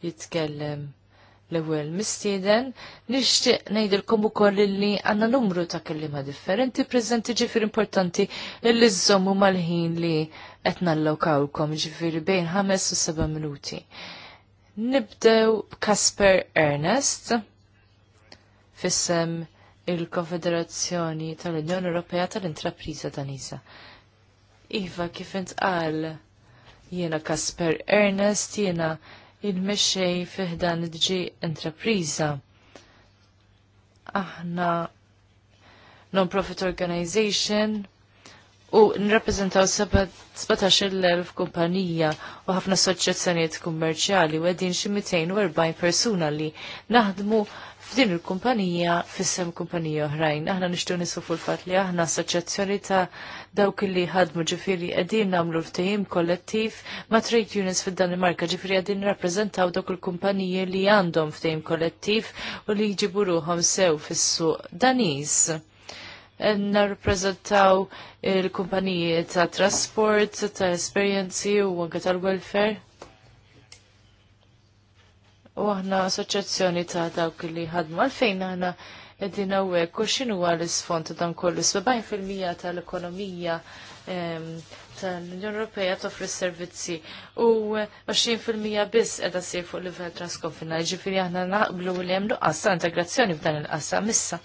jitkellem l-ewwel mistieden, nixtieq ngħidilkom ukoll li għandna numru ta' kelliema differenti preżenti ġifier importanti li żommu mal-ħin li qed nallokawkom ġifieri bejn ħames u seba' minuti. Nibdew Kasper Ernest fissem il-Konfederazzjoni tal-Unjoni Ewropea tal-Intrapriża Danisa. Iva kif intqal jiena Kasper Ernest jiena il mexej fiħdan id-ġi Aħna non-profit organization u nirrappreżentaw 17,000 kumpanija u ħafna soċjazzjonijiet kummerċjali u qegħdin xi 240 persuna li naħdmu f'din il-kumpanija fissem kumpanija oħrajn. Aħna nixtu nisu l fatt li aħna assoċjazzjoni ta' dawk li ħadmu ġifieri qegħdin nagħmlu ftehim kollettiv ma' trade unions fid-Danimarka ġifieri qegħdin nirrappreżentaw dawk il-kumpaniji li għandhom ftehim kollettiv u li jġibu ruhom sew fis-suq Daniż narrappreżentaw il-kumpaniji ta' trasport, ta' esperjenzi u anke tal-welfare. U aħna assoċjazzjoni ta' dawk li ħadmu għalfejn aħna edin għawek u xinu għal isfond dan kollu fil-mija tal-ekonomija tal-Unjoni Ewropea toffri servizzi u 20% biss qiegħda ssir fuq livell transkonfina. ġifiri aħna naqblu li hemm nuqqas integrazzjoni f'dan il-qasam issa.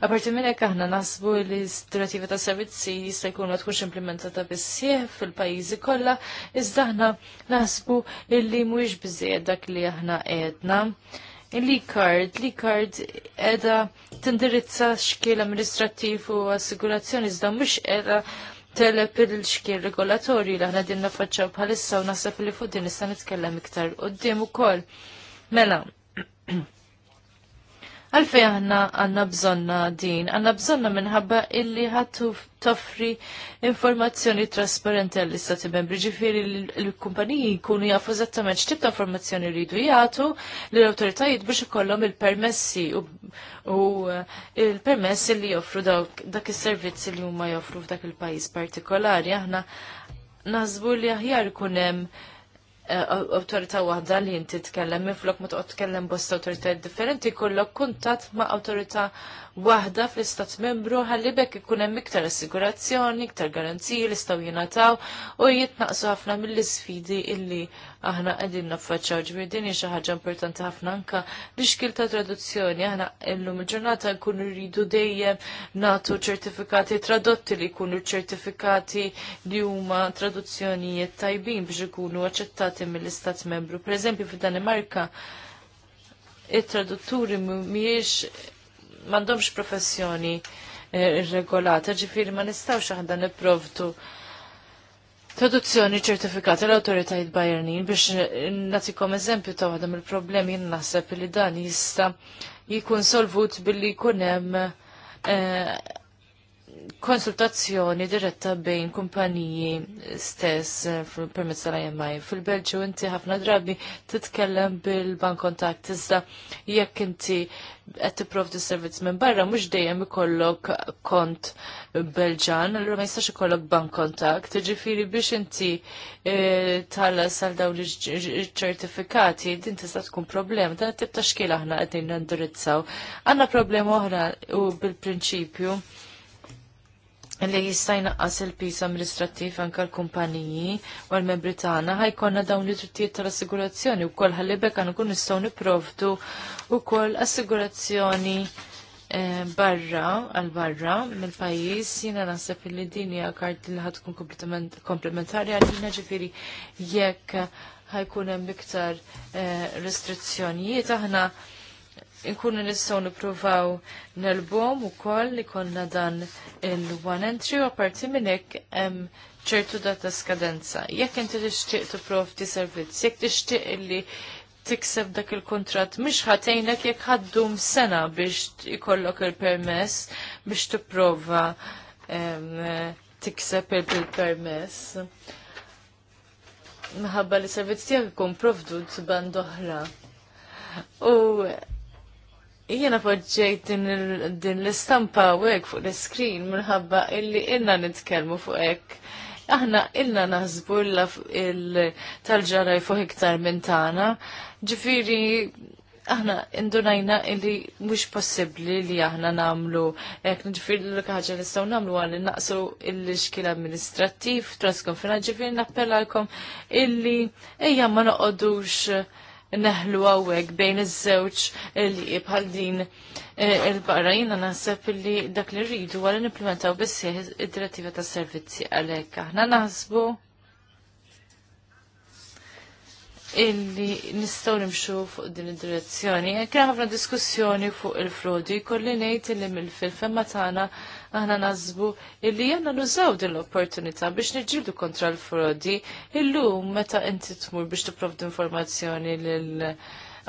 Aparti minn hekk aħna naħsbu li s-direttiva ta' servizzi jista' jkun ma tkunx implementata bissieħ fil-pajjiżi kollha, iżda aħna nasbu li mhuwiex biżejjed dak li aħna qiegħdna Il-likard, likard edha tindirizza xkiel amministrativ u assigurazzjoni iżda mhux edha telep il-xkiel regolatori li aħna din nafaċċaw bħalissa u naħseb li fuq din nista' nitkellem iktar qudiem ukoll. Mela, [CLEARS THROAT] Għalfej aħna għanna bżonna din, għanna bżonna minħabba illi ħattu toffri informazzjoni trasparenti għall istati membri, ġifiri l-kumpaniji jkunu jafu zattament x'tib ta' informazzjoni rridu jgħatu l-autoritajiet biex ikollhom il-permessi u uh, il-permessi li joffru dak is-servizzi li huma joffru f'dak il-pajjiż partikolari. Aħna nażbu li aħjar kunem hemm Eh, awtorità waħda li inti tkellem minflok ma toqgħod tkellem bost awtorità differenti kollok kuntatt ma' awtorità waħda fl-istat membru ħalli bekk ikun hemm iktar assigurazzjoni, iktar garanziji li jistgħu jingħataw u jitnaqsu ħafna mill-isfidi illi aħna qegħdin naffaċċaw ġifieri hija xi ħaġa importanti ħafna anka li xkil ta' traduzzjoni aħna llum il-ġurnata nkunu rridu dejjem nagħtu ċertifikati tradotti li jkunu ċertifikati li huma traduzzjonijiet tajbin biex ikunu aċċettati mill-Istat Membru. Pereżempju fid-Danimarka it-tradutturi mhijiex m'għandhomx professjoni irregolata, eh, ġifiri ma nistawx aħna niprovdu traduzzjoni ċertifikata l-autoritajiet Bajernin biex natikom eżempju ta' għadam il-problemi naħseb li dan jista jikun solvut billi kunem eh, konsultazzjoni diretta bejn kumpaniji stess eh, permezz tal-IMI. Fil-Belġu inti ħafna drabi titkellem bil-Bank Contact iżda jekk inti qed tipprovdi servizz minn barra mhux dejjem ikollok kont Belġan, allura ma jistax ikollok bank kontakt, ġifiri biex inti e, tala sal daw iċ-ċertifikati din tista' tkun problema, dan tip ta' ħna aħna qegħdin nindirizzaw. Għandna problema oħra u bil-prinċipju li jista' jnaqqas il-pis amministrattiv anke l-kumpaniji u l-membri tagħna ħajkonna dawn li trittijiet tal-assigurazzjoni wkoll ħallibek għan nkun nistgħu nipprovdu wkoll assigurazzjoni eh, barra għal barra mill-pajjiż jiena naħseb li din hija kart li ħad tkun komplementari għalina ġifieri jekk ħajkun hemm iktar eh, restrizzjonijiet aħna Inkunu nistgħu nippruvaw nelbom ukoll li konna dan il-one entry u apparti minn hekk hemm ċertu data skadenza. Jekk inti tixtieq ti servizz, jekk tixtieq li tikseb dak il-kontrat mhix ħatejnek jekk ħaddum sena biex ikollok il-permess biex tipprova tikseb il-permess. Minħabba li servizz tiegħek ikun provdut band oħra. U Jiena poġġejt din l-istampa u hekk fuq l-iskrin minħabba illi ilna nitkellmu fuq hekk. Aħna ilna naħsbu tal ġaraj fuq iktar minn tagħna. Ġifieri aħna indunajna illi mhux possibbli li aħna nagħmlu hekk li l kħagġa li nistgħu nagħmlu għal naqsu illi xkil amministrattiv transkonfina ġifieri nappellalkom illi ejja ma noqogħdux neħlu għawek bejn iż-żewġ li bħal din e, il-barra jina naħseb li dak li rridu għal n-implementaw bissieħ id-direttiva ta' servizzi għalek. Aħna naħsbu illi nistaw nimxu fuq din id-direzzjoni. Kien ħafna diskussjoni fuq il-frodi, kollinejt ngħid illi mill-fil femma tagħna aħna nazbu illi jenna nużaw din l-opportunità biex niġġieldu kontra l-frodi illum meta inti tmur biex tipprovdu informazzjoni lil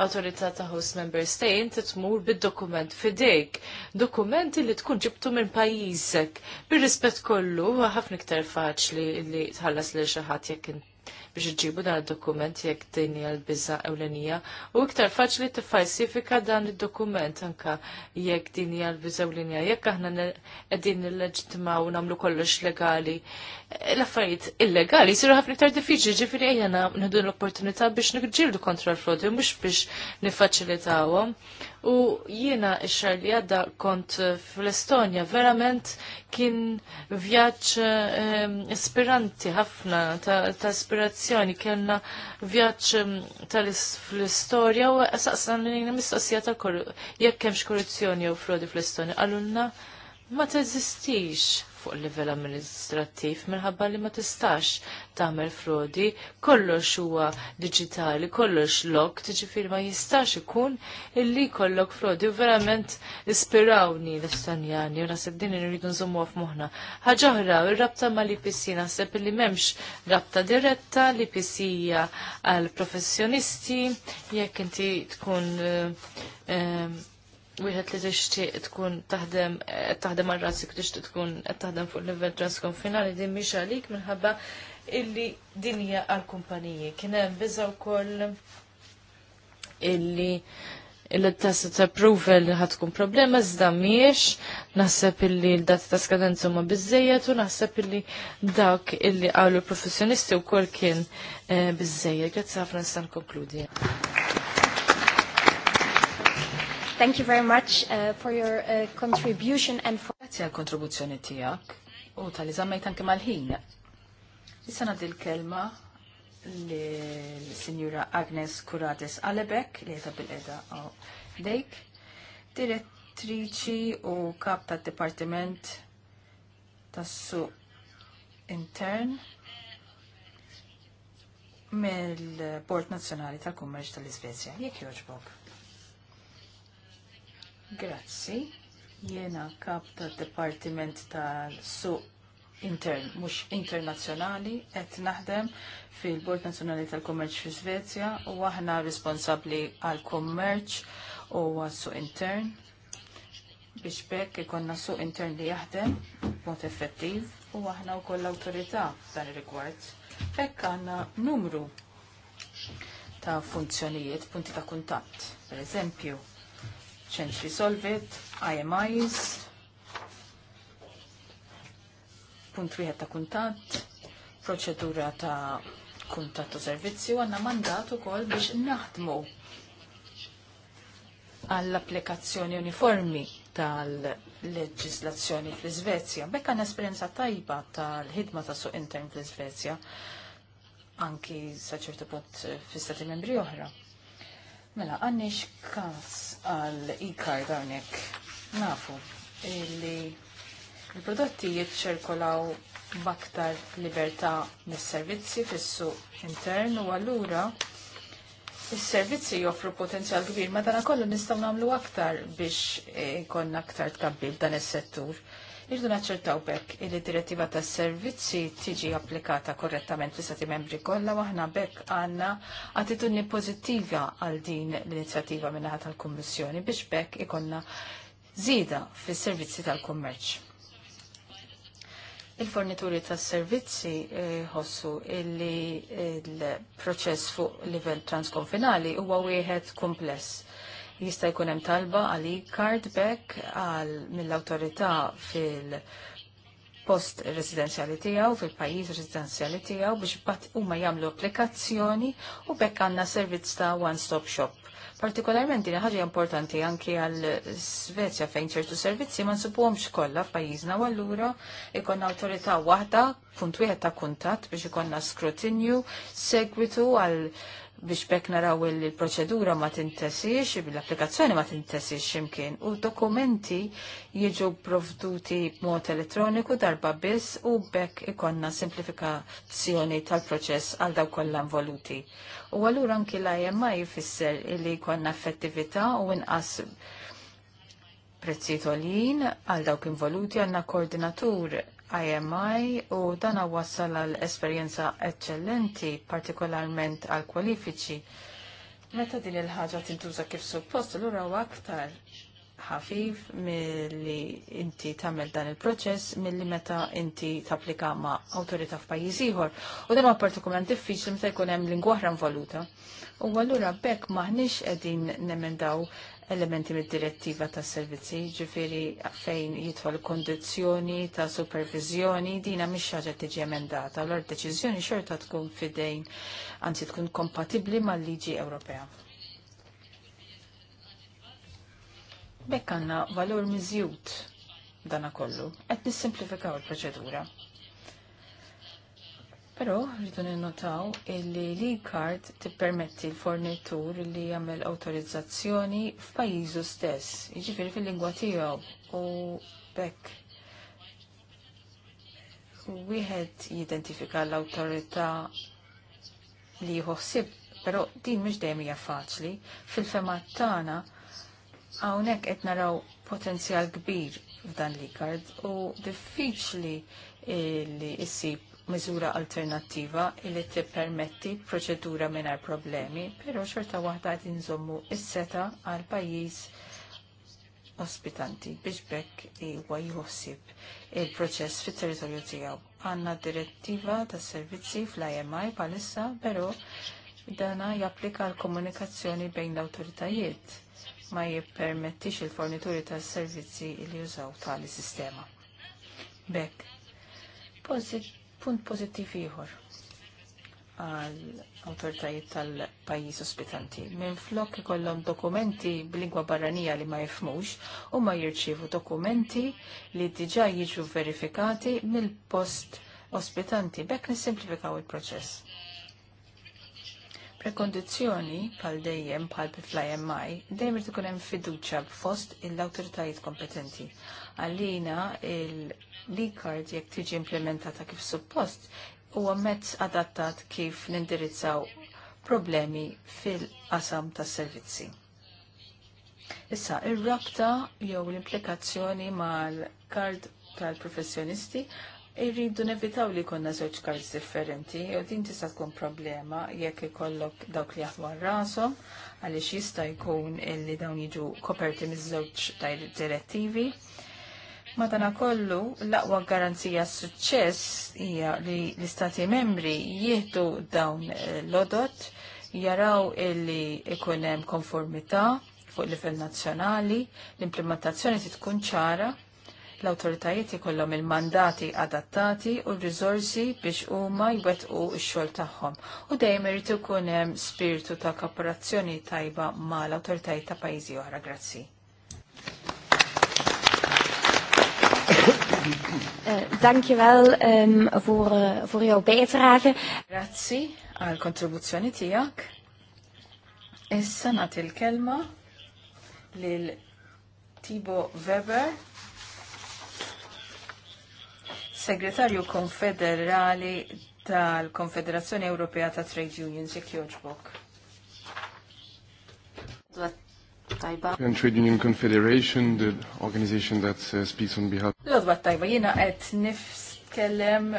autorità ta' host member state inti tmur bid-dokument fidejk, dokumenti li tkun ġibtu minn pajjiżek. Bir-rispett kollu ħafna iktar faċli li tħallas lil xi ħadd jekk biex iġibu dan id-dokument jekk din hija l-biża ewlenija u iktar faċli tiffalsifika dan id-dokument anka jekk din hija l-biża ewlenija jekk aħna qegħdin u nagħmlu kollox legali l-affarijiet illegali jisiru ħafna iktar diffiċli ġifieri ejjena nħidu l-opportunità biex niġġieldu kontra l-frodi mhux biex niffaċilitawhom. U jiena x-xar li għadda kont fl-Estonja verament kien vjaġġ ispiranti ehm, ħafna ta' ispirazzjoni kellna vjaġġ ehm, fl istorja u saqsan li mistoqsija ta' jekk hemmx korruzzjoni jew frodi fl-Estonja. Għalunna ma teżistix fuq livell amministrattiv minħabba li ma tistax tagħmel frodi, kollox huwa digitali, kollox lok, tiġifieri ma jistax ikun illi kollok frodi u verament ispirawni l istanjani u naħseb din irridu nżommuha f'moħħna. Ħaġa oħra, ir-rabta ma' l-IPC naħseb li m'hemmx rabta diretta, l-IPC hija għall professjonisti jekk inti tkun eh, eh, wieħed li tixtieq tkun taħdem taħdem għal rasik tixtieq tkun qed taħdem fuq livell transkonfinali din mhix għalik minħabba illi din hija għal kumpaniji. Kien hemm biża wkoll illi il-tassa ta' approval ħatkun problema iżda miex naħseb illi l data ta' skadenza ma biżejjed u naħseb illi dak illi qalu l-professjonisti wkoll kien eh, biżejjed. Grazzi ħafna nista' nkonkludi. Thank you very much uh, for your uh, contribution and for... Grazie għal kontribuzzjoni tiegħek u tal-li zammajt anke mal-ħin. Issa nadi l-kelma l-Sinjura Agnes Kurades Alebek li qiegħda bil-eda dejk, direttriċi u kap ta' tas-su intern mill-Bord Nazzjonali tal-Kummerċ tal-Iżvezja. Jekk joġbok. Grazzi. Jena kap ta' Departiment tal-Suq intern, mux internazjonali, et naħdem fil-Bord Nazjonali tal-Kommerċ fi Svezja u aħna responsabli għal-kommerċ u għal-suq intern biex bekk ikonna suq intern li jaħdem mod effettiv u aħna u koll autorita dan ir-rigward. Bekk għanna numru ta' funzjonijiet, punti ta' kuntatt, per eżempju, ċentri Solvit, IMIs, punt wieħed ta' kuntatt, proċedura ta' kuntatt u servizzi għanna mandat ukoll biex naħdmu għall-applikazzjoni uniformi tal-leġislazzjoni fl-Svezja. Bekk għanna esperjenza tajba tal-ħidma ta' suq intern fl-Svezja anki saċertu punt fi stati membri oħra Mela, għannix kas għal ikar dawnek nafu illi il-prodotti jitċerkolaw baktar libertà mis-servizzi fis-suq intern u allura is-servizzi joffru potenzjal kbir ma dana kollu nistgħu nagħmlu aktar biex ikonna aktar tabbil dan is-settur. Irdu naċċertaw bekk il direttiva tas servizzi tiġi applikata korrettament li stati membri kollha waħna bekk għandna attitudni pożittiva għal din l-inizjattiva minnaħa tal-Kummissjoni biex bekk ikonna żieda fis-servizzi tal-kummerċ. Il-fornituri tas servizzi eh, ħossu illi il-proċess fuq livell transkonfinali huwa wieħed kumpless jista' jkun hemm talba għal card back għal mill-awtorità fil- post residenzjali tiegħu fil-pajjiż residenzjali tiegħu biex bat huma jagħmlu applikazzjoni u bekk għandna servizz ta' one stop shop. Partikolarment din ħaġa importanti anki għal Svezja fejn ċertu servizzi ma nsibuhomx kollha f'pajjiżna u allura ikonna awtorità waħda punt wieħed ta' kuntatt biex ikonna skrutinju segwitu għal biex bekk naraw il-proċedura ma tintessiex, l-applikazzjoni ma tintessiex ximkien, u dokumenti jiġu provduti b'mod elettroniku darba biss u bekk ikonna simplifikazzjoni tal-proċess għal daw kollan involuti. U għallura anki l-IMA jifisser li ikonna effettività u inqas prezzi għal għal dawk involuti għanna koordinatur IMI u dan wassal għal esperjenza eccellenti, partikolarment għal kwalifiċi. Meta din il-ħaġa tintuża kif suppost, l-ura u aktar ħafif milli inti tagħmel dan il-proċess milli meta inti tapplika ma' autorita f'pajjiż ieħor. U dan huwa partikolarment diffiċli meta jkun hemm lingwaħra involuta. U allura bekk maħniex qegħdin nemendaw elementi mid-direttiva ta' servizzi, ġifiri fejn jitfall kondizjoni ta' supervizjoni, dina mhix ħaġa tiġi emendata, l deċiżjoni xorta tkun fidejn, anzi tkun kompatibbli mal-liġi Ewropea. Bekk għandna valur miżjud dana kollu, qed nissimplifikaw il-proċedura. Però rridu ninnotaw illi l-e-card tippermetti l-fornitur li jagħmel awtorizzazzjoni f'pajjiżu stess, jiġifieri fil-lingwa tiegħu u bekk wieħed jidentifika l-awtorità li jħossib, però din mhux dejjem hija faċli. Fil-femat tagħna hawnhekk qed naraw potenzjal kbir f'dan l-e-card u diffiċli li issib miżura alternattiva li tippermetti proċedura mingħajr problemi, però xorta waħda qed inżommu s seta għal pajjiż ospitanti biex bekk huwa jħossib il-proċess fit-territorju tiegħu. Għandna direttiva tas servizzi fl-IMI bħalissa, però dana japplika l komunikazzjoni bejn l-awtoritajiet ma jippermettix il-fornituri tas servizzi li jużaw tali sistema. Bekk, Pożit Punt pozittiv ieħor għal autoritajiet tal-pajjiż ospitanti. Minn flok ikollhom dokumenti b'lingwa barranija li ma jifmux u ma jirċievu dokumenti li diġà jiġu verifikati mill-post ospitanti. Bekk nisimplifikaw il-proċess. Prekondizzjoni bħal dejjem bħal fl-IMI dejjem irid ikun hemm fiduċja b'fost l-awtoritajiet kompetenti għalina il card jekk tiġi implementata kif suppost huwa mezz adattat kif nindirizzaw problemi fil-qasam tas servizzi. Issa, ir-rabta jew l-implikazzjoni mal-kard tal-professjonisti irridu nevitaw li konna żewġ kards differenti u din tista' tkun problema jekk ikollok dawk li jaħdmu ar-rasom għaliex jista' jkun illi dawn jiġu koperti miż-żewġ direttivi. Matana kollu, l-aqwa garanzija suċċess hija li l-Istati membri jieħdu dawn eh, l-odot, jaraw illi ikunem konformità fuq livell nazzjonali, l-implementazzjoni tkun ċara, l-autoritajiet ikollhom il-mandati adattati u r-riżorsi biex huma jwettqu x-xogħol tagħhom. U dejjem irid ikun hemm spiritu ta' kooperazzjoni tajba mal-awtoritajiet ta' pajjiżi oħra. Grazzi. Dankjewel um, ehm, voor, eh, voor jouw bijdrage. Grazzi al kontribuzzjoni tijak. Issa nagħti til kelma lil Tibo Weber, segretarju konfederali tal Confederazione Europea ta' Trade Unions jekk joġbok tajba. And Trade Union Confederation, the organization that uh, speaks on behalf. L-odba tajba, jina għed nifskellem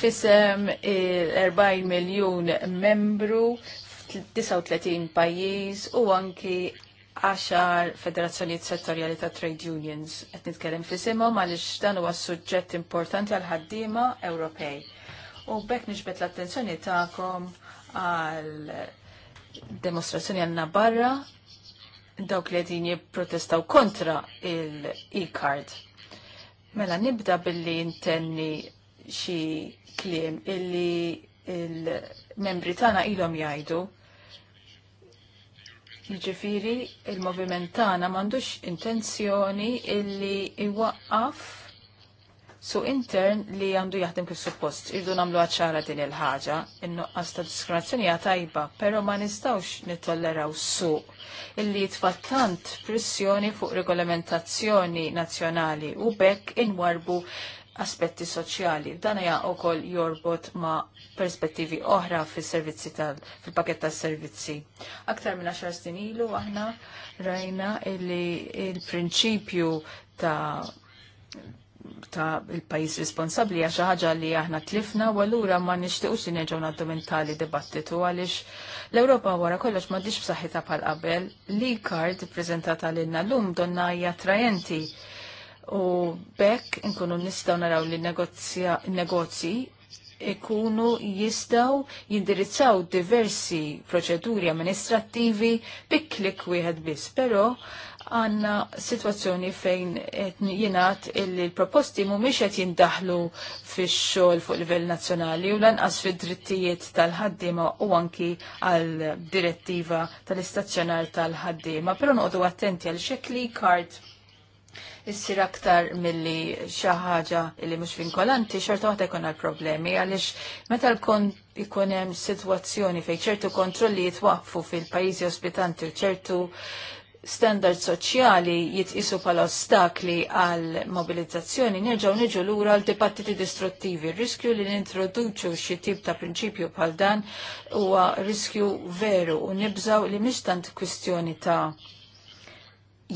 fisem il-40 miljon membru f-39 pajjiż u anki 10 federazzjonijiet settorjali ta' trade unions. Qed nitkellem fisimhom għaliex dan huwa suġġett importanti għal ħaddiema Ewropej. U bekk nixbet l-attenzjoni tagħkom għal demonstrazzjoni għandna barra dawk li din jipprotestaw kontra il-e-card. Mela nibda billi intenni xi kliem illi il-membri tagħna ilhom jgħidu. Jiġifieri il-moviment tagħna m'għandux intenzjoni illi iwaqqaf su intern li għandu jaħdem kif suppost. Irdu namlu għadċara din il-ħaġa, in għasta ta' diskriminazzjoni hija tajba, però ma nistgħux nittolleraw suq illi jitfattant pressjoni fuq regolamentazzjoni nazzjonali u bekk inwarbu aspetti soċjali. Dan hija wkoll jorbot ma' perspettivi oħra fis-servizzi tal fil-pakett tas-servizzi. Aktar minn 10 snin ilu aħna rajna illi il-prinċipju ta' ta' il-pajis responsabli għax ħaġa li aħna tlifna u allura ma nixtiequx li nerġgħu ngħaddu mentali tali dibattitu għaliex l-Ewropa wara kollox m'għandix b'saħħitha bħal qabel li kard ippreżentata lilna llum donna hija trajenti u bekk inkunu nistgħu naraw li negozji ikunu jistaw jindirizzaw diversi proċeduri amministrattivi bi klik wieħed biss, però għanna situazzjoni fejn jenat il-proposti mu qed jindahlu fix-xogħol fuq livell nazzjonali u lanqas fid-drittijiet tal-ħaddiema u anki għal direttiva tal-istazzjonar tal-ħaddiema, però noqogħdu attenti għal xekli kart issir aktar milli xi ħaġa li mhux vinkolanti xorta waħda jkun problemi għaliex meta jkun ikun hemm sitwazzjoni fejn ċertu kontrolli jitwaqfu fil-pajjiżi ospitanti u ċertu standard soċjali jitqisu pala ostakli għal mobilizzazzjoni, nerġaw niġu lura għal dibattiti distruttivi. Riskju li nintroduċu xi tip ta' prinċipju bħal dan huwa riskju veru u nibżaw li mhix tant kwistjoni ta'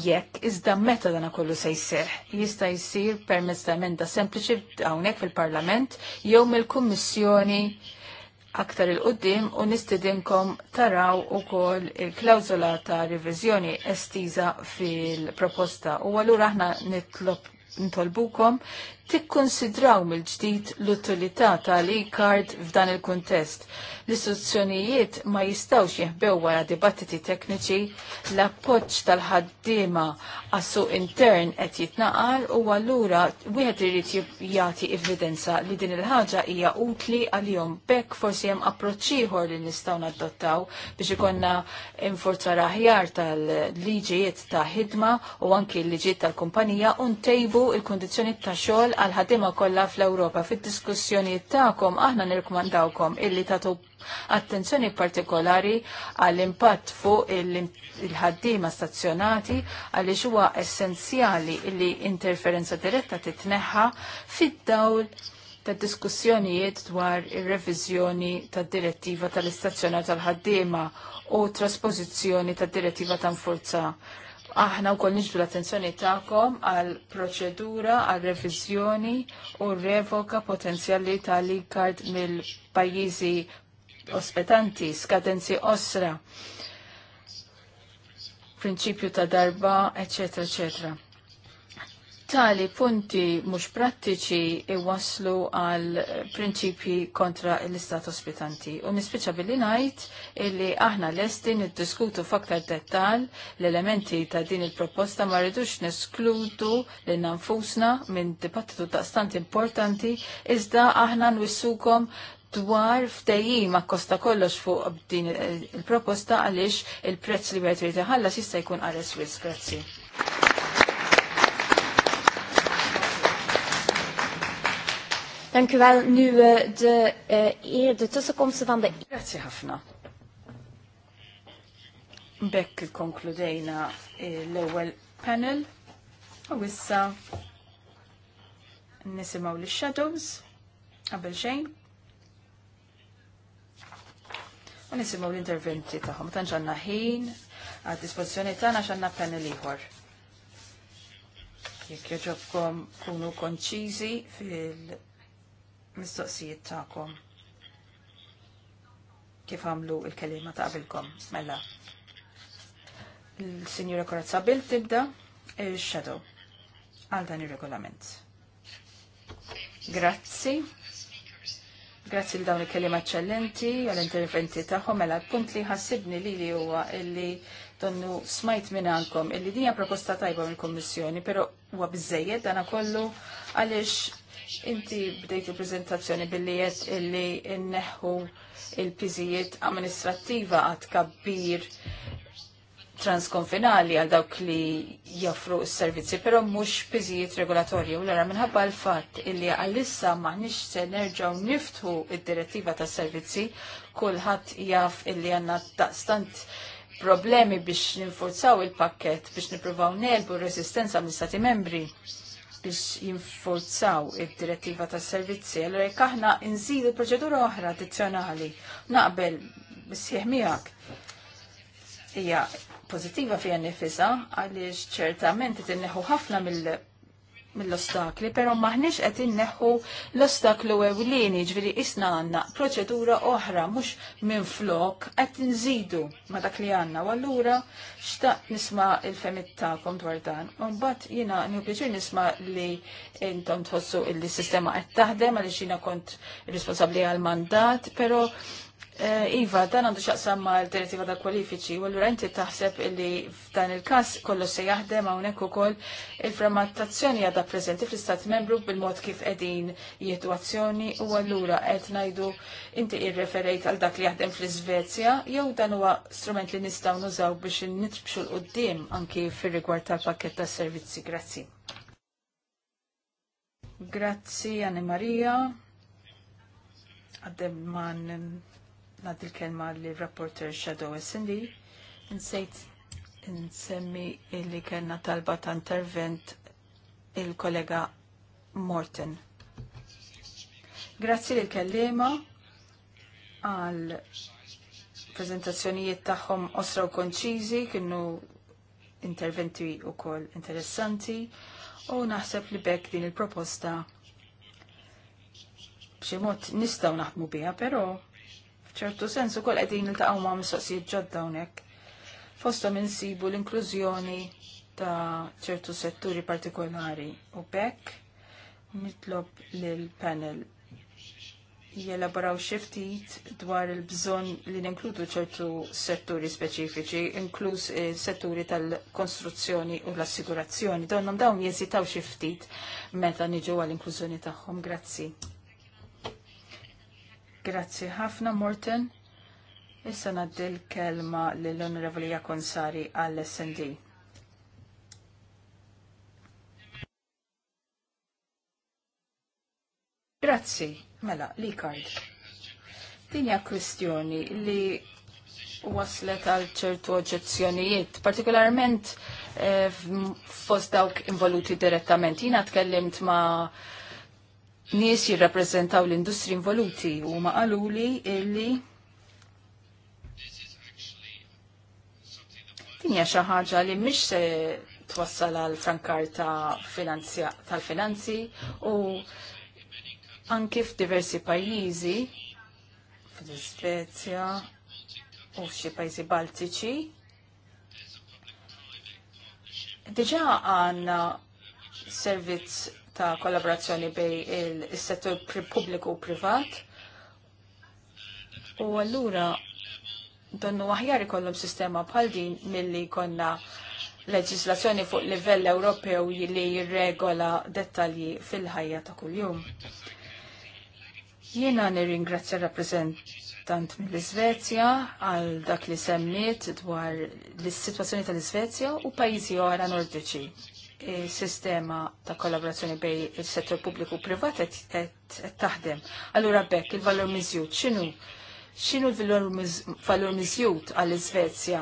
jekk iżda meta dana kollu se jseħ. Jista' jsir permezz ta' emenda sempliċi hawnhekk fil-Parlament jew mill-Kummissjoni aktar il-qoddim u nistidinkom taraw u kol il-klawzola ta' revizjoni estiza fil-proposta. U għallura aħna nitlob nitolbukom tikkonsidraw mill-ġdid l-utilità tal-e-card f'dan il-kuntest. L-istituzzjonijiet ma jistawx jeħbew wara dibattiti tekniċi l-appoġġ tal-ħaddiema għas-suq intern qed jitnaqal u allura wieħed irid jagħti evidenza li din il-ħaġa hija utli għalihom bekk forsi hemm approċċ ieħor li nistgħu nadottaw biex ikonna infurzar aħjar tal-liġijiet ta' ħidma u anki l-liġijiet tal-kumpanija u ntejbu il-kondizzjoni ta' xogħol xogħol għal ħaddiema kollha fl-Ewropa. Fid-diskussjonijiet tagħkom aħna nirkomandawkom illi tagħtu attenzjoni partikolari għall impatt fuq il-ħaddiema stazzjonati għaliex huwa essenzjali illi interferenza diretta titneħħa fid-dawl ta' diskussjonijiet dwar ir-reviżjoni tad-direttiva tal-istazzjonar tal-ħaddiema u trasposizzjoni tad direttiva ta' forza aħna wkoll niġbdu l-attenzjoni tagħkom għal proċedura għal reviżjoni u revoka potenzjali li kard mill-pajjiżi ospetanti, skadenzi osra, prinċipju ta' darba, eccetera, eccetera tali punti mhux prattiċi iwaslu għal prinċipji kontra l-istat ospitanti. U nispiċa billi ngħid illi aħna lesti niddiskutu f'aktar dettal l-elementi ta' din il-proposta ma rridux neskludu li nanfusna minn dibattitu daqstant importanti iżda aħna nwissukom dwar ma' kosta kollox fuq din il-proposta għaliex il-prezz li għet jrid iħallas jista' jkun qares wis. Grazzi. Dank u wel. Nu uh, de, uh, eer, de tussenkomsten van de... Grazie, Hafna. Bekk konkludejna eh, l ewwel panel. U issa nisimaw li shadows qabel xejn. U nisimaw l-interventi tagħhom. Tan ġanna ħin għad dispozizjoni tagħna x'għandna panel ieħor. Jekk joġobkom kunu konċiżi fil- mistoqsijiet ta'kom kif għamlu il-kelima ta' qabilkom. Mela, il signora Korazza tibda il-Shadow għal dan il-regolament. Grazzi. Grazzi l dawn il-kelima ċellenti għal-interventi tagħhom mela punt li ħassibni li li huwa illi donnu smajt minn għandkom illi dinja proposta tajba mill-Kommissjoni, pero huwa bizzejed dana kollu għaliex Inti bdejt il-prezentazzjoni billi jett illi inneħu il-piżijiet amministrattiva għad kabbir transkonfinali għal dawk li jaffru s-servizzi, pero mux piżijiet regolatorji. U l-għara minħabba l-fat illi għallissa maħnix se nerġaw niftu id-direttiva ta' servizzi, kullħat jaff illi għanna daqstant problemi biex ninforzaw il-pakket biex niprovaw nelbu r-resistenza mill-stati membri biex jinforzaw id-direttiva tas servizzi allora jekk aħna nżidu proċedura oħra addizzjonali naqbel bisħieħ miegħek hija pożittiva fiha nifisa għaliex ċertament tinneħu ħafna mill mill-ostakli, pero maħniex qed inneħħu l-ostaklu ewlieni, ġviri isna għandna proċedura oħra mhux minn flok qed nżidu ma dak li għandna. U allura xtaq nisma' il-femit tagħkom dwar dan. U mbagħad jiena nieħu nisma' li intom tħossu il-sistema qed taħdem għaliex jiena kont responsabbli għal mandat, pero Eh, iva, dan għandu xaqsam ma l-direttiva da kwalifiċi, u l-għura inti taħseb illi f'dan il-kas kollu se jaħdem għawnek u koll il frammattazzjoni għadha prezenti fl-istat membru bil-mod kif edin jietu azzjoni u għallura għed najdu inti irreferejt għal dak li jaħdem fl-Svezja, jew dan huwa strument li nistaw nużaw biex nitbxu l-qoddim anki fil-rigward tal-pakket ta' servizzi. Grazzi. Grazzi, Anne Maria. Għaddem man Nad il-kelma li rapporter Shadow SND, nsejt nsemmi illi kellna talba ta' intervent il-kollega Morton. Grazzi li kellima għal prezentazzjonijiet tagħhom osra u konċiżi kienu interventi u koll interessanti u naħseb li bekk din il-proposta b'xi mod nistgħu naħdmu biha, però ċertu sensu kol il-taqaw ma' mistoqsijiet ġodda hawnhekk. Fostom insibu l-inklużjoni ta' ċertu setturi partikolari u bekk nitlob l panel jelaboraw xiftit dwar il-bżon li ninkludu ċertu setturi speċifiċi, inkluż eh, setturi tal-konstruzzjoni u l-assigurazzjoni. Donnom dawn jesitaw xiftit meta niġu għal-inklużjoni tagħhom. Grazzi. Grazzi ħafna, Morten. Issa naddi l-kelma l-Onorevoli Jakonsari għall-SND. Grazzi, mela, li kard. Dinja kwestjoni li waslet għal ċertu oġezzjonijiet, partikolarment eh, fost dawk involuti direttament. Jina tkellimt ma' nies jirrappreżentaw l-industri involuti u ma qaluli illi dinja xi ħaġa li mhix se twassal għal frankar tal-finanzi u anke f'diversi pajjiżi fl iżvezja u f'xi pajjiżi Baltiċi. Diġà għandna servizz ta' kollaborazzjoni bej il-settur pubbliku u privat. U allura donnu aħjar ikollhom sistema bħal din milli konna leġislazzjoni fuq livell Ewropew li jirregola dettalji fil-ħajja ta' kuljum. Jiena nirringrazzja rappresentant mill-Iżvezja għal dak li semmiet dwar l-sitwazzjoni tal-Iżvezja u pajjiżi oħra nordiċi sistema ta' kollaborazzjoni bej il-settur pubbliku privat qed taħdem. Allura bekk il-valur miżjud x'inhu? X'inhu l-valur miżjud għall iżvezja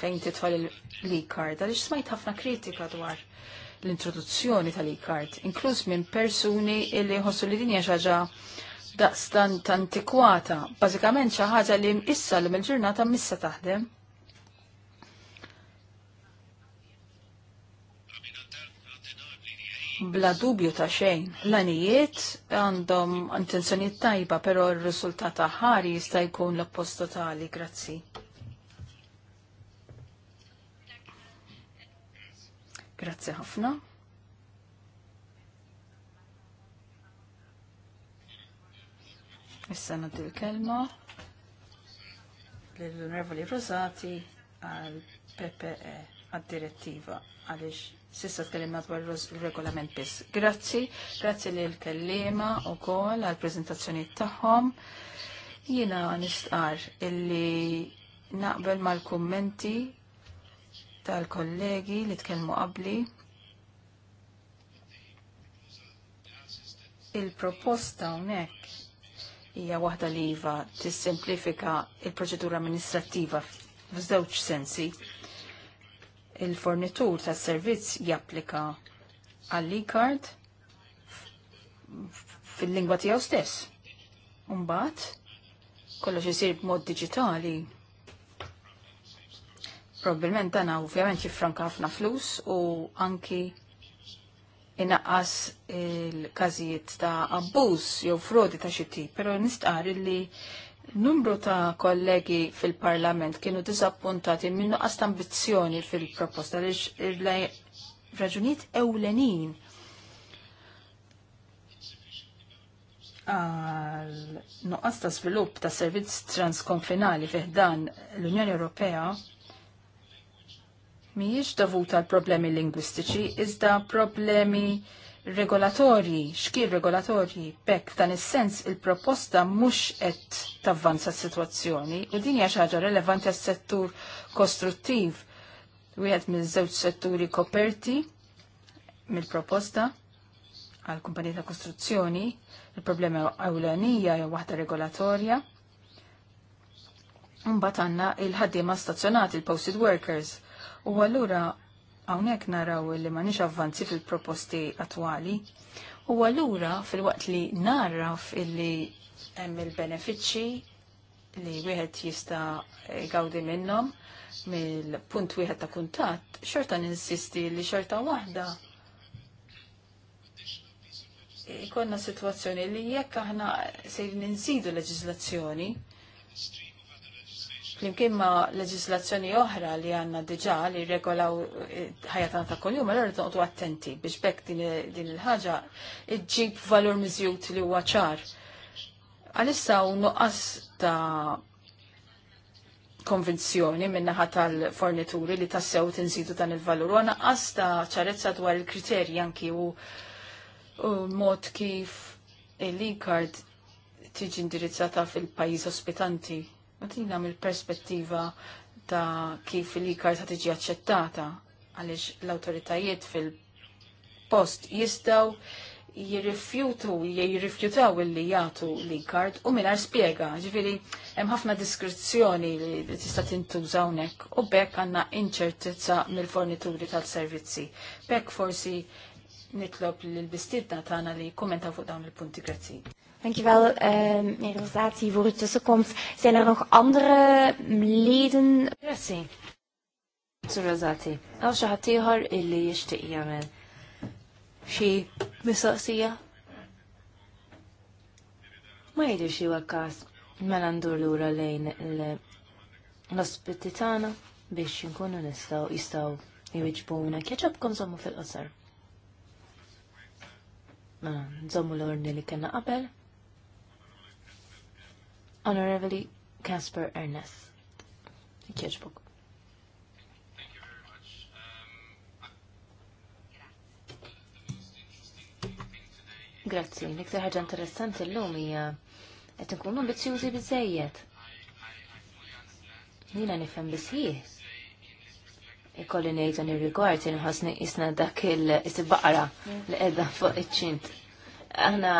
fejn titfal il-e-card għaliex smajt ħafna kritika dwar l-introduzzjoni tal-e-card, inkluż minn persuni li ħossu li dinja xaġa daqstan antikwata, bażikament xi ħaġa li issa l-ġurnata missa taħdem bla dubju ta' xejn. L-anijiet għandhom intenzjoniet tajba, pero r-risultat ħari jista' jkun l-oppost totali, grazzi. Grazzi ħafna. Issa nagħti l-kelma l onorevoli Rosati għal PPE għad-direttiva għaliex Sissa tkellimna dwar regolament biss. Grazzi, grazzi li l-kellima u kol għal-prezentazzjoni tagħhom. Jina nistqar illi naqbel mal-kummenti tal-kollegi li tkellmu qabli. Il-proposta unek hija waħda li iva tissimplifika il-proċedura amministrattiva f'żewġ sensi il-fornitur tas servizz japplika għall-e-card fil-lingwa tiegħu stess. Umbagħad kollox isir b'mod digitali. Probabilment dan ovvjament jiffranka ħafna flus u anki inaqqas il-każijiet ta' abbuż jew frodi ta' xi tip, però nistqar li Numru ta' kollegi fil-parlament kienu disappuntati minnu għast ambizjoni ambizzjoni fil-proposta li raġunit ewlenin għal nuqqas ta' svilupp ta' servizz transkonfinali fiħdan l-Unjoni Ewropea mhijiex davuta għal problemi lingwistiċi, iżda problemi regolatorji, xkir regolatorji, bekk f'dan is-sens il-proposta mhux qed tavvanza s-sitwazzjoni u din hija xi ħaġa relevanti għas-settur kostruttiv wieħed miż-żewġ setturi koperti mill-proposta għal kumpanija ta' kostruzzjoni, il-problema ewlenija jew waħda regolatorja. Mbagħad għandna il-ħaddiema stazzjonati, il-posted workers. U allura Hawnhekk naraw li ma nix avvanzi fil-proposti attwali. U allura fil-waqt li narraf illi hemm il-benefiċċji li wieħed jista' gawdi minnhom mill-punt wieħed ta' kuntatt, xorta ninsisti li xorta waħda ikonna situazzjoni li jekk aħna sejr ninsidu leġiżlazzjoni flimkien ma' leġislazzjoni oħra li għanna diġa li regolaw eh, ħajatna ta' kol-jum, t toqtu attenti biex bekk din il-ħagġa iġġib valur mizjut li huwa ċar. Għalissa u nuqqas ta' konvenzjoni minnaħa tal-fornituri li tassew tinżidu dan il-valur. U naqqas ta' ċarezza dwar il-kriterji anki u mod kif il-likard tiġi indirizzata fil-pajis ospitanti tina mill-perspettiva ta' kif l-ikar ta' tiġi aċċettata għaliex l-autoritajiet fil-post jistaw jirrifjutu, jirrifjutaw illi jgħatu l-ikard u minar spiega, ġifiri, hemm ħafna diskrezzjoni li tista' tintuża hawnhekk u bekk għandna inċertezza mill-fornituri tal-servizzi. Bekk forsi nitlob lill-bistidna tagħna li kummentaw fuq dawn il-punti grazzi. Dankjewel, uh, meneer Rosati, voor uw tussenkomst. Zijn er nog andere leden? Grazie. Sur Rosati, għaw xaħat tiħor illi jishtiq jamen. Xie mistoqsija? Ma je xie wakkas, mela ndur lura lejn l-ospiti tana biex nkunu nistaw jistaw jwiġbuna kieċabkom zommu fil-qosar. Nżommu l-ordni li kena qabel. Honorably Casper Ernest. Thank you Kieġbuk. Grazzi, l-iktar ħaġa interessanti l-lum hija qed inkun ambizzjużi biżejjed. Jiena nifhem bisħieħ. Ikolli ngħid dan ir-rigward inħossni isna dak il-baqra mm. li qiegħda fuq iċ-ċint aħna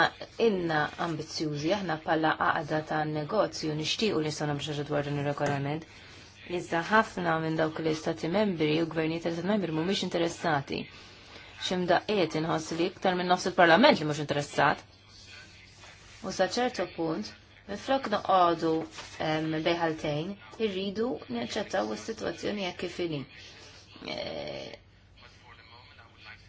inna ambizjużi, aħna palla għaqda ta' negozju nishtiqu li sanam xaġa dwar dan il-regolament. Iżda ħafna minn dawk l-istati membri u gvernijiet tal-istati membri mhumiex interessati. Xim daqqiet inħoss li iktar minn nofs il-parlament li mhux interessat. U sa ċertu punt, minflok noqogħdu bejħaltejn, irridu neċċettaw is-sitwazzjoni hekk kif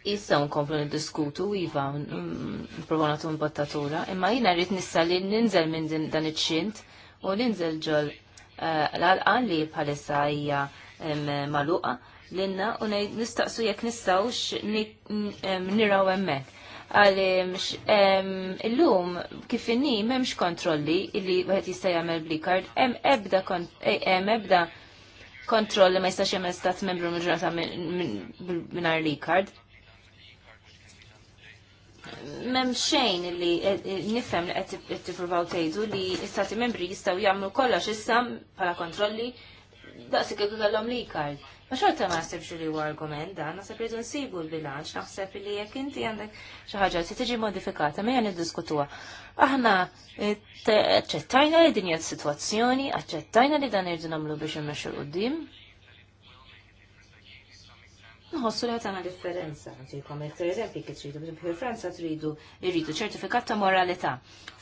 Issa nkomplu niddiskutu iva mm, provonatu bottatura imma jina rrit nissa li ninżel minn dan iċ-xint u ninżel ġol eh, l-għalqa li bħalissa hija maluqa l-inna u nistaqsu jekk nistawx niraw emmek. Għalix illum kif kifinni, memx kontrolli li wieħed jista' jagħmel blikard, eh, hemm ebda kontrolli ebda ma jistax jagħmel stat membru mill-ġurnata minn li mem xejn li eh, eh, nifhem li qed tippruvaw tgħidu li istati membri jistgħu jagħmlu kollox issa bħala kontrolli daqsik dal kellhom li kard. Ma xorta ma naħsebx li huwa argument dan, naħseb li nsibu l-bilanċ, naħseb li jekk inti għandek xi ħaġa li tiġi modifikata mejja niddiskutuha. Aħna eh, aċċettajna li dinja hija situazzjoni, aċċettajna li dan irdu nagħmlu biex immexxu l-qudiem, Nħossu li għatana differenza, għantikom il-ktar kif tridu, fil Franza tridu irridu ċertifikat ta' moralità.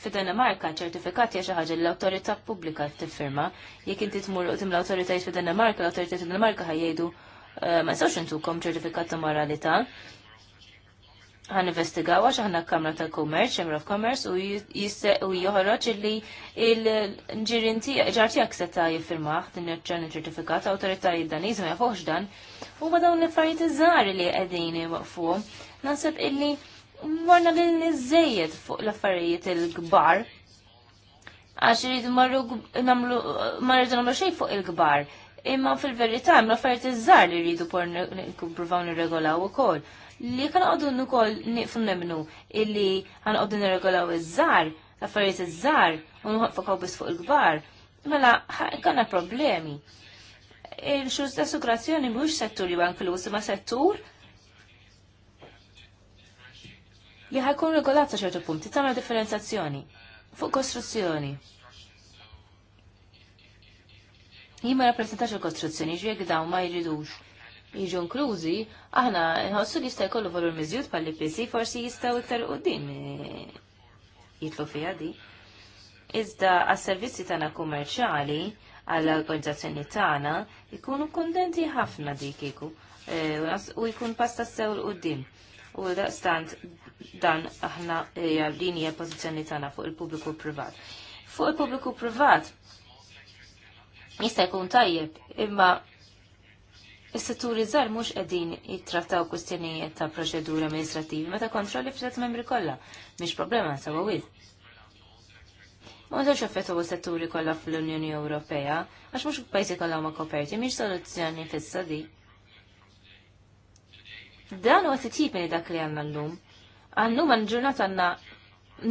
Fid-Danimarka ċertifikat hija xi ħaġa li l-awtorità pubblika tiffirma, jekk inti tmur tim l-awtoritajiet fid-Danimarka, l-awtoritajiet fid-Danimarka ħajjedu, eh, ma sawx intukom ċertifikat ta' moralità, għan investigaw għax għanna kamra tal commerce Chamber of Commerce, u jisse u joħroġ li il-ġirinti ġartijak seta jiffirmaħ din il-ġan il-ċertifikat autorita jiddanizmu jafuħx dan, u ma dawn l-affarijiet iż-żar li qegħdin waqfu. nasib illi morna li niżejjed fuq l-affarijiet il-kbar. Għax irid marru namlu marru namlu xejn fuq il-kbar. Imma fil-verità hemm l-affarijiet iż-żar li rridu por regolaw nirregolaw ukoll li kan għoddu nukoll niqfu nemnu illi għan għoddu nirregolaw iż-żar, affarijiet iż-żar, u nħoqfokaw bis fuq il-gbar, mela kanna problemi. Il-xuz ta' sukrazzjoni mhux settur li banklus, ma settur li ħajkun regolat sa ċertu punti, tagħmel differenzazzjoni fuq kostruzzjoni. Jien ma rappresentax il-kostruzzjoni, ġiegħ dawn ma jridux jiġu inklużi, aħna nħossu li jista' jkollu valur miżjud palli PC forsi jistgħu iktar din eh, jitlu fiha di. Iżda għas-servizzi tagħna kummerċjali għall organizzazzjoni tagħna jkunu kontenti ħafna dik iku eh, u jkun pasta sew l din. U daqstant dan aħna eh, din hija pożizzjoni tagħna fuq il-pubbliku privat. Fuq il-pubbliku privat jista' jkun tajjeb, imma Is-setturi żgħar mhux qegħdin jittrattaw kwistjonijiet ta' proċeduri amministrativi meta kontrolli f'sett membri kollha, mhix problema sawa wid. M'għandux effett huwa setturi kollha fl-Unjoni Ewropea għax mhux pajjiżi kollha huma koperti mhix soluzzjoni fissa di. Dan huwa titjib jibni dak li għandna llum. Għannum għan ġurnat għandna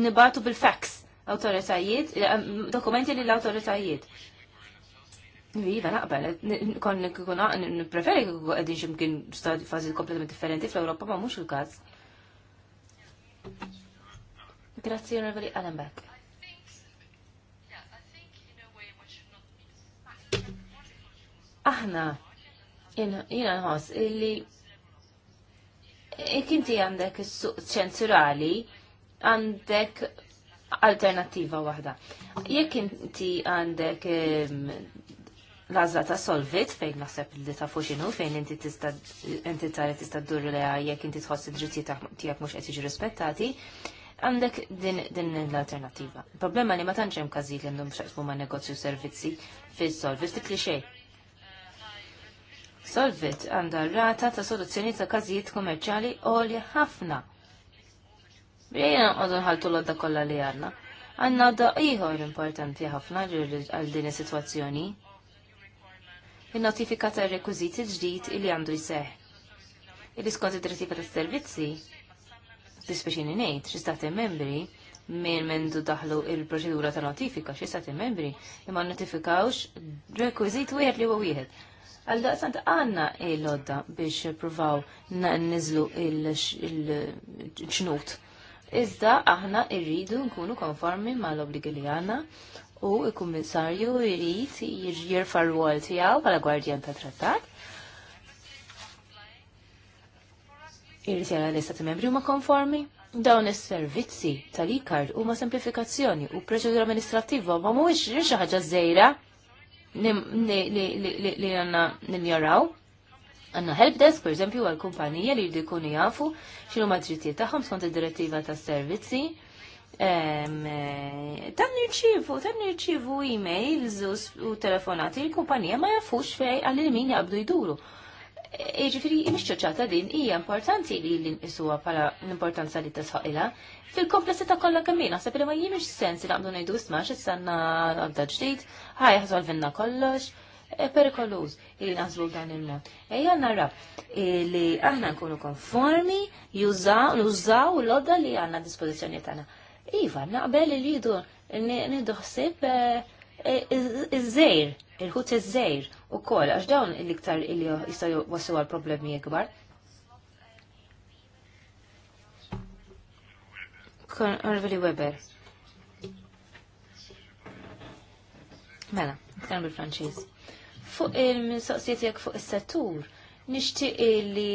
nibatu bil-fax awtoritajiet, eh, dokumenti lill awtoritajiet Iva, naqbel, kon kun preferi kun għedin ximkien stadi fazi kompletament differenti fl-Europa ma mux il-kaz. Grazzi, Onorevoli Allenbeck. Aħna, jina nħos, illi e, kinti għandek il-suq ċensurali, għandek alternativa wahda. Jekk inti għandek l ta' solvit fejn naħseb li ta' fuxinu fejn inti tista' li tista' ddur li jekk inti tħoss id-drittijiet tiegħek mhux qed jiġi rispettati, għandek din l-alternativa. Il-problema li ma tantx hemm każijiet li għandhom xaqsmu ma' negozju servizzi fis-solvit titli xejn. Solvit għandha rata ta' soluzzjoni ta' każijiet kummerċjali għolja ħafna. Rejna għadu nħaltu l-odda kollha li għandna. Għandna da ieħor importanti ħafna għal din is-sitwazzjoni il-notifika tar rekwiziti ġdid li għandu jseħ. Il-iskont id-direttiva tas servizzi dispeċini ngħid xi stati membri minn mendu daħlu il-proċedura ta' notifika xi stati membri imma notifikawx rekwiżit wieħed li huwa wieħed. Għalda daqsant għanna il-lodda biex provaw nizlu il-ċnut. Iżda aħna irridu nkunu konformi ma l-obligi li għanna u il-kummissarju jirrit jirfa' r-rwol tiegħu bħala gwardjan ta' trattat. Jirrit jara l-istati membri huma konformi. Dawn is-servizzi tal-ikard huma semplifikazzjoni u proċedura amministrattiva ma mhuwiex xi ħaġa żejra li għandna njaraw Għanna helpdesk, per eżempju, għal-kumpanija li jridu jkunu jafu xinu maġġittijiet tagħhom skont id-direttiva tas-servizzi Eh, tan nirċivu, tan nirċivu e-mails u telefonati l-kumpanija ma jafux fej għalli min jgħabdu jduru. Iġifiri, e, imxċoċata din hija importanti li l-inqisuwa pala l-importanza li tasħaqila. Fil-komplessità kolla kemm jien naħseb li ma jiemx sensi najdu ngħidu s-sanna għabda ġdid, ħaj ħażolvinna kollox e, perikoluż li naħsbu dan il-mod. Ejja nara e, li aħna nkunu konformi, jużaw l-odda li għanna dispożizzjoni tagħna. Iva, naqbel il jidu nidoħsib eh, iż-żejr, il-ħut iż-żejr u kol, għax dawn l-iktar li jistaj wasu għal problemi ikbar. Orvili Weber. Mela, kan bil-Franċiż. Fuq il-mistoqsijiet jekk fuq is-settur, nixtieq li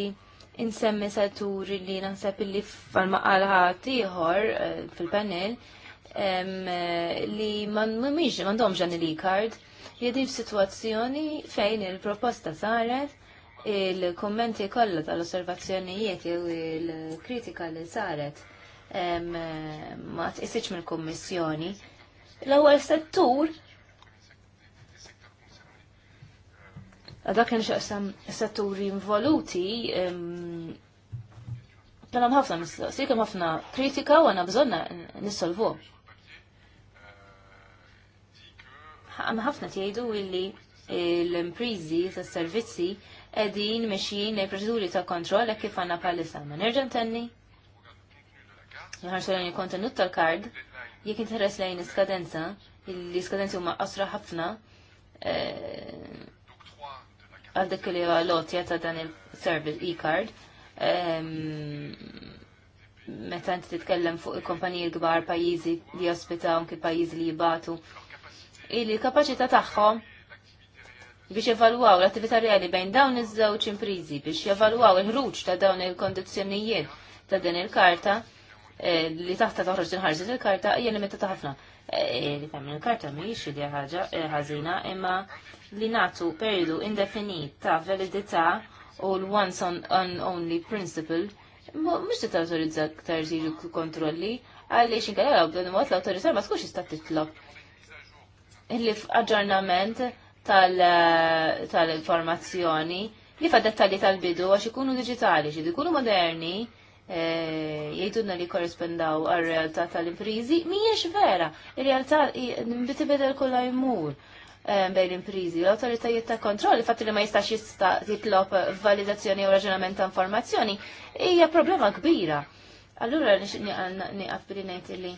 insemmi saturi li naħseb eh, eh, li għal-maqalħa tiħor fil-panel li mandomiġ, mandomġ għan il-card, jedi f-situazzjoni fejn il-proposta saret, il-kommenti kollha tal-osservazzjonijiet jew il-kritika li saret eh, ma tqisitx mill-kommissjoni. L-ewwel settur Dak kien xaqsam setturi involuti Tana ħafna mistoqsi, kem ħafna kritika u għana bżonna nissolvu. Għam ħafna tjajdu illi l-imprizi ta' servizzi edin meċin li proċeduri ta' kontrol għak kif għanna palissa. Ma nerġan tenni? Jħarxu l il-kontenut tal-kard, jek interes lejn skadenza, iskadenza, illi skadenzi huma qasra ħafna, eh, għal dik li huwa ta' dan il-service e-card. Meta inti titkellem fuq il-kumpaniji kbar pajjiżi li ospitaw anke pajjiżi li jibatu. Il-kapaċità tagħhom biex evalwaw l-attività reali bejn dawn iż-żewġ imprizi biex jevalwaw il-ħruġ ta' dawn il-kondizzjonijiet ta' din il-karta eh, li taħta toħroġ tinħarġet il-karta hija limitata ħafna. Eh, li fem il-karta mhijiex idea ħaġa eh, ħażina imma li natu periodu indefinit ta' validità u l-once on, on only principle mux ti t-autorizza ktar zidu kontrolli, għalli xinka l b'dan mod l-autorizza ma tkunx jista' titlob. Illi aġġornament eh, tal-informazzjoni li fa' dettalji tal-bidu għax ikunu digitali, xid ikunu moderni, eh, jgħidunna li korrespondaw għal realtà tal-imprizi, miex vera, il-realtà bitibedel kollha jmur. Eh, bejn imprizi. L-autoritajiet ta' kontroll, il fatt li ma jistax jista' titlob validazzjoni u raġunament ta' informazzjoni, hija problema kbira. Allura niqaf billi ngħid li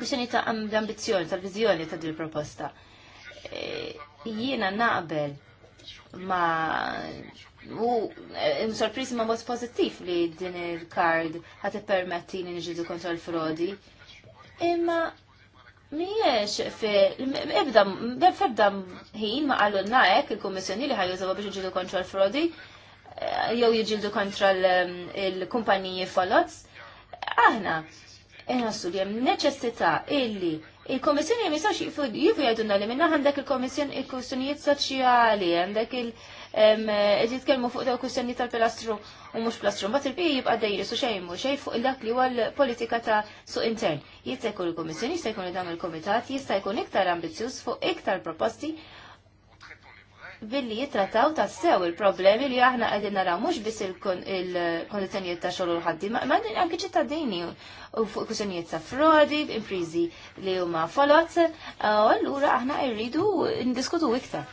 kwistjoni ta' ambizzjoni, tal-viżjoni ta' din proposta. Eh, jiena naqbel ma' U eh, sorpriż ma mod pozittiv li din il-kard ħat ippermetti li niġidu kontroll l-frodi. Imma Miex fil-ibda, fil ħin ma għallu naħek il-kommissjoni li ħajużaw biex iġildu kontra l-frodi, eh, jew jġildu kontra l-kumpaniji folots. Aħna, nħassu li jem neċessita illi il-kommissjoni jemisax jifu jgħidunna li minna għandek il-kommissjoni il-kustjonijiet soċjali, għandek il- Ġitkelmu eh, fuq da' kustjoni tal-pilastru u mhux plastrum. bat il-bqija jibqa' dejjes u xejn mhux xejn fuq dak li huwa l-politika ta' suq intern. Jista' jkun il-Kummissjoni, jista' jkun dam il komitat jista' jkun iktar ambizjuż fuq iktar proposti billi jitrataw ta' sew il-problemi li aħna għedin naraw mux biss il kondizjoniet ta' xogħol ħaddi, ma' anke ċittadini u fuq kwistjonijiet ta' frodi, imprizi li huma folot, allura aħna rridu ndiskutu iktar.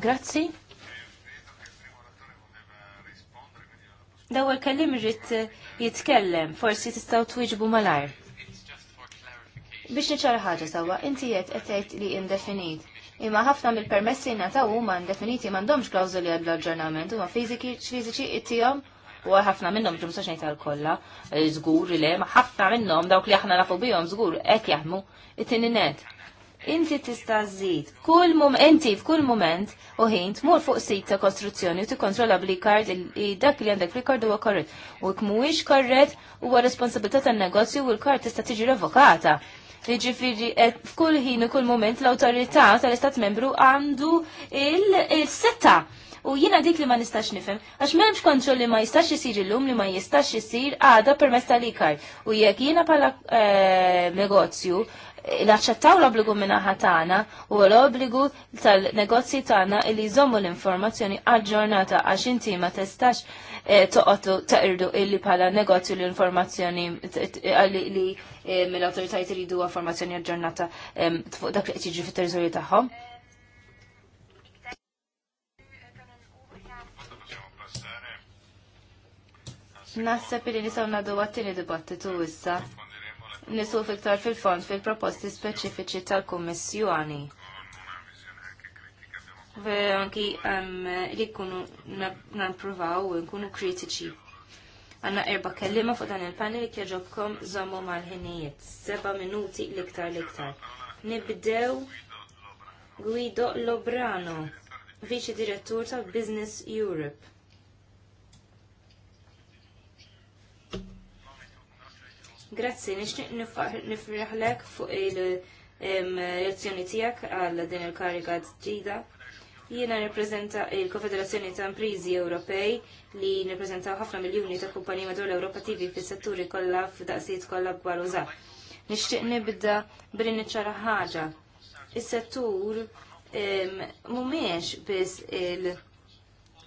Grazzi. Dawel kellim rrit eh, jitkellem, forsi tistaw twiġbu malar. Biex niċara ħaġa sawa, inti jiet għetajt li indefinit. Imma ħafna mill-permessi nataw huma indefiniti m'għandhomx klawżoli għad l-aġġornament, huma fiżiċi ittihom u ħafna minnhom ġum sa tal-kollha, eh, li ma ħafna minnhom dawk li aħna nafu bihom żgur hekk jaħdmu it tini net inti tista' żid kull mum inti f'kull moment u ħin tmur fuq sit ta' kostruzzjoni u tikkontrolla bli kard dak li għandek fil-kard huwa korrett. U jekk mhuwiex korrett huwa responsabilità tan-negozju u l-kard tista' tiġi revokata. Jiġifieri eh, f'kull ħin u kull moment l-awtorità tal-Istat Membru għandu il-setta. U jina dik li ma nistax nifhem, għax m'hemmx kontroll li ma jistax isir illum li ma jistax isir għada permezz tal-ikar. U jekk jiena bħala eh, negozju naċċettaw l-obbligu minnaħa tagħna u l-obbligu tal-negozji tagħna li jżommu l-informazzjoni aġġornata għax inti ma testax eh, toqgħod taqirdu illi bħala negozju l-informazzjoni li eh, mill-awtoritajiet iridu informazzjoni aġġornata fuq dak li qed jiġri fit-territorju tagħhom. Naħseb pili nisaw nadu għattini dibattitu issa nisu fiktar fil-fond fil-proposti speċifiċi tal-Kommissjoni. Anki li kunu napruvaw u nkunu kritiċi. Għanna erba kellima fuq dan il-panel li kieġobkom zommu mal-ħinijiet. Seba minuti liktar liktar. Nibdew Guido Lobrano, viċi direttur tal Business Europe. Grazzi, nixtieq nifriħlek fuq il-reazzjoni tiegħek għal din il-kariga ġdida. Jiena nirrepreżenta il-Konfederazzjoni ta' Imprizi Ewropej li nirrepreżentaw ħafna miljuni ta' kumpaniji madwar l-Ewropa TV fis-setturi kollha f'daqsijiet kollha kbar użar. Nixtieq nibda billi niċċara ħaġa. Is-settur mhumiex biss il-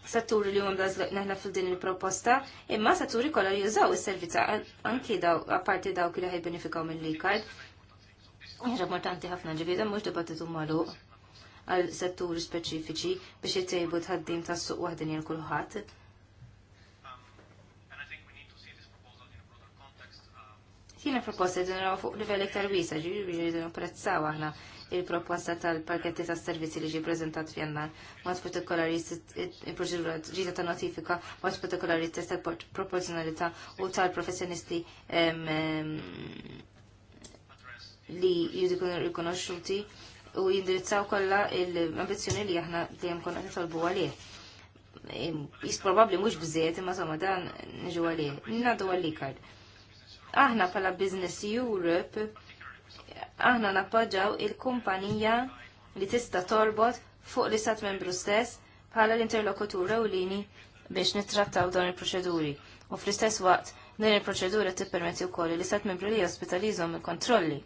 setturi li huma mdażluq neħna fil-din il-proposta, imma setturi kollha li jużaw is-servizza anki daw apparti dawk li ħajbenifikaw mill kard Ħaġa mortanti ħafna ġifieda mhux dibattitu magħluq għal setturi speċifiċi biex jittejbu tħaddim tas-suq waħdin jel kulħadd. Tiena proposta li naraw fuq livell iktar wiesa, ġifieri rridu napprezzaw aħna il-proposta tal-parketti ta' servizzi li ġi prezentat f'jannar, mod partikolari il-proċedura ġita ta' notifika, mod partikolari test tal-proporzjonalità u tal-professjonisti li jidikun rikonoxxuti u jindirizzaw kollha l-ambizzjoni li aħna dejjem konna nitolbu għalih jis probabli mux bżiet, imma somma dan nġu għalih. Nadu għalli kard. Aħna pala Business Europe, aħna nappoġġaw il-kumpanija li tista torbot fuq li stat membru stess bħala l-interlokutur ewlieni biex nittrattaw dawn il-proċeduri. U fl-istess waqt, din il-proċedura tippermetti wkoll li stat membru li jospitalizhom il-kontrolli.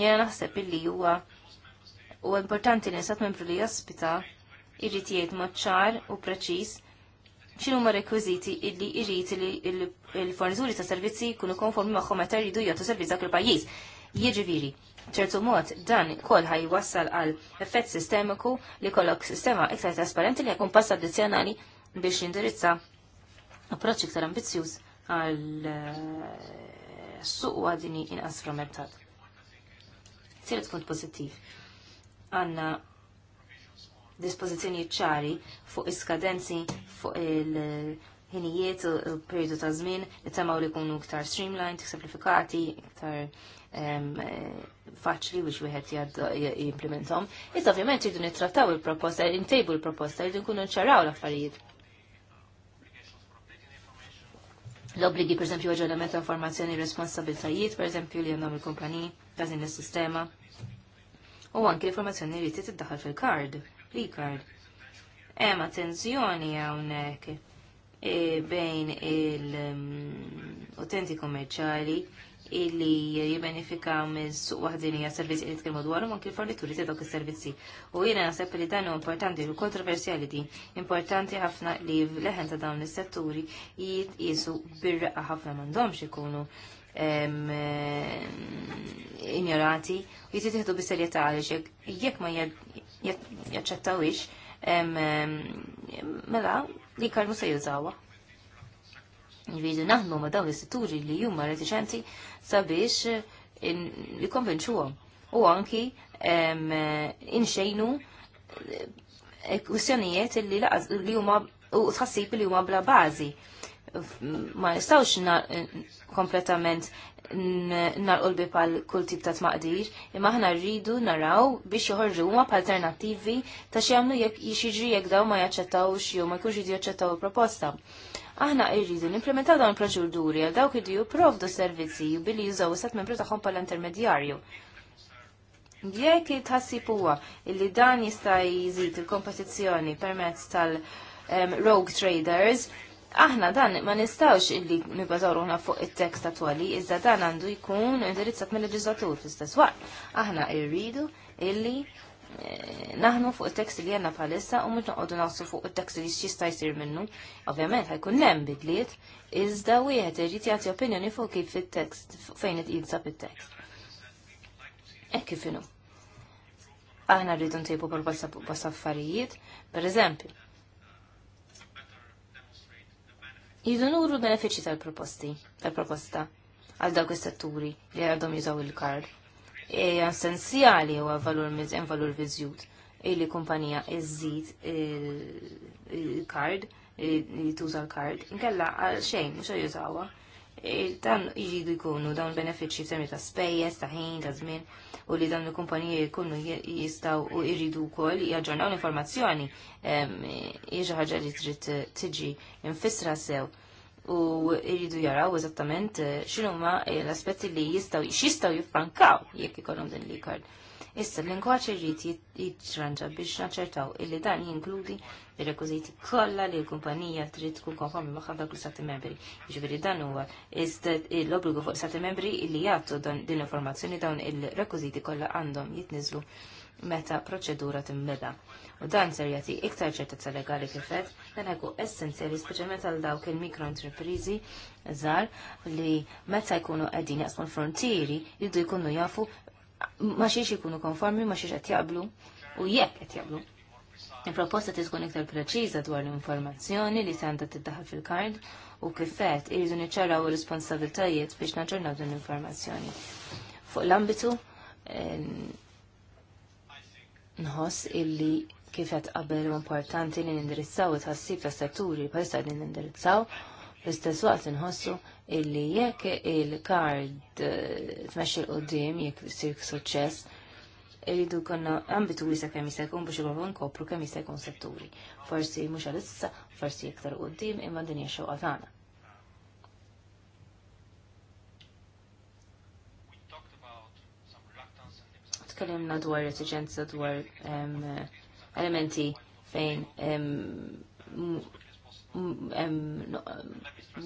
Jiena naħseb illi huwa u importanti li stat membru li jospita irrid jgħid mod ċar u preċiż xinu ma rekwiziti illi irrit li il-fornizuri ta' servizzi kunu konformi ma' meta jridu jgħatu servizza dak il-pajjiż. Jiġifieri, ċertu mod dan kol ħaj wassal għal effett sistemiku li kollok sistema iktar trasparenti li jkun pass addizzjonali biex jindirizza approċċ iktar ambizzjuż għal eh, suq għadini inqas frammentat. Tiret punt pozittiv. Għanna dispozizjoni ċari fuq iskadenzi fuq il-ħinijiet u l-periodu ta' żmien li temaw li jkunu ktar streamlined, simplifikati, iktar ehm, faċli biex wieħed jimplementom. Iżda ovvjament jridu nittrattaw il-proposta, intejbu il-proposta, jridu nkunu nċaraw l-affarijiet. L-obbligi, per esempio, meta informazzjoni responsabiltajiet, per li għandhom il-kumpaniji, ta' din is-sistema. U anki l-informazzjoni li trid tiddaħħal fil-kard. Ricard. Hemm attenzjoni hawnhekk eh, bejn il-utenti mm, kummerċali illi jibbenefikaw minn suq waħdinija servizzi li tkellmu dwarhom anke fornituri ta' dawk is-servizzi. U jiena naħseb li dan importanti u kontroversjali din, importanti ħafna li leħen ta' dawn is-setturi jitqisu birraqa ħafna m'għandhomx ikunu ignorati u jitit tiħdu bis-serjetà għaliex jekk ma jaċċettawix mela li kalmu se jużawha. Jridu naħdmu ma dawn l-istituri li huma retiċenti sabiex jikonvinċuhom u anki inxejnu eh, kwistjonijiet li li huma u tħassib li huma bla bażi. Ma nistgħux kompletament narqolbi pal kull tip ta' tmaqdir, imma aħna rridu naraw biex joħorġu huma b'alternattivi ta' xi jagħmlu jekk jixiġri jekk daw ma jaċċettawx jew ma jkunx jidu jaċċettaw il-proposta. Aħna rridu nimplementaw dawn il-proċeduri għal dawk idu jipprovdu servizzi billi jużaw is-sat membru tagħhom pal-intermedjarju. Jekk tħassib huwa li dan jista' jżid il-kompetizzjoni permezz tal- rogue traders, Aħna dan ma nistawx illi nibbażaw ruħna fuq it-tekst attwali, iżda dan għandu jkun indirizzat mill-leġislatur fl-istess waqt. Aħna irridu illi eh, naħnu fuq il-tekst li għanna palissa u mux naqodu naħsu fuq il-tekst li xista jisir minnu. Ovvijament, ħajkun nem bidliet, iżda u jħet irrit jgħati opinjoni fuq kif il-tekst, fejn jinsab il-tekst. Ekki kifinu. Aħna rridu ntejpu kol basta affarijiet, per eżempju, jidunuru nuru benefiċi tal-proposti, tal-proposta, għal dawk is-setturi li għadhom jużaw il-kard. Hija e, essenzjali huwa valur hemm valur viżjud li kumpanija iżid il-kard, li tuża l-kard, inkella għal xejn mhux jużawha. Eh, dan jridu jkunu dawn benefiċċji f'termi ta' spejjeż, ta' ħin, ta' żmien u li dawn il-kumpaniji jkunu jistaw u jridu wkoll jaġġornaw l-informazzjoni hija ħaġa li trid tiġi infissra sew u jridu jaraw eżattament eh, x'inhuma eh, l-aspetti li jistgħu x'jistgħu jiffrankaw jekk ikollhom din l-ikard Issa l-lingwaġġ irrid jitranġa biex naċċertaw illi dan jinkludi il-rekwiziti kollha li l-kumpanija trid tkun konformi magħha dak l sati Membri. Jiġifieri dan huwa l-obbligu fuq Sati Membri li jagħtu din l-informazzjoni dawn il-rekwiżiti kollha għandhom jitniżlu meta proċedura timbeda. U dan ser jagħti iktar ċertezza legali kif qed, dan jkun essenzjali speċjalment għal dawk il-mikroentreprizi żgħar li meta jkunu qegħdin jaqsmu l-frontieri jridu jkunu jafu ma xiex ikunu konformi, ma xiex qed jaqblu u jekk qed jaqblu. Il-proposta tiskun iktar preċiża dwar l-informazzjoni li sanda tiddaħħal fil-kard u kifet irridu niċċaraw responsabiltajiet biex naġġornaw din l-informazzjoni. Fuq l-ambitu nħoss illi kifet qabel u importanti li nindirizzaw it-ħassib ta' setturi palissa li nindirizzaw l istess waqt inħossu illi jekk il-kard eh, tmexxi l-qoddim jekk sir suċċess, irridu konna ambitu wisa kemm jista' jkun biex iprovu nkopru kemm jista' setturi. Forsi mhux għalissa, forsi iktar qudiem imma din hija xewqa tagħna. Tkellimna dwar reticenza dwar elementi fejn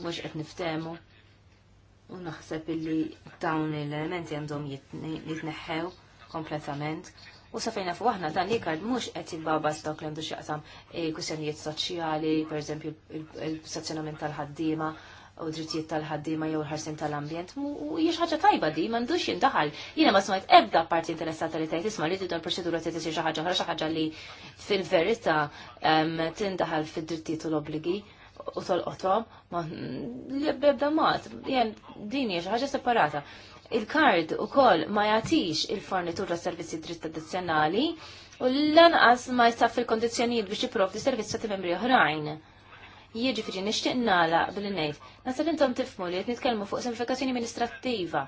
mux qed niftemu u naħseb illi dawn l-elementi għandhom jitneħħew kompletament u safejna fuq aħna dan l-ikard mhux qed jibbabas dawk li għandu x'jaqsam kwistjonijiet soċjali, pereżempju il-stazzjonament tal-ħaddiema, u drittijiet tal-ħaddiema jew ħarsin tal-ambjent u jiex ħaġa tajba di m'għandux jindaħal. Jiena ma smajt ebda parti interessata li tgħid isma' li tidu l-proċedura tgħid isir xi ħaġa oħra xi ħaġa li fil-verità tindaħal fid-drittijiet u l-obbligi u tolqothom ma li ebda mat. Jien din hija xi ħaġa separata. Il-kard ukoll ma jagħtix il-fornitur tas servizzi dritt tradizzjonali u l-lanqas ma jistaf fil-kondizzjonijiet biex jipprovdi servizzi ta' membri oħrajn Jiġifieri nixtieq nagħlaq billi ngħid. Nasab intom tifmu li qed nitkellmu fuq semplifikazzjoni amministrattiva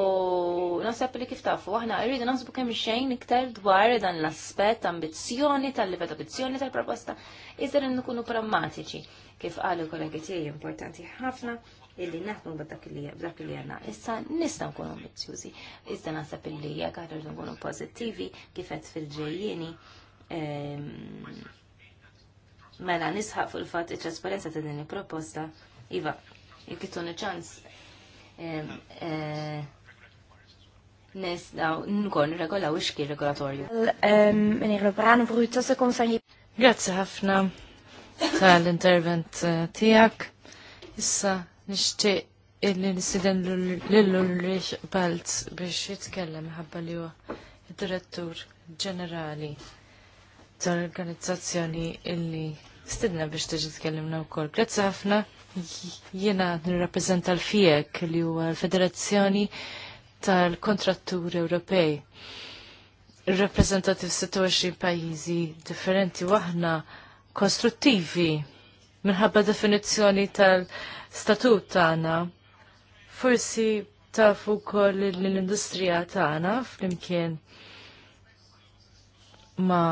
u nasab li kif tafu aħna rridu nasbu kemm xejn iktar dwar dan l-aspett ambizzjoni tal-livell ambizjoni tal-proposta iżda nkunu pragmatiċi kif qalu kollegi tiegħi importanti ħafna illi naħdmu b'dak li dak li għanna. Issa nista' nkunu ambizzjużi, iżda naħseb illi jekk aħna nkunu pożittivi kif qed fil-ġejjieni ehm, Mela nisħaq fuq il-fatt iċ-trasparenza ta' din il-proposta. Iva, jekk ituni ċans daw, nkun regolaw ix regolatorju. rebran vrujta se Grazzi ħafna tal-intervent eh, tijak. Issa nixtieq illi nisiden l-Ulrich Balz biex jitkellem ħabba li huwa id-direttur ġenerali tal-organizzazzjoni illi stidna biex tiġi tkellimna wkoll. Grazzi ħafna jiena nirrappreżenta l-FIEK li huwa l-Federazzjoni tal-Kontratturi Ewropej. Rappreżentativ 26 pajjiżi differenti waħna konstruttivi minħabba definizzjoni tal-statut tagħna. Forsi tafu kol l-industrija tagħna flimkien ma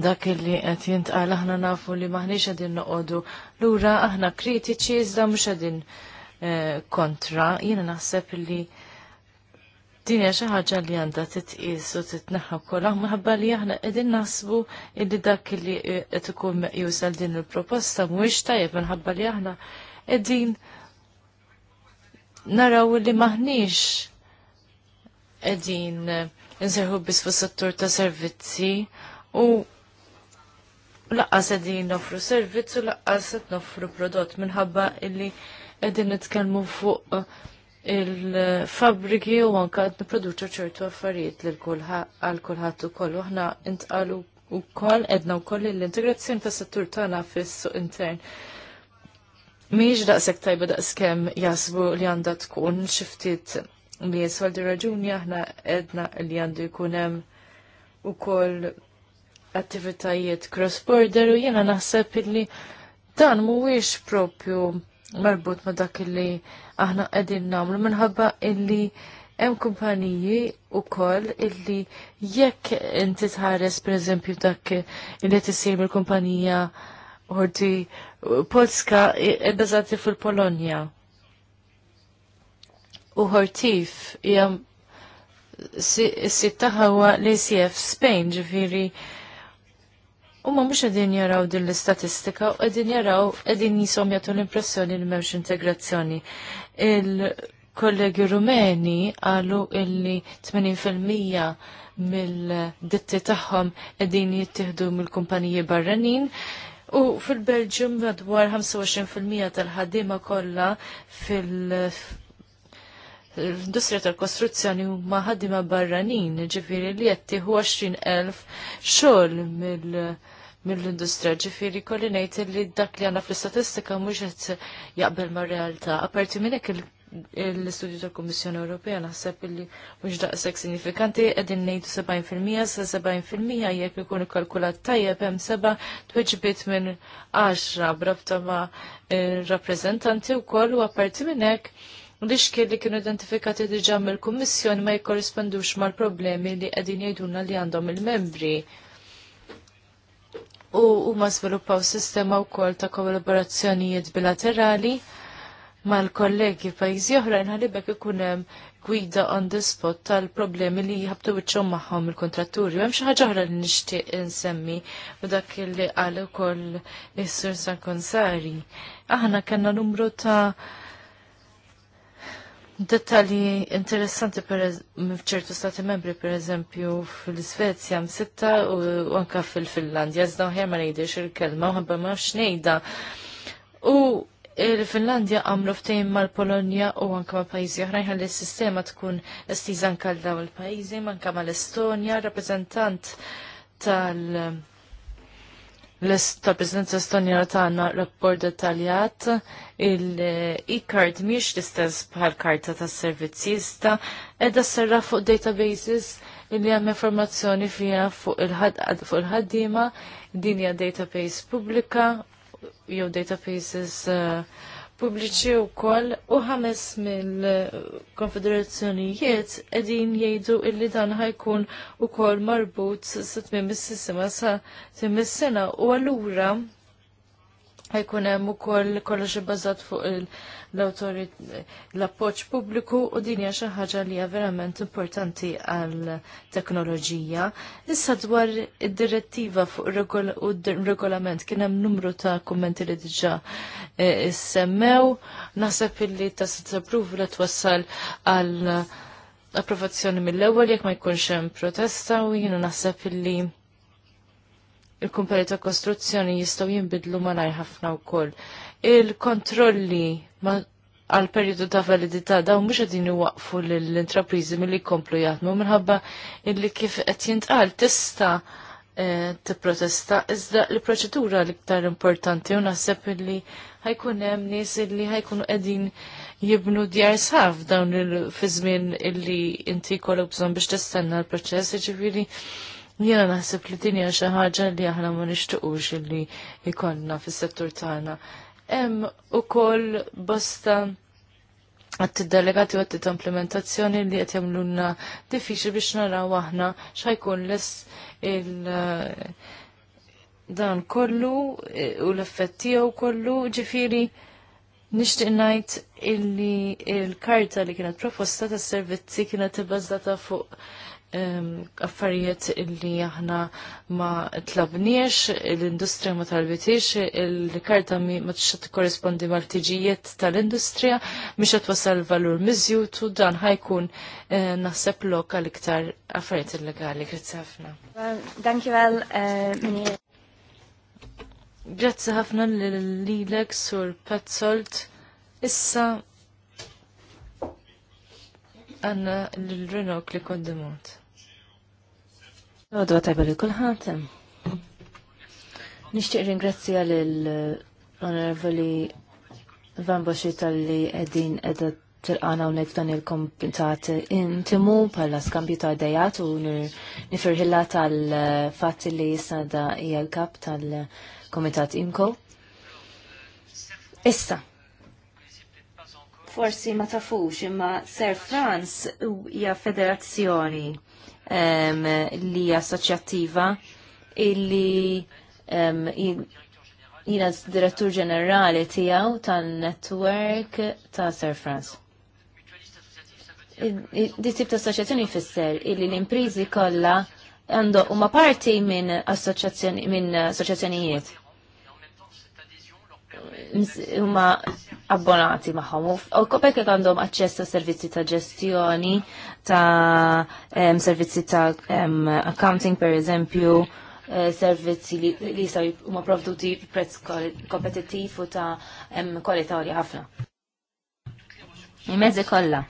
dak li qed jintqal aħna nafu li maħniex qegħdin noqogħdu lura aħna kritiċi iżda mhux qegħdin eh, kontra. Jiena naħseb li din hija xi ħaġa li għandha titqis u titneħħa kollha ħabba li aħna qegħdin naħsbu li dak li eh, qed ikun meqjus għal din il-proposta mhuwiex tajjeb minħabba li aħna qegħdin naraw li maħniex qegħdin eh, inserħu biss fis-settur ta' servizzi u laqqas qegħdin nofru servizz u laqqas qed nofru prodott minħabba illi qegħdin nitkellmu fuq uh, il-fabriki u anka għad nipproduċu ċertu affarijiet lil għal kulħadd ukoll u aħna intqalu wkoll qedna wkoll l-integrazzjoni tas-settur tagħna fis-suq intern. Mhijiex daqshekk tajba daqskem jasbu li għandha tkun xi ftit jeswaldi raġuni aħna qedna li għandu jkun hemm ukoll attivitajiet cross-border u jena naħseb illi dan mhuwiex propju marbut ma dak illi aħna qegħdin nagħmlu minħabba illi hemm kumpaniji wkoll illi jekk inti tħares pereżempju dak illi tisir mill-kumpanija ħorti Polska ebbeżati fil-Polonja. U ħortif hija s-sittaħawa l-ACF Spain ġifiri Umma mux għedin jaraw din l-istatistika u għedin jaraw għedin jisom jgħatu l-impressjoni li memx integrazzjoni. Il-kollegi rumeni għallu illi 80% mill-ditti tagħhom qegħdin jittieħdu mill-kumpaniji barranin u fil-Belġium madwar 25% tal-ħaddiema kollha fil- l-industrija tal-kostruzzjoni huma ħaddima barranin, ġifiri li qed tieħu 20,000 xogħol mill mill-industrija ġifiri kollinajt ngħid li dak li għandna fl-istatistika mhux qed jaqbel ma' realtà Aparti minn hekk l-istudju tal-Kummissjoni Ewropea naħseb li mhux daqshekk sinifikanti qegħdin ngħidu 70% sa 70% jekk ikun ikkalkulat tajjeb hemm seba' tweġbit minn 10 brabta ma' eh, rappreżentanti wkoll u apparti minn hekk u li iskil li kienu identifikati diġa mill-Kummissjoni ma jikkorrispondux mal-problemi li qegħdin jgħidulna li għandhom il-membri. U huma żviluppaw sistema wkoll ta' kollaborazzjonijiet bilaterali mal-kollegi pajjiżi oħrajn ħalibek ikun hemm gwida on the spot tal-problemi li jħabtu wiċċom maħħom il-kontratturi. Hemm xi ħaġa li nixtieq insemmi u dak li qal ukoll is-Sur konsari. Aħna kellna numru ta' Dettali interessanti per ċertu stati membri, per eżempju, fil-Svezja msitta u anka fil-Finlandja, zda uħjar ma nejdex il-kelma, uħabba ma xnejda. U il-Finlandja għamlu ftejn mal-Polonja u anka ma' pajizi oħrajn li s-sistema tkun estiżan kal daw il-pajizi, manka mal-Estonja, rappresentant tal- l-Presidenza Estonja tagħna rapport dettaljat il-e-card miex l-istess bħal karta tas servizzista iżda edha serra fuq databases illi hemm informazzjoni fiha fuq il-ħaddiema din hija database pubblika jew databases uh, pubbliċi wkoll u ħames mill-konfederazzjonijiet qegħdin jgħidu illi dan ħajkun ukoll marbut sa tmiem is-sistema sa tmiem is-sena u allura ħajkun hemm ukoll kollox ibbażat fuq l-appoġġ pubbliku u din hija xi ħaġa li hija verament importanti għal teknoloġija. Issa dwar id-direttiva fuq u regolament kien hemm numru ta' kummenti li diġà issemmew, e, naħseb illi ta' tippruvu li twassal għal approvazzjoni mill-ewwel jekk ma jkunx hemm protesta u jiena naħseb illi il-kumpani ta' kostruzzjoni jistaw jinbidlu malaj ħafna u koll. Il-kontrolli għal periodu ta' validità daw mhux qegħdin waqfu l-intrapriżi milli jkomplu jaħdmu minħabba illi kif qed jintqal tista' eh, tipprotesta iżda l-proċedura l-iktar importanti u naħseb illi ħajkun hemm nies illi ħajkunu qegħdin jibnu djar saf dawn il-fizmin illi inti kollok bżonn biex tistenna l-proċess, ġifieri Jiena naħseb li dinja xi ħaġa li aħna ma nixtiequx li jkollna fis-settur tagħna. Hemm ukoll bosta għat delegati għat implementazzjoni li għat jamlunna diffiċi biex naraw aħna xajkun les il eh, dan kollu eh, u l tiegħu kollu ġifiri nishtiq najt illi il-karta li kienet proposta ta' servizzi kienet ibbażata fuq affarijiet li aħna ma tlabniex, l-industrija ma talbitiex, il-karta ma t korrespondi mal tiġijiet tal-industrija, miex għat wasal valur mizjutu, dan ħajkun eh, naħseb l iktar affarijiet illegali. Grazie ħafna. Danki għal Grazzi ħafna l-lilek eh, sur Petzolt. Issa għanna l-Renok li kondimot. Għadwa tajba li kullħat. Nishtiq ringrazzja l-Onorevoli Van Boshi tal-li edin edha tilqana unek dan il-kompitat intimu pala skambju ta' dejat u nifirħilla tal-fat li jisada hija l-kap tal-komitat imko. Issa, forsi ma tafux imma Ser u hija federazzjoni um, li assoċjattiva illi um, jina direttur ġenerali tijaw tal-network ta' Sir France. Di tip ta' assoċjazzjoni fisser illi l-imprizi kolla għandu huma parti minn assoċjazzjonijiet huma abbonati magħhom. U kopek għandhom aċċess ta' servizzi ta' ġestjoni, ta' servizzi ta' accounting per eżempju, eh, servizzi li jistaw huma provduti prezz kompetittiv u ta' kwalità għolja ħafna. Il-mezzi kollha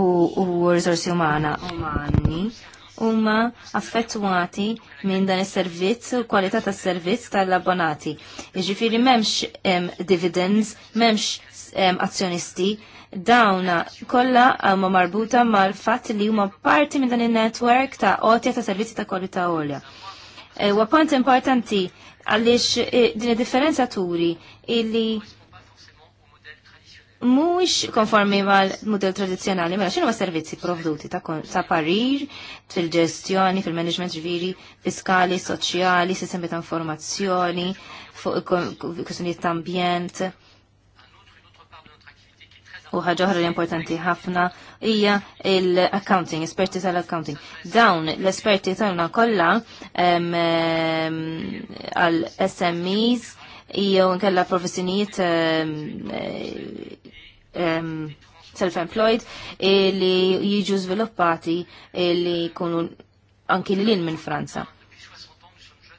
u risorsi umana umani huma affettwati minn dan is-servizz u kwalità tas-servizz tal-abbonati. Jiġifieri m'hemmx dividends, m'hemmx azzjonisti, dawna kollha huma marbuta mal-fatt li huma parti minn dan in-network ta' qotja ta' servizzi ta' kwalità għolja. Huwa punt importanti għaliex eh, din id differenzaturi illi mux konformi mal model tradizjonali, mela xinu ma servizzi provduti ta', ta parir fil-ġestjoni, fil-management ġviri, fiskali, soċjali, sistemi ta' informazzjoni, fuq ta' ambjent. U ħaġa oħra li importanti ħafna hija l-accounting, esperti tal-accounting. Dawn l-esperti tagħna kollha għal SMEs jew nkella professjonijiet self-employed li jiġu sviluppati li kunu anki li lin minn Franza.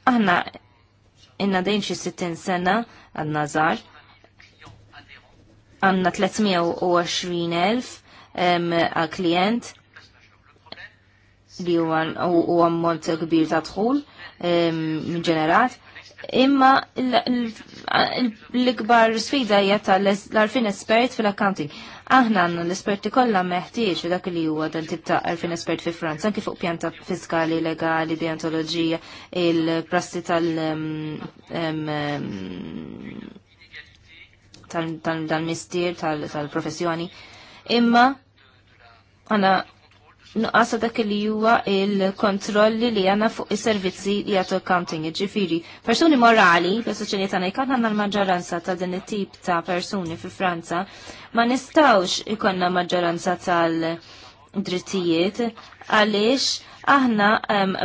Aħna inna dejn xi 60 sena għadna żgħar għandna 320,000 għal klient li huwa għammont kbir ta' dħul minn ġenerat Imma l-ikbar sfida hija tal-arfin espert fil-accounting. Aħna għandna l-esperti kollha meħtieġ dak li huwa dan tip ta' arfin espert fi Franza, anki fuq pjanta fiskali, legali, deontoloġija, il-prassi tal- tal mistir tal-professjoni. Imma għanna nuqqas dak li huwa il-kontrolli li għanna fuq is-servizzi li għatu accounting, ġifiri. Persuni morali, fil ċenieta najkan għanna għandna l-maġġoranza ta' din it-tip ta' persuni fi Franza, ma nistawx ikonna maġġoranza tal-drittijiet għaliex aħna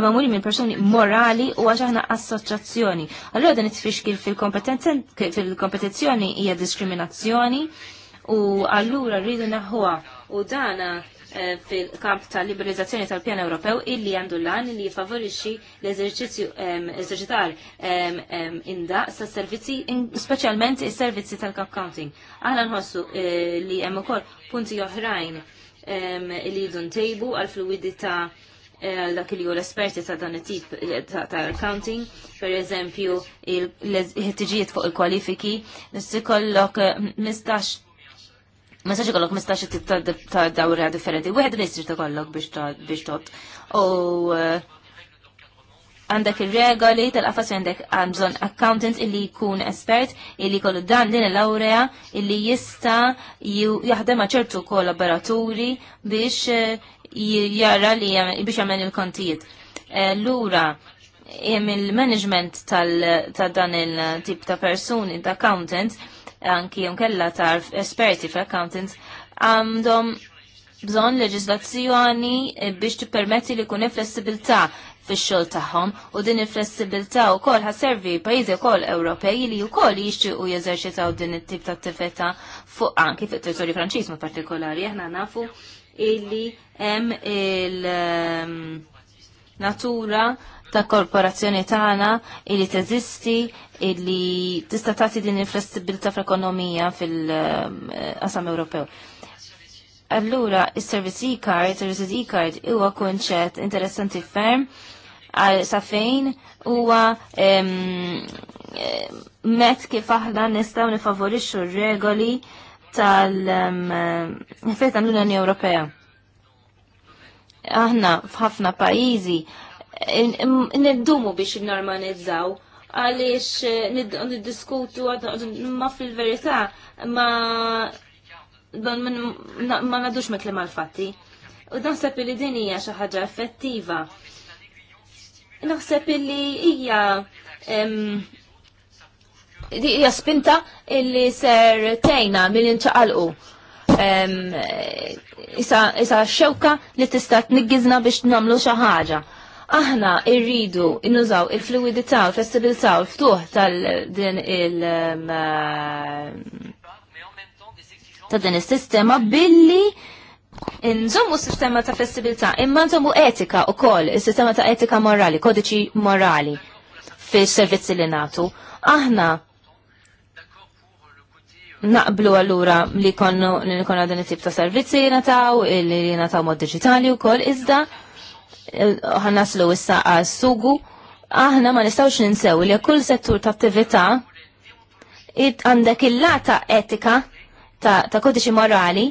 mamuli minn persuni morali u għax aħna assoċjazzjoni. Allora dan it kif fil kompetizjoni hija diskriminazzjoni u allura rridu naħwa u dana Eh, fil-kamp tal-liberalizzazzjoni tal-pjan Ewropew illi għandu l-għan li jifavorixxi l-eżerċizzju eżerċitar inda sa' servizzi, specialment il-servizzi tal-accounting. Aħna nħossu eh, li hemm ukoll punti oħrajn li jidun tejbu għal-fluidità eh, dak li l-esperti ta' dan it-tip ta' accounting, per eżempju, il ħittiġijiet fuq il-kwalifiki, nistikollok mistax Ma saċi kollok mistax ta' dawra differenti, u għed nistri ta' kollok biex tot. U eh, għandek il-regoli tal-qafas għandek għamżon accountant illi jkun espert illi kollu dan din il-laurea illi jista jaħdem ma' ċertu kollaboraturi biex eh, jara li biex jagħmel il-kontijiet. Eh, Lura, jem il-management tal-dan il-tip ta' persuni, ta' accountants, anki jom kella tarf esperti fl-accountants, għandhom bżon leġislazzjoni biex tippermetti li kun flessibilità fix-xogħol tagħhom u din il-flessibilità wkoll ħasservi pajjiżi wkoll Ewropej li wkoll jixtiequ jeżerċitaw din it-tip ta' attività fuq anki fit territorju Franċiż ma' partikolari aħna nafu illi hemm il-natura ehm, ta' korporazzjoni tagħna li teżisti li tista' tagħti din il-flessibilità fl-ekonomija fil-qasam Ewropew. Allura, is-service e-card, service e-card huwa kunċett interessanti ferm għal safejn huwa met kif aħna nistgħu nifavorixxu r-regoli tal-fejn tal-Unjoni Ewropea. Aħna f'ħafna pajjiżi neddumu biex normalizzaw għaliex eh, niddiskutu ma fil-verità ma ma nadux me klima l-fatti. U naħseb li din hija xi ħaġa effettiva. Naħseb li hija hija spinta illi ser tejna mill inċaqalqu. Eh, isa xewka li tista' tniggizna biex nagħmlu xi ħaġa aħna irridu innużaw il-fluidità, il festibilità il-ftuħ tal-din il- ta' din is-sistema billi Nżommu s-sistema ta' festibilità, imma nżommu etika u koll, s-sistema ta' etika morali, kodiċi morali fil servizzi li natu. Aħna naqblu għallura li konnu li konna din tip ta' servizzi li nataw, li nataw mod digitali u koll, iżda ħanaslu issa għas-sugu, aħna ma nistawx ninsew li kull settur ta' attività għandek il-lata etika ta', kodiċi morali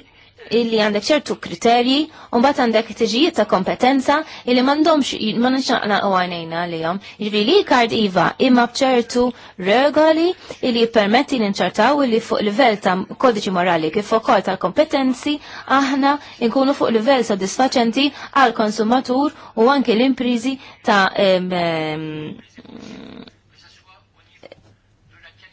illi għandek ċertu kriterji, bat għandek tiġijiet ta' kompetenza illi mandomx ma u għajnejna jiġifieri li jom. Ġvili kard iva imma bċertu regoli illi permetti ninċartaw illi fuq livell ta' kodiċi morali kif ukoll tal-kompetenzi aħna nkunu fuq livell sodisfaċenti għal konsumatur u anke l-imprizi ta'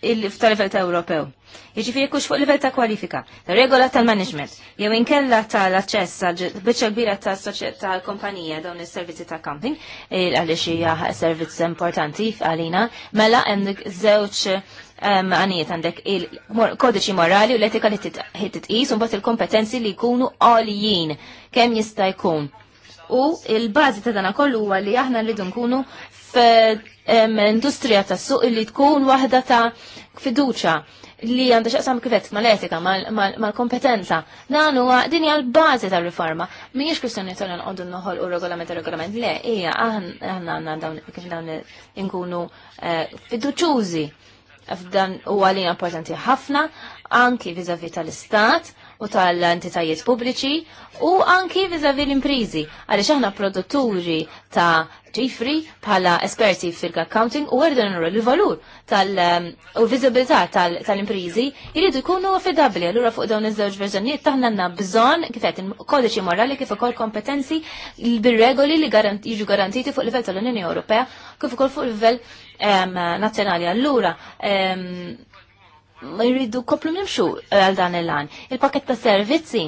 ta' livell ta' Ewropew. Jiġifieri kux fuq livell ta' kwalifika, regola tal-management, jew inkella tal-aċċess għal biċċa kbira ta' soċjetà kompanija dawn is-servizzi ta' camping, għaliex hija servizz importanti għalina, mela hemm żewġ ehm, għanijiet għandek il-kodiċi morali u l-etika li titqis un il-kompetenzi li jkunu għalijin kemm jista' jkun. U il-bażi ta' dana kollu huwa li aħna rridu nkunu industrija ta' suq li tkun waħda ta' fiduċa li għandha xaqsam kifet mal-etika, mal-kompetenza. Dan huwa din hija l-bażi tal-riforma. Mhijiex kwistjoni tagħna nqogħdu noħol u regolament regolament le, hija aħna għandna dawn kif dawn inkunu eh, fiduċużi f'dan huwa li importanti ħafna anki vis tal-istat u tal-entitajiet pubbliċi u anki vizavi l-imprizi għaliex aħna produtturi ta' ċifri bħala esperti fil-accounting u għerdu nru l-valur um, u vizibilità tal-imprizi jridu jkunu affidabli allura fuq dawn iż-żewġ verżjonijiet taħna għandna bżonn kif qed kodiċi morali kif ukoll kompetenzi bir-regoli li jiġu garantiti fuq livell tal-Unjoni Ewropea kif ukoll fuq livell um, nazzjonali allura um, jridu koplu nimxu eh, għal dan il-lan. Il-pakket ta' servizzi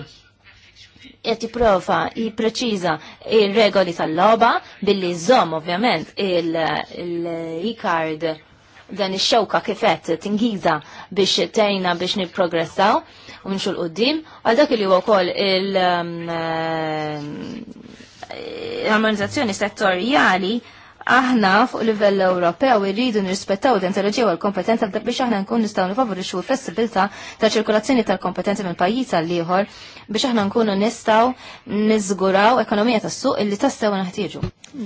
qed jipprova jippreċiża il regoli tal-logħba billi żomm ovvjament il-e-card dan ix-xewka kifet tingiza biex tejna biex nipprogressaw u minxu l-qoddim għal dak li huwa wkoll il- mm, eh, armonizzazzjoni settorjali aħna fuq livell Ewropew irridu nirrispettaw l-interloġija u l-kompetenza ta' biex aħna nkun nistgħu nifavorixxu l-flessibilità ta' ċirkolazzjoni tal-kompetenza minn pajjiż għal ieħor biex aħna nkunu nistgħu niżguraw ekonomija tas-suq illi tassew naħtieġu.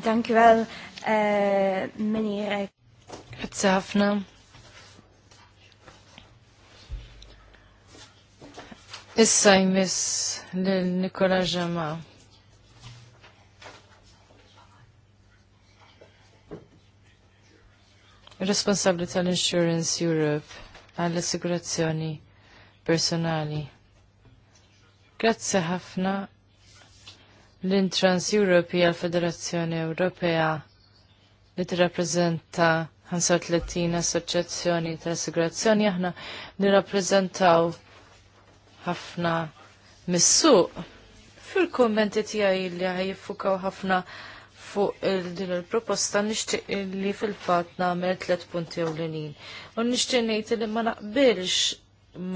Dankjewel uh, minirek. Grazzi ħafna. Issa jmiss lil Nikola Ġama. responsabli tal-Insurance Europe għall-assigurazzjoni personali. Grazzi ħafna l-Intrans Europe għal federazzjoni Ewropea li tirrappreżenta 35 assoċjazzjoni tal-assigurazzjoni aħna rapprezentaw ħafna missu Fil-kommenti tiegħi li ħajfukaw ħafna fuq din il-proposta nixtieq li fil-fatt nagħmel tliet punti ewlenin. U nixtieq ngħid li ma naqbilx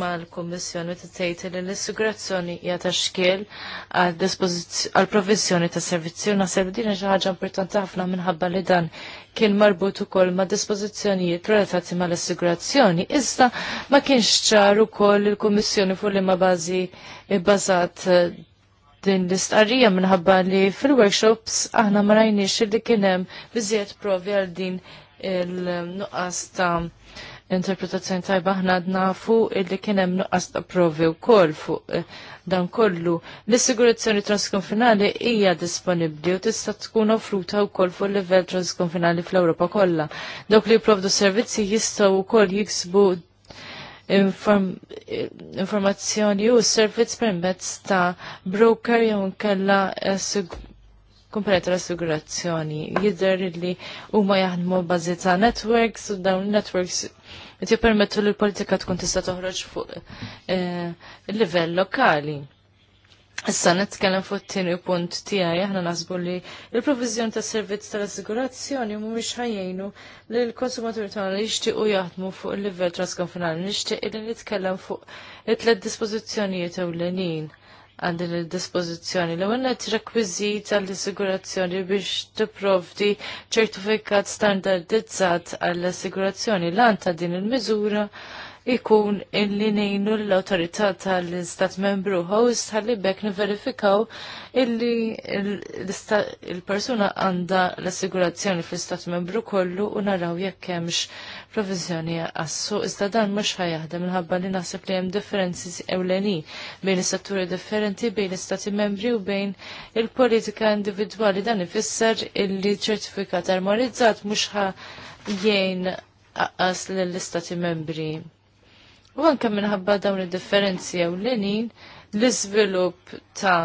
mal-Kommissjoni tejt li l-assigurazzjoni hija ta' xkiel għal provizjoni ta' servizzi u naħseb din xi ħaġa importanti ħafna minħabba li dan kien marbut ukoll ma' dispożizzjonijiet relatati mal-assigurazzjoni, issa ma kienx ċar ukoll il-Kummissjoni fuq li ma' bażi bbażat din l-istqarrija minħabba li fil-workshops aħna ma rajniex li kienem biżjed provi għal din il-nuqqas ta' interpretazzjoni tajba aħna nafu illi kienem nuqqas ta' provi u koll fuq eh, dan kollu. L-assigurazzjoni transkonfinali hija disponibbli u tista' tkun offruta wkoll fuq livell transkonfinali fl-Ewropa kollha. Dok li jipprovdu servizzi jistgħu wkoll jiksbu informazzjoni u servizz permezz ta' broker jew nkella eh, kumpanija tal-assigurazzjoni. Jidher li huma jaħdmu bażi ta' networks u dawn networks qed jippermettu li l-politika tkun tista' toħroġ fuq il-livell eh, lokali. Issa nitkellem fuq it-tieni punt tiegħi aħna naħsbu li l-proviżjoni ta' servizz tal-assigurazzjoni mhumiex ħajjinu li l-konsumaturi tagħna li jixtiequ jaħdmu fuq il-livell transkonfinali nixtieq li nitkellem fuq it-tliet dispożizzjonijiet ewlenin għandi l dispożizzjoni l qed rekwiżit għall-assigurazzjoni biex tipprovdi ċertifikat standardizzat għall-assigurazzjoni l ta' din il-miżura ikun illi nejnu l-autorità tal-istat membru host ħalli bekk niverifikaw illi l-persuna għanda l-assigurazzjoni fl-istat membru kollu u naraw jekk hemmx provizjoni għassu. Iżda dan mhux ħajaħdem minħabba li naħseb li hemm differenzi ewleni bejn is-setturi differenti bejn l-istati membri u bejn il-politika individwali dan ifisser illi ċertifikat armonizzat mhux ħa jgħin aqqas l-istati membri U anke minħabba dawn id-differenzi u l-inin, l-iżvilupp ta'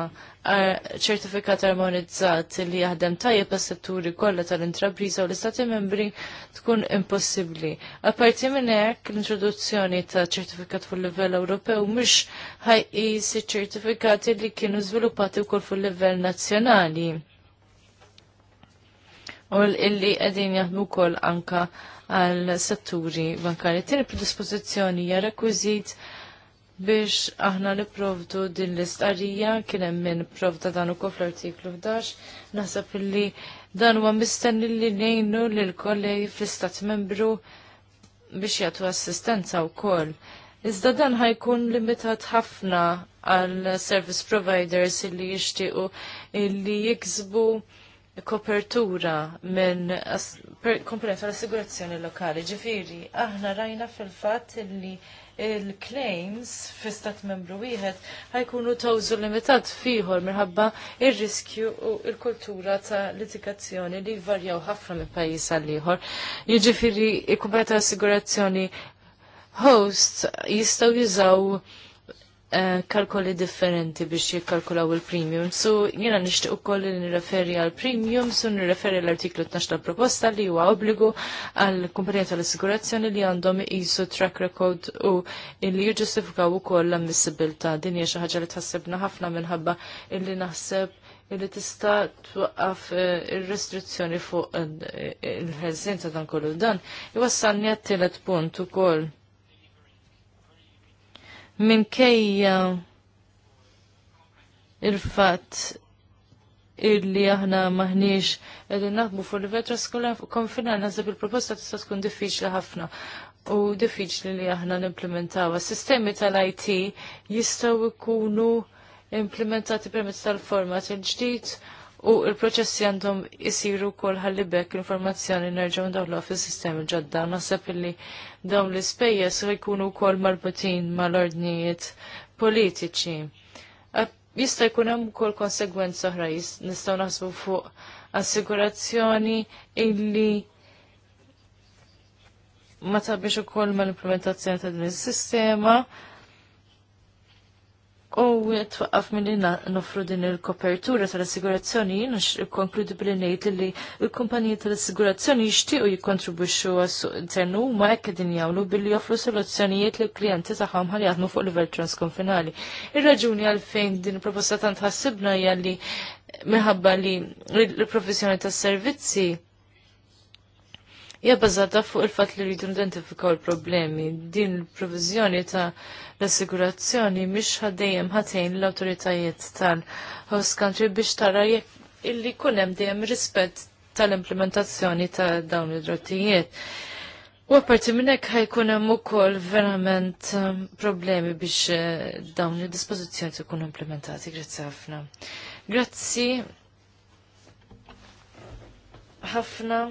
ċertifikat armonizzat li jaħdem tajjeb għas-setturi kollha tal-intrapriża u l-istati membri tkun impossibbli. Apparti minn hekk l-introduzzjoni ta' ċertifikat fuq livell Ewropew mhux ħajqis iċ-ċertifikati li kienu żviluppati wkoll fuq livell nazzjonali u illi qegħdin jaħdmu wkoll anka għal setturi bankari. Tieni predispożizzjoni hija rekwiżit biex aħna provdu din l istarija kien hemm min provda dan ukoll fl-artiklu 11 naħseb illi dan huwa mistenni li ngħinu lil kollegi fl-istat membru biex jagħtu assistenza wkoll. Iżda dan ħajkun limitat ħafna għal service providers illi jixtiequ illi jiksbu kopertura minn komponent tal-assigurazzjoni lokali. Ġifiri, aħna rajna fil-fat li il-claims fi stat membru wieħed ħajkunu tawżu limitat fiħor minħabba il riskju u l-kultura ta' litigazzjoni li varjaw ħafna minn pajjiż għal ieħor. Jiġifieri l-kumpanija ta' assigurazzjoni host jistgħu jużaw Eh, kalkoli differenti biex jikkalkulaw il-premium. So jiena nixtieq ukoll li nirreferi għal premium, so nirreferi l-artiklu 12 tal-proposta li huwa obbligu għal kumpanija tal-assigurazzjoni li għandhom iqisu track record u li u ukoll l ammissibilta Din hija xi ħaġa li tħassibna ħafna minħabba illi naħseb illi tista twaqqaf eh, il-restrizzjoni fuq eh, il-ħelsin ta' dan kollu dan. Iwassalni tielet punt u koll minkejja il-fatt illi aħna maħniex edin naħdmu fuq il-vetra skola konfina naħseb il-proposta tista' tkun diffiċli ħafna u diffiċli li aħna nimplementawa. Sistemi tal-IT jistgħu jkunu implementati permezz tal-format il-ġdid u il-proċessi għandhom isiru kol ħallibek informazzjoni nerġaw daħlu fis sistemi ġodda. Nasab illi dawn l-ispejjes jkunu kol marbutin mal-ordnijiet politiċi. Jista' jkun hemm ukoll konsegwenza oħra nistgħu naħsbu fuq assigurazzjoni illi ma tabiex ukoll mal-implementazzjoni ta' din is-sistema U twaqqaf mill-li nofru din il-kopertura tal-assigurazzjoni, jina konkludi billi nejt li il-kumpaniji tal-assigurazzjoni u jikontribuxu għas-suq internu ma ekk din jawlu billi joffru soluzzjonijiet li klijenti klienti taħħam ħal jaħdmu fuq livell transkonfinali. Ir-raġuni għalfejn din proposta tant ħassibna hija li minħabba li l-professjoni tas-servizzi Ja, bazzata fuq il-fatt li rridu identifikaw il-problemi. Din il-proviżjoni ta' l-assigurazzjoni mhix ħaddejjem ħatejn l-awtoritajiet tal-host country biex tara jekk illi jkun hemm dejjem rispett tal-implementazzjoni ta' dawn id-drattijiet. U għaparti minnek ħajkun hemm ukoll verament ehm, problemi biex eh, dawn id-dispożizzjoni tkun implementati. Grazzi ħafna. Grazzi ħafna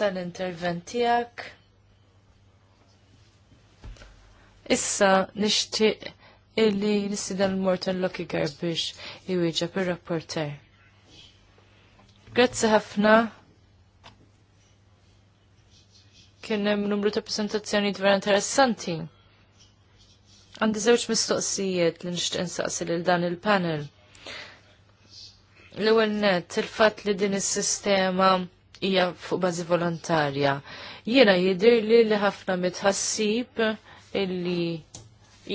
tal-intervent tiegħek. Issa nixtieq illi nisida l-Morton Lockiger biex iwieġeb ir-rapporter. Grazzi ħafna. Kien hemm numru ta' presentazzjoni dwar interessanti. Għandi żewġ mistoqsijiet li nixtieq nsaqsi lil dan il-panel. L-ewwel net il-fatt li din is-sistema il hija fuq bażi volontarja. Jiena jidher li li ħafna mitħassib illi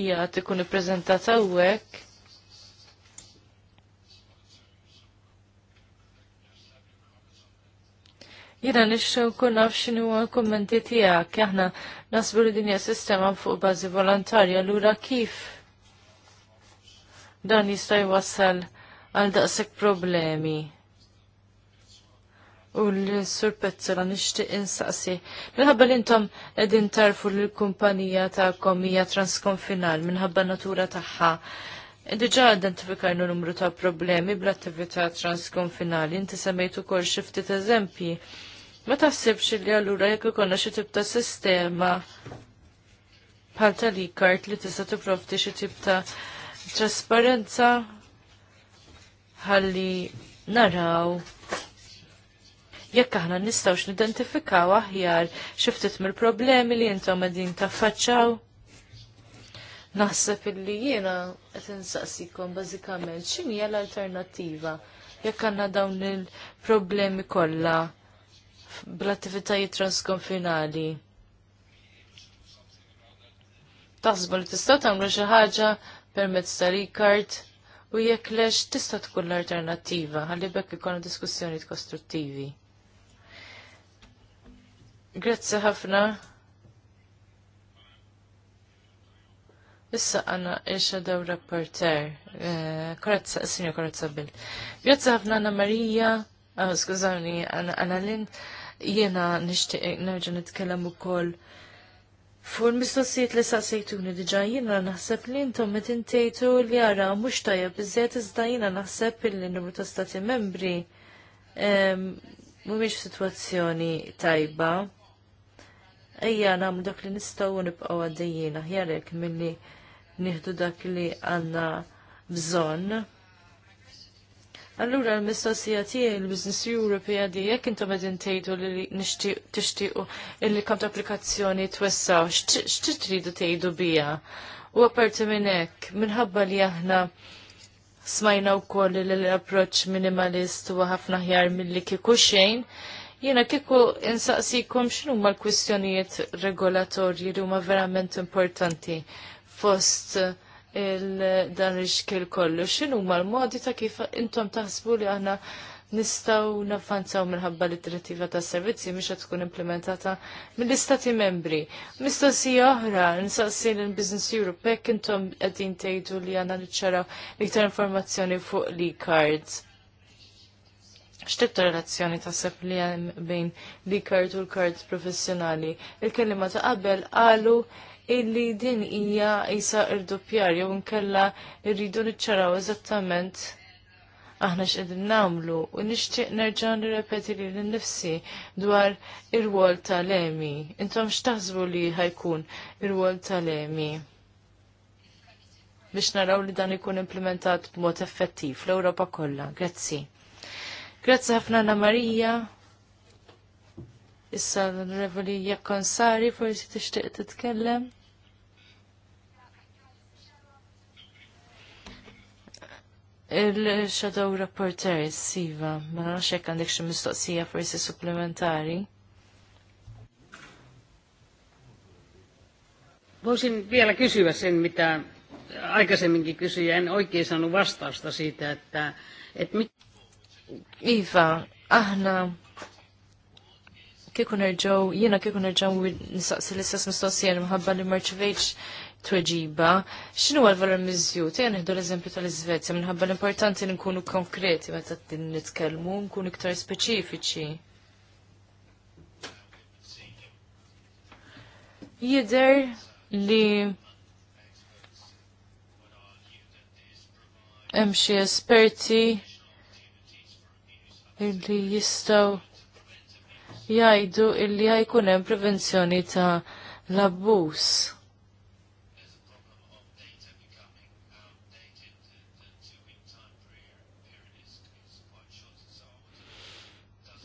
hija tikun ippreżentata hekk. Jiena nixxew kun naf x'inhu l-kummenti tiegħek aħna nasbu li din hija sistema fuq bażi volontarja lura kif dan jista' jwassal għal daqshekk problemi u l-sur Pezzola nishti insaqsi. Minħabba li intom edin tarfu l-kumpanija ta' komija transkonfinal minħabba natura taħħa. Diġa identifikajnu numru ta' problemi bl-attività transkonfinali, inti semmejtu kol ta' eżempji. Ma taħsibx li għallura jekk ikonna xi tip ta' sistema bħal li kart li tista' tipprovdi xi tip ta' trasparenza ħalli naraw jekk aħna nistgħux nidentifikaw aħjar xi ftit mill-problemi li intom qegħdin taffaċċaw. Naħseb illi jiena qed insaqsikom bażikament x'inhi l-alternattiva jekk għandna dawn il-problemi kollha bl-attivitajiet transkonfinali. Taħsbu li tista' tagħmlu xi ħaġa permezz tal ikart u jekk lex tista' tkun l-alternattiva ħalli bekk ikonu diskussjonijiet kostruttivi. Grazzi ħafna. Issa għanna ixa daw rapporter, s eh, signor korazza bil. Grazzi ħafna għanna Marija, ah, skużawni għanna Lind, jena nishtiq nerġa nitkellem u koll. Fur mistoqsijiet li sejtuni diġa jina naħseb li intom me intejtu li għara mhux tajja bizziet iżda jina naħseb li n-numru ta' stati membri mhumiex situazzjoni tajba ejja nagħmlu dak li nistgħu nibqgħu għaddejjina, jarek, milli nieħdu dak li għandna bżonn. Allura l-mistoqsija tiegħi l-Business Europe għaddi, jekk intom qegħdin tgħidu li tixtiequ illi kamp applikazzjoni twessaw, tridu tgħidu biha? U apparti minn hekk, minħabba li aħna smajna wkoll li l-approċċ minimalist huwa ħafna ħjar milli kieku xejn, Jena kieku insaqsikom xinu ma l-kwistjonijiet regolatorji li huma verament importanti fost dan il-xkil kollu. Xinu ma l-modi ta' kif intom taħsbu li aħna nistaw nafanzaw minħabba li direttiva ta' servizzi miex tkun implementata mill-istati membri. Mistoqsija oħra, nistaqsi l-Business Europe, intom qegħdin tgħidu li għandna niċċaraw iktar informazzjoni fuq li cards t'a relazzjoni ta' sepp li bejn li kart u l-kart professjonali. il kelliema ta' qabel għalu illi din hija isa r-doppjar jew nkella irridu niċċaraw eżattament aħna x'qegħdin nagħmlu u nixtieq nerġa' nirrepeti li nnifsi dwar ir-wol tal-emi. Intom x'taħsbu li ħajkun ir-wol tal-emi? biex naraw li dan ikun implementat b'mod effettiv l-Ewropa kollha. Grazzi. Grazie ħafna Anna Marija. Issa l-Onorevoli Jakon Sari forsi t-ixtiq tixtieq titkellem. Il-Shadow Rapporteur, Siva, ma nafx hekk għandek xi mistoqsija forsi supplementari. Voisin vielä kysyä sen, mitä aikaisemminkin kysyjä en oikein saanut vastausta siitä, että, että mit... Iva, aħna kieku nerġaw, jiena kieku nerġaw nisaqsi l-istess mistoqsija mħabba li marċivejċ tweġiba, xinu l valor mizzju? Ejja nieħdu l-eżempju tal-Iżvezja minħabba l-importanti li nkunu konkreti meta nitkellmu, nkunu iktar speċifiċi. Jider li hemm xi esperti illi jistaw jajdu illi ħajkun hemm prevenzjoni ta' l-abbuż.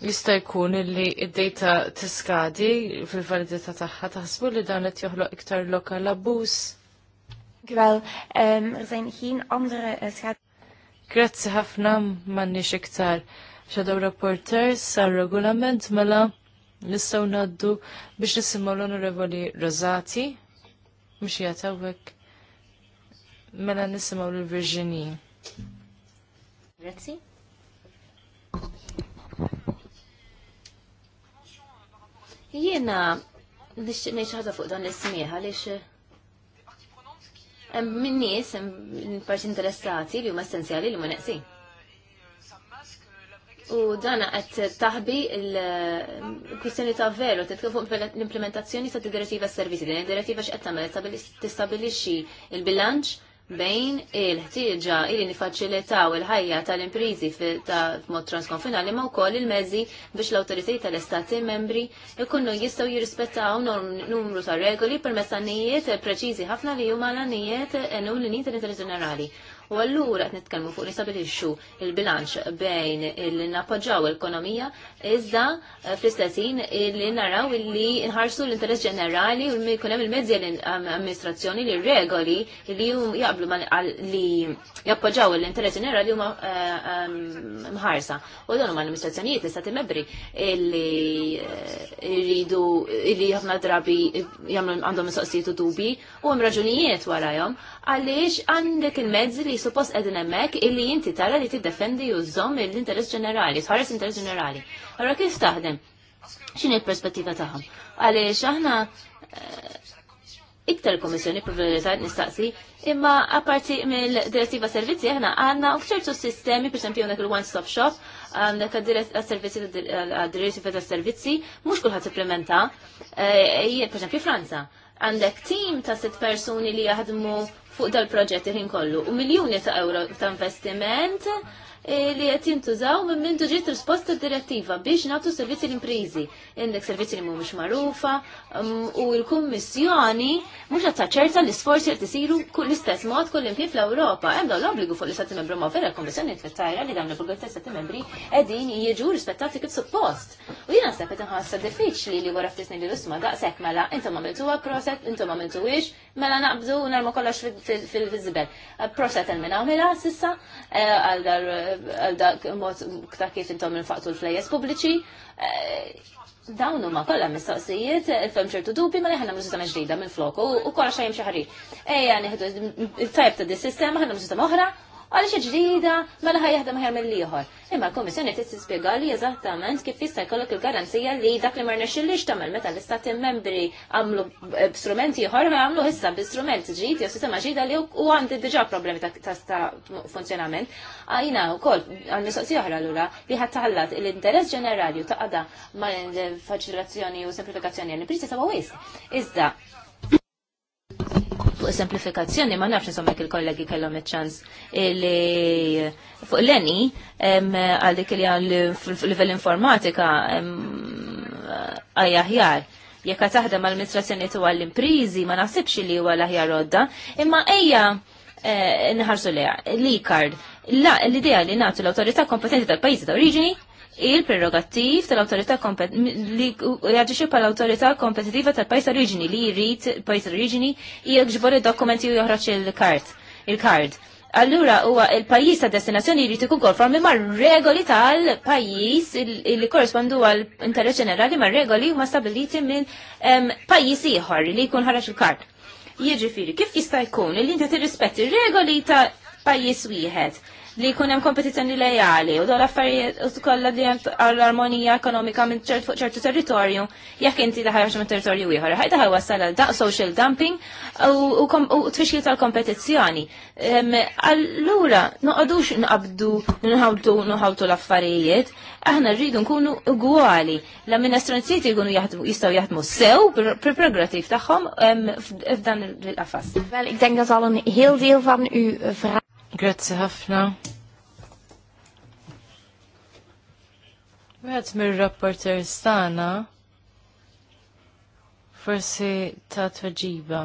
Jista' jkun illi id-data tiskadi fil-validità tagħha taħsbu li dan qed joħloq iktar lokal abbuż. Gwell, um, er Grazzi ħafna m'għandniex iktar Shadow Reporter, sar-regolament mela nistgħu ngħaddu biex nisimgħu l-Onorevoli Rosati mhux jagħtawek mela nisimgħu l Virginie. Grazie. Jiena nixtieq ngħid ħaġa fuq dan l-ismieħ għaliex eh, hemm min nies hemm parti interessati li huma essenzjali li ma neqsin. U dana qed taħbi il-kwistjoni ta' veru titkun fuq l-implementazzjoni ta' direttiva servizi. Din id-direttiva x'qed tagħmel tistabilixxi il-bilanċ bejn il-ħtieġa li nifaċilitaw il-ħajja tal-imprizi ta' mod transkonfinali ma' wkoll il-mezzi biex l-awtoritajiet tal-istati membri ikunu jistgħu jirrispettaw numru ta' regoli permezz tan nijiet preċiżi ħafna li huma l-nijiet e nu l-nijiet tal-interess ġenerali. U allura qed nitkellmu fuq li stabilixxu il-bilanċ bejn li nappoġġaw l-ekonomija iżda eh, fl istessin li naraw li nħarsu l-interess ġenerali u jkun hemm il-mezzi l-amministrazzjoni li regoli li jgħablu li jappoġġaw l-interess ġenerali huma eh, mħarsa. U dan huma l-amministrazzjonijiet li stati membri li jridu eh, li ħafna drabi jagħmlu għandhom mistoqsijiet u dubi u hemm raġunijiet warajhom għaliex għandek il-mezzi li suppost qegħdin hemmhekk illi inti tara li tiddefendi u żomm l-interess ġenerali, tħares interess ġenerali. Allora kif taħdem? X'inhi l-perspettiva tagħhom? Għaliex aħna eh, iktar komissjoni privileġat nistaqsi, imma apparti mill-direttiva servizzi aħna għandna ċertu sistemi, per esempio għandek il-one-stop shop, għandek għad-servizzi għad-direttiva ta' servizzi, mux kullħat supplementa eh, per esempio Franza, għandek tim ta' sitt personi li jaħdmu fuq dal-proġett irħin kollu u miljuni ta' euro ta' investiment li qed jintużaw minn minn ġiet risposta direttiva biex nagħtu servizzi l-imprizi. Indek servizzi li mhumiex magħrufa u l-Kummissjoni mhux qed taċċerta l-isforzi qed isiru l-istess mod kull impjeg fl-Ewropa. Hemm dawn l-obbligu fuq l-Istati Membri ma vera l-Kummissjoni tfittajra li dawn l-obbligu tal-Istati Membri qegħdin jiġu rispettati kif suppost. U jiena nsab qed inħassa diffiċli li wara ftit li l-isma daqshekk mela intom għamiltuha proset, intom għamiltuhiex, mela naqbdu narmu kollox fil vizibel Proset il-mina u sissa għal dar għal dak mod ta' kif intom infaqtu l-flejjes pubbliċi. Eh, dawn huma kollha mistoqsijiet fem ċertu dubi ma ħanna mużita ġdida minn floku u kollha xejn xi ħarir. Ejja nieħdu il-tajb ta' dis-sistema ħanna mużita oħra għalix ġdida ma mela laħħa jahda maħjar mill-ieħor. Imma l-Kummissjoni trid tispjega li eżattament kif jista' jkollok il-garanzija li dak li ma rnexxillix tagħmel meta l-istati membri għamlu b'strumenti eh, ieħor ma għamlu issa b'strument ġdid jew sistema ġdida li u għandi diġà problemi ta' funzjonament. Għajna wkoll għandi soqsi oħra l-ura li ħat taħallat l-interess ġenerali u taqada ma' faċilazzjoni u semplifikazzjoni għall-impriżi ta' wisq. Iżda fuq semplifikazzjoni ma nafx insomma il-kollegi kellhom iċ-ċans li fuq l-eni għal dik li għal livell informatika aħjar. jekk taħdem għal amministrazzjoni tu l-imprizi ma naħsibx li huwa l-aħjar rodda, imma ejja eh, nħarsu leha, l-ikard, l-idea li nagħtu l-awtorità kompetenti tal-pajjiżi ta' oriġini il-prerogattiv tal-autorità li reagisce pal autorità kompetitiva tal pajs oriġini li jrid pajs oriġini jgħġbor id-dokumenti u joħroġ il-kart, il-kard. Allura huwa il-pajjiż ta' destinazzjoni jrid ikun konformi ma' regoli tal-pajjiż li korrespondu għal interess ġenerali ma' regoli huma stabiliti minn pajjiż ieħor li jkun ħareġ il-kart. Jiġifieri, kif jista' jkun li inti tirrispetti regoli ta' pajjiż wieħed? li jkun hemm kompetizzjoni lejali u dawn l-affarijiet kollha li l-armonija ekonomika minn fuq ċertu territorju jekk inti taħarġ minn territorju ieħor. Ħajda ħaj wasal għal daq social dumping u tfixli tal-kompetizzjoni. Allura noqogħdux nqabdu nħawtu nħawtu l-affarijiet, aħna rridu nkunu ugwali. L-amministrazzjoni jkunu jistgħu jaħdmu sew prerogativ tagħhom f'dan il-qafas. Well, ik denk dat al een heel deel van uw vraag Grazzi ħafna. Għed mir-rapporter stana forsi ta' tweġiba.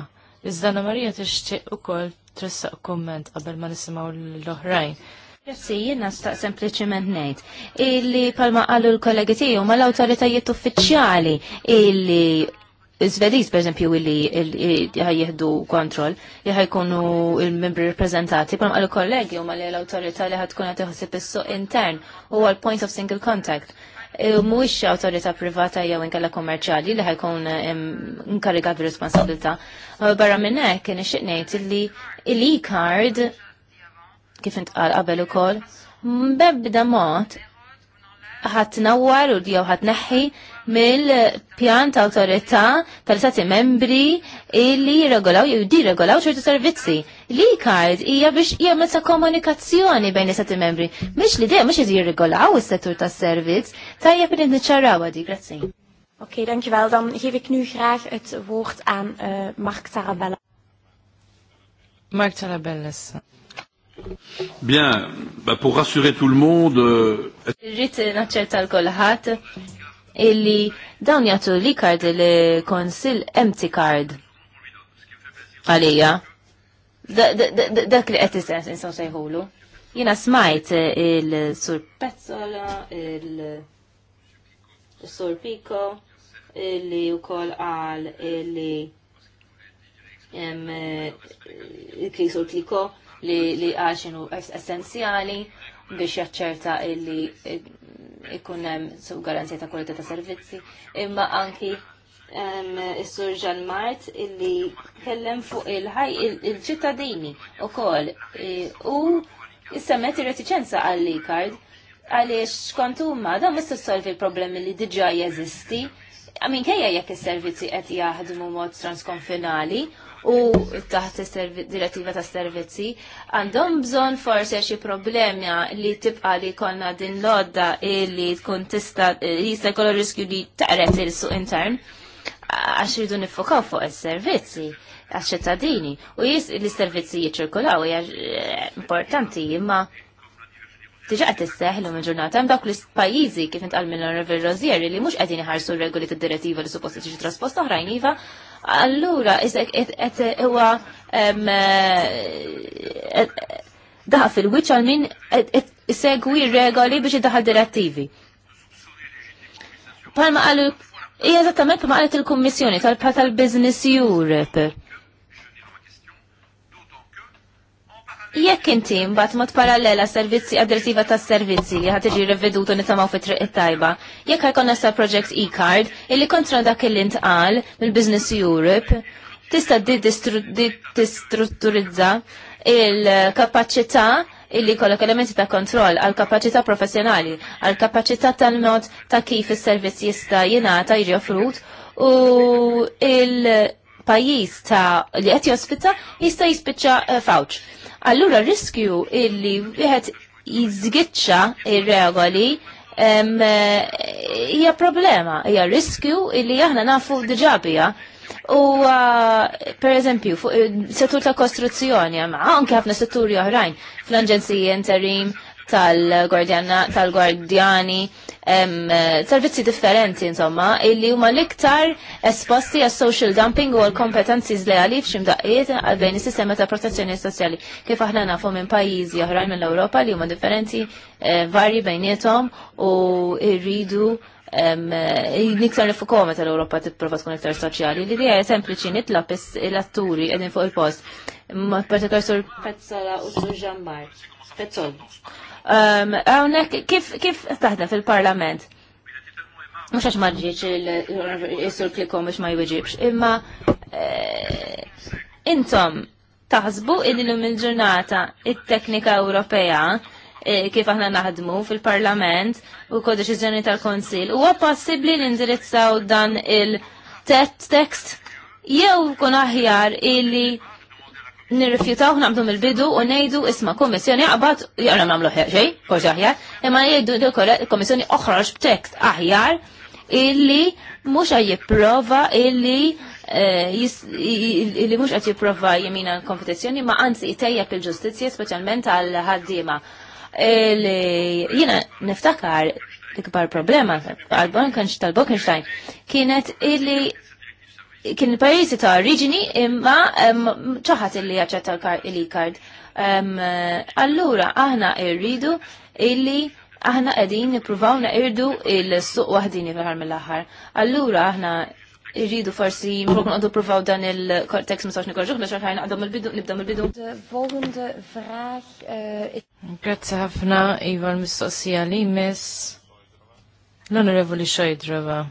Iżda t Marija tixtieq ukoll tressaq komment qabel ma nisimgħu l-oħrajn. Grazzi, jiena staq sempliċement ngħid illi palma qalu l-kollegi tiegħu mal-awtoritajiet uffiċjali illi Svediż eżempju, illi jieħdu kontroll, jkunu il-membri rappreżentati, pa' għal kollegi huma li l-awtorità li ħadkun qed iħossib is-suq intern huwa l-point of single contact. E, mhuwiex awtorità privata jew inkella kommerċjali li ħajkun inkarigat bir Barra minn hekk nixtieq ngħid illi l-e-card kif intqal qabel ukoll m'bebda mod nawar u jew ħatneħħi mill-pjan ta' awtorità tal sati membri li regolaw jew regolaw ċertu servizzi. Li e hija biex jagħmel sa komunikazzjoni bejn l sati membri. Mhix li dejjem mhux qed jirregolaw is-settur tas-servizz, tajjeb li niċċarawha di, grazzi. Ok, dankjewel. Dan geef ik nu graag het woord aan uh, Mark Tarabella. Mark Tarabella. Bien, bah pour rassurer tout le monde. Euh, naċċerta l-kolħat illi dawn jagħtu li kard il-konsil empty card għalija. Dak li qed isens insaw sejħulu. Jiena smajt il-Sur Pezzola, il-Sur Pico, illi kol għal illi eh, il sur Kliko li għaxinu essenzjali biex jaċċerta illi ikun hemm su garanzija ta' kualità ta' servizzi, imma anki is-Sur Ġan Mart illi kellem fuq il-ħaj il-ċittadini wkoll u issemmet ir reticenza għall card għaliex huma, dawn mista solvi l-problemi li diġà jeżisti. Għamin kajja jekk is-servizzi qed jaħdmu mod transkonfinali u taħt direttiva ta' servizzi għandhom bżon forse xi problemi li tibqa li konna din lodda li tkun tista' jista' jkollu riskju li taqret il-suq intern għax rridu nifokaw fuq is-servizzi għax-ċittadini u jis l-servizzi jiċirkulaw hija eh, importanti imma Tiġa qed isseħlu minn ġurnata hemm dawk l-pajjiżi kif intqal minn Rever Rozier li mhux qegħdin iħarsu r-regoli tad-direttiva li t tiġi trasposta oħrajn iva allura jizek, et huwa daħ fil wiċ għal min segwi regoli biex idaħal direttivi. Palma qalu Ija eżattament ma qalet il kommissjoni tal-Business Europe Jekk inti mbagħad mod parallela servizzi addrettiva tas servizzi li ħad tiġi nitamgħu fi fit triq it-tajba. Jekk ħajkonna sa proġett e-card illi kontra dak il intqal mill-Business Europe tista' distrutturizza il-kapaċità illi kollok elementi ta' kontroll għal kapaċità professjonali, għal kapaċità tal-mod ta' kif is-servizz jista' jingħata jiġi offrut u il-pajjiż ta' li qed jospita jista' jispiċċa fawċ eh, allura riskju illi wieħed jizgitxa ir-regoli eh, hija problema, hija riskju illi aħna nafu diġabija. U eh, per eżempju, settur ta' kostruzzjoni, anke ħafna setturi oħrajn, fl-anġenziji interim, tal-gwardjani, Eh, servizzi differenti insomma illi huma l-iktar esposti għas social dumping u għal kompetenzi zleali f'ximdaqiet bejn is-sistema ta' protezzjoni soċjali kif aħna nafu minn pajjiżi oħrajn mill-Ewropa li huma differenti eh, varji bejnietom u rridu eh, niktar nifukom tal-Europa ewropa tipprova tkun iktar soċjali li hija sempliċi nitlab l-atturi qegħdin fuq il-post. Ma partikar sur Pezzola u sur Ġammar. Pezzol. Għawnek, ehm, kif taħdem fil-parlament? Mux għax maġġiċ il-sur klikom biex ma jwġibx, imma eh, intom taħsbu id-lum mil ġurnata il teknika Ewropea eh, kif aħna naħdmu fil-parlament u kodeċizjoni tal-konsil. Huwa possibbli li indirizzaw dan il-tekst jew kun aħjar illi nirrifjutaw naqbdu mill-bidu u ngħidu isma' kummissjoni qabad jara nagħmlu ħeġej, forġi aħjar, imma jgħidu l-kommissjoni oħroġ b'tekst aħjar illi mhux għaj jipprova illi eh, illi mhux qed jipprova jemina l-kompetizzjoni ma anzi jtejjeb il-ġustizzja speċjalment għal ħaddiema. Jiena niftakar l-ikbar problema għal-Bonkenstein kienet illi kien il-pajjiżi ta' oriġini imma ċaħat illi jaċċetta l-e-card. Allura aħna rridu illi aħna qegħdin nippruvaw irdu il-suq waħdini fil ħar mill-aħħar. Allura aħna irridu forsi mruk naqdu pruvaw dan il-kortex misax nikorġuħ, na xarħajn qadhom il-bidu, nibdom il-bidu. Eh, Grazzi Grazie ħafna, Ivan mistoqsija li miss. l-onorevoli xojdrova.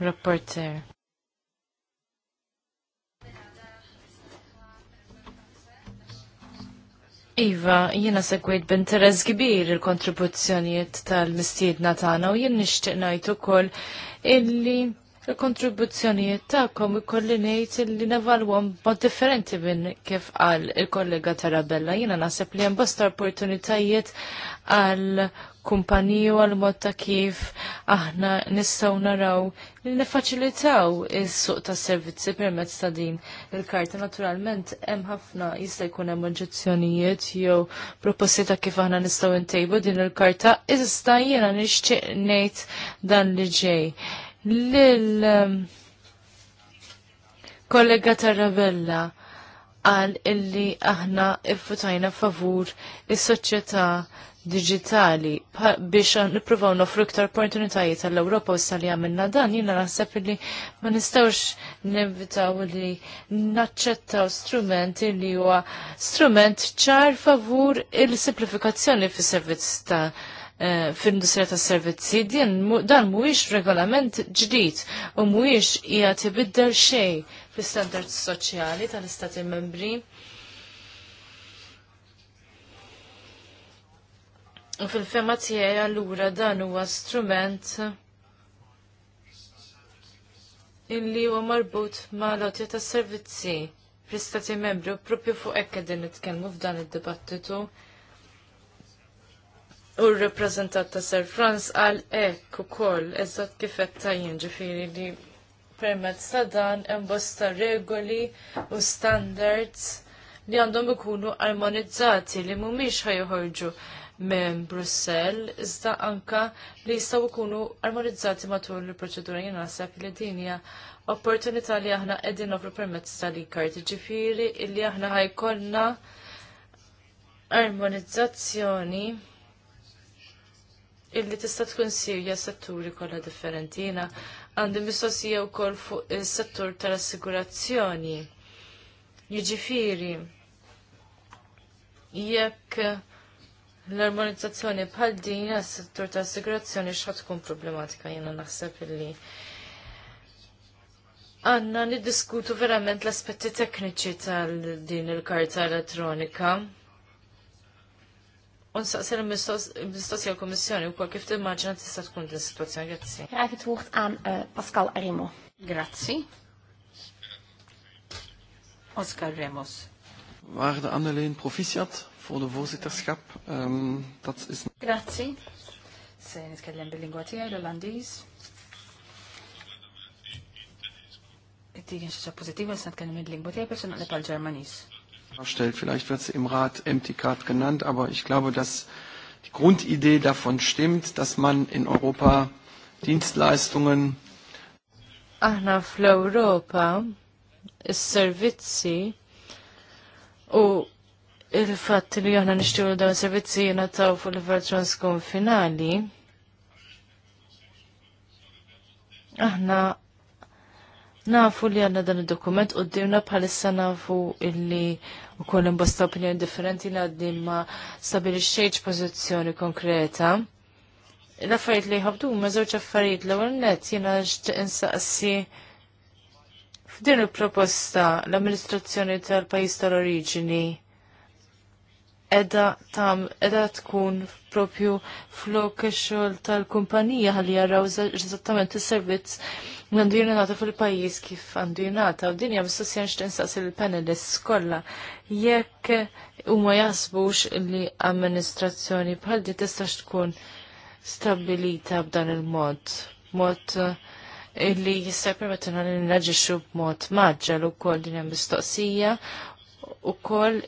Rapporter. Iva, jiena segwit b'interess kbir il-kontribuzzjonijiet tal-mistiedna tagħna u jien nixtieq ngħid ukoll illi il-kontribuzzjonijiet tagħkom ikolli ngħid illi nevalwhom mod differenti minn kif qal il-kollega Tarabella. Jiena naħseb li hemm bosta opportunitajiet għal kumpaniju għal mod ta' kif aħna nistgħu naraw li nifaċilitaw is-suq tas servizzi permezz ta' din il-karta. Naturalment hemm ħafna jista' jkun hemm oġġezzjonijiet jew proposti ta' kif aħna nistgħu ntejbu din il-karta, iżda jiena nixtieq ngħid dan li ġej. Lil um, kollega Tarabella għal illi aħna iffutajna favur is-soċjetà digitali biex nippruvaw nofru iktar opportunitajiet għall ewropa u sali minna dan, jiena naħseb li ma nistgħux nevitaw li naċċettaw strumenti li huwa strument ċar favur il-simplifikazzjoni fis-servizz ta' eh, fil-industrija ta' servizzi, dan mhuwiex regolament ġdid u mhuwiex qiegħed ibiddel xejn fl-istandards soċjali tal-Istati membri. U fil-fema tiegħi allura dan huwa strument illi huwa marbut ma' l-għotja ta' servizzi fl-istati membri u propju fuq hekk qegħdin nitkellmu f'dan id-dibattitu. U r reprezentat ta' Sir Franz għal ek u koll, eżat kifet tajjen ġifiri li permezz ta' dan embosta regoli u standards li għandhom ikunu armonizzati li mumiex ħajħorġu minn Brussell, iżda anka li jistgħu jkunu armonizzati matul il-proċedura jien naħseb li din hija opportunità li aħna qegħdin nofru permezz tal-ikart, ġifieri illi aħna ħajkolna armonizzazzjoni illi tista' tkun sirja setturi kollha differenti. Jiena għandi mistoqsija wkoll fuq is-settur tal-assigurazzjoni. Jiġifieri jekk L-armonizzazzjoni bħal din għas-settur ta' assigurazzjoni xħatkun tkun problematika jiena naħseb illi. Għanna niddiskutu verament l-aspetti tekniċi tal-din il-karta elettronika. Unsaqsel mistoqsija l-Kommissjoni u kol kif t tista' tkun din situazzjoni. sitwazzjoni Għafi t wuħt għan eh, Pascal Arimo. Grazzi. Oscar Remos. l Annelien, proficiat voor de voorzitterschap. Um, ehm, that is... Grazie. Se nitkellem bil-lingwa tiegħi l-Olandiż. Dik kien xi pożittiva se nitkellem bil lingua tiegħi biex naqleb pal ġermaniż Stellt, vielleicht wird sie im Rat Empty Card genannt, aber ich glaube, dass die Grundidee davon stimmt, dass man in Europa Dienstleistungen Aħna fl-Europa is-servizzi u il-fatt li aħna nixtiequ dawn servizzi l fuq transkom finali? Aħna nafu li għandna dan id-dokument d-dimna bħalissa nafu illi wkoll imbosta opinjoni differenti li għaddim ma stabilixxejx pożizzjoni konkreta. il affarijiet li jħabdu ma żewġ affarijiet l-ewwel nett jiena insaqsi f'din il-proposta l-amministrazzjoni tal-pajjiż tal-oriġini edha tam edha tkun propju flok xol tal-kumpanija għalli jarraw eżattament il-servizz għandu jenata fil-pajis kif għandu jenata u dinja mistoqsija nxten saqsil il-panelist kolla jekk u ma jasbux li amministrazzjoni bħal di testax tkun stabilita b'dan il-mod mod illi eh, jista' permettina li naġixxu b'mod maġġel ukoll din hemm mistoqsija kol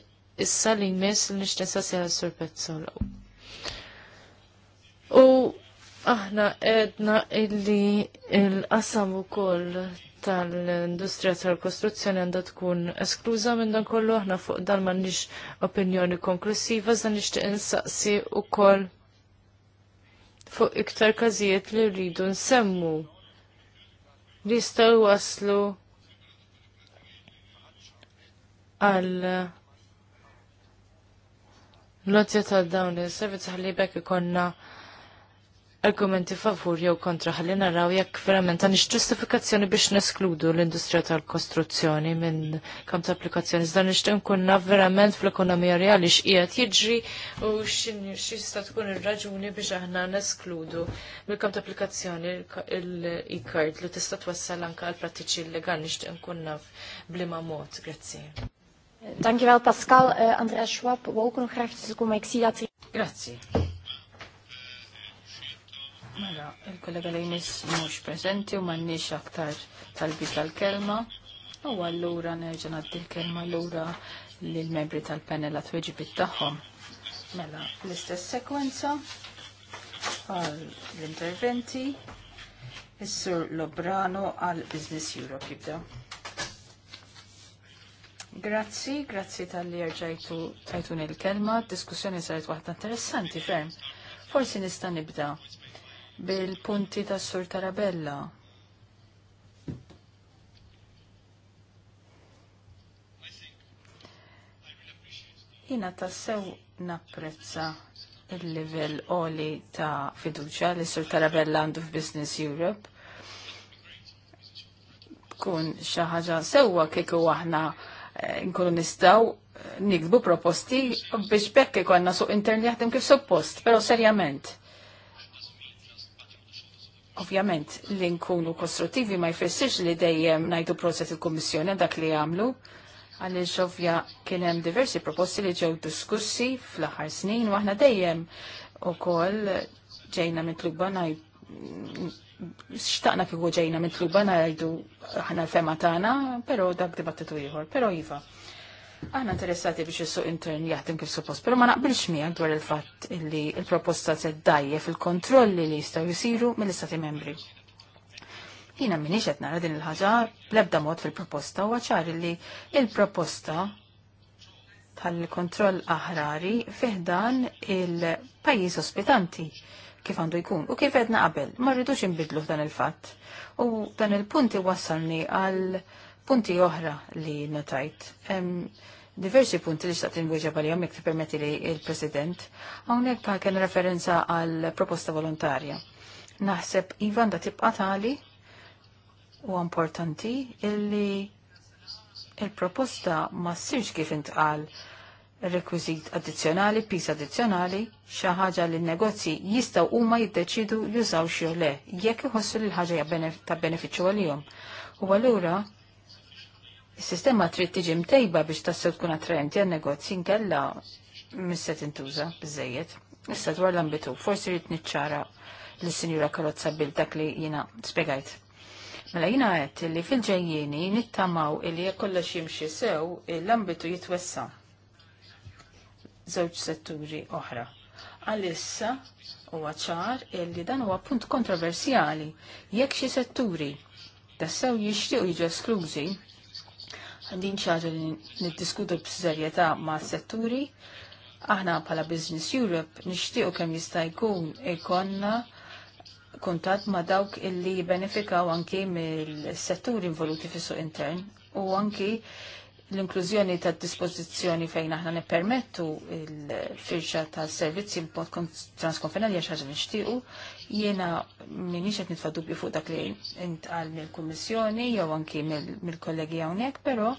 issa li jmiss li nixtesa sija sur Pezzolo. U aħna edna illi il-qasam u koll tal-industrija tal-kostruzzjoni għandha tkun eskluża minn dan kollu aħna fuq dan m'għandniex opinjoni konklusiva iżda nixtieq insaqsi wkoll fuq iktar każijiet li rridu nsemmu li staw waslu għal Lotja ta' dawn il-servizz ħalli bekk ikonna argumenti favur jew kontra ħalli naraw jekk verament għandix ġustifikazzjoni biex neskludu l-industrija tal-kostruzzjoni minn kam ta' applikazzjoni. Iżda nixtieq nkunna verament fl-ekonomija reali x'qiegħed jiġri u x'jista' tkun ir-raġuni biex aħna neskludu mill kam ta' applikazzjoni l-e-card li tista' twassal anke għal prattiċi illegali nixtieq nkun naf bliema mod. Grazzi. Dankjewel Pascal. Uh, Andrea Schwab wil ook nog graag tussen komen. Ik zie dat... Er- Grazie. Mela, il-kollega Lejnis mux prezenti u mannix aktar tal-bit tal-kelma. U għallura nerġa' għaddi l-kelma l-ura l-membri tal-panel għat weġibit taħħom. Mela, l-istess sekwenza għal l-interventi. Is-sur Lobrano għal Business Europe jibda. Grazzi, grazzi tal-li rġajtu tajtun il-kelma, diskussjoni saret waħda interessanti, ferm. Forsi nista' nibda bil-punti tas Sur Tarabella. Jina tassew napprezza il-level oli ta' fiduċa li Sur Tarabella għandu f'Business Europe kun xaħġa sewa kieku aħna nkunu nistaw eh, nikbu proposti biex bekk ikonna suq intern jaħdem kif suppost, pero serjament. Ovvjament, li nkunu kostruttivi ma jfessirx li dejjem najdu proċess il-Kummissjoni dak li għamlu, għalix ovvja kien hemm diversi proposti li ġew diskussi fl-aħħar snin u aħna dejjem ukoll ġejna mitluba xtaqna kieku ġejna mitluba ngħidu aħna l-fema tagħna, però dak dibattitu ieħor, però iva. Aħna interessati biex is-suq intern jaħdem kif suppost, però ma naqbilx miegħek dwar il-fatt li l-proposta se dajje fil-kontrolli li jistgħu jsiru mill-Istati membri. Jiena minix qed nara din il-ħaġa bl-ebda mod fil-proposta u ċar li il-proposta tal-kontroll aħrari fiħdan il-pajjiż ospitanti kif għandu jkun. U kif edna qabel, ma rridux imbidlu f'dan il-fatt. U dan il-punti wassalni għal punti oħra li notajt. Um, diversi punti li xtaqt inwieġa għal-jom jek permetti li il-President, għonek ta' kien referenza għal proposta volontarja. Naħseb Ivan da tibqa tali u importanti illi il-proposta ma sirx kif intqal rekwizit addizzjonali, pis addizzjonali, xi ħaġa li n jistaw jistgħu huma jiddeċidu jużaw xi le jekk iħossu li l-ħaġa ta' għal għalihom. U allura il sistema trid tiġi mtejba biex tassew tkun attraenti għan-negozji nkella mis-se tintuża biżejjed. Issa dwar l-ambitu, forsi rrid niċċara l sinjura Karozza bil dak li jiena spjegajt. Mela jina għet li fil ġejjini nittamaw il-li kollox jimxi sew l-ambitu jitwessa żewġ setturi oħra. Għalissa huwa ċar illi dan huwa punt kontroversjali. Jekk xi setturi tassew jixtiequ jiġu esklużi, din ċaġa li niddiskutu b'serjetà ma' setturi, aħna bħala Business Europe nixtiequ kemm jista' jkun ikonna kuntat ma' dawk illi benefikaw anki mill-setturi involuti fis-suq intern u anki l-inklużjoni ta' dispożizzjoni fejn aħna nippermettu il-firxa ta' servizzi b'mod transkonfinali għax ħaġa nixtiequ, jiena minix qed nitfa' dubju fuq dak li għal mill-Kummissjoni jew anki mill-kollegi hawnhekk, però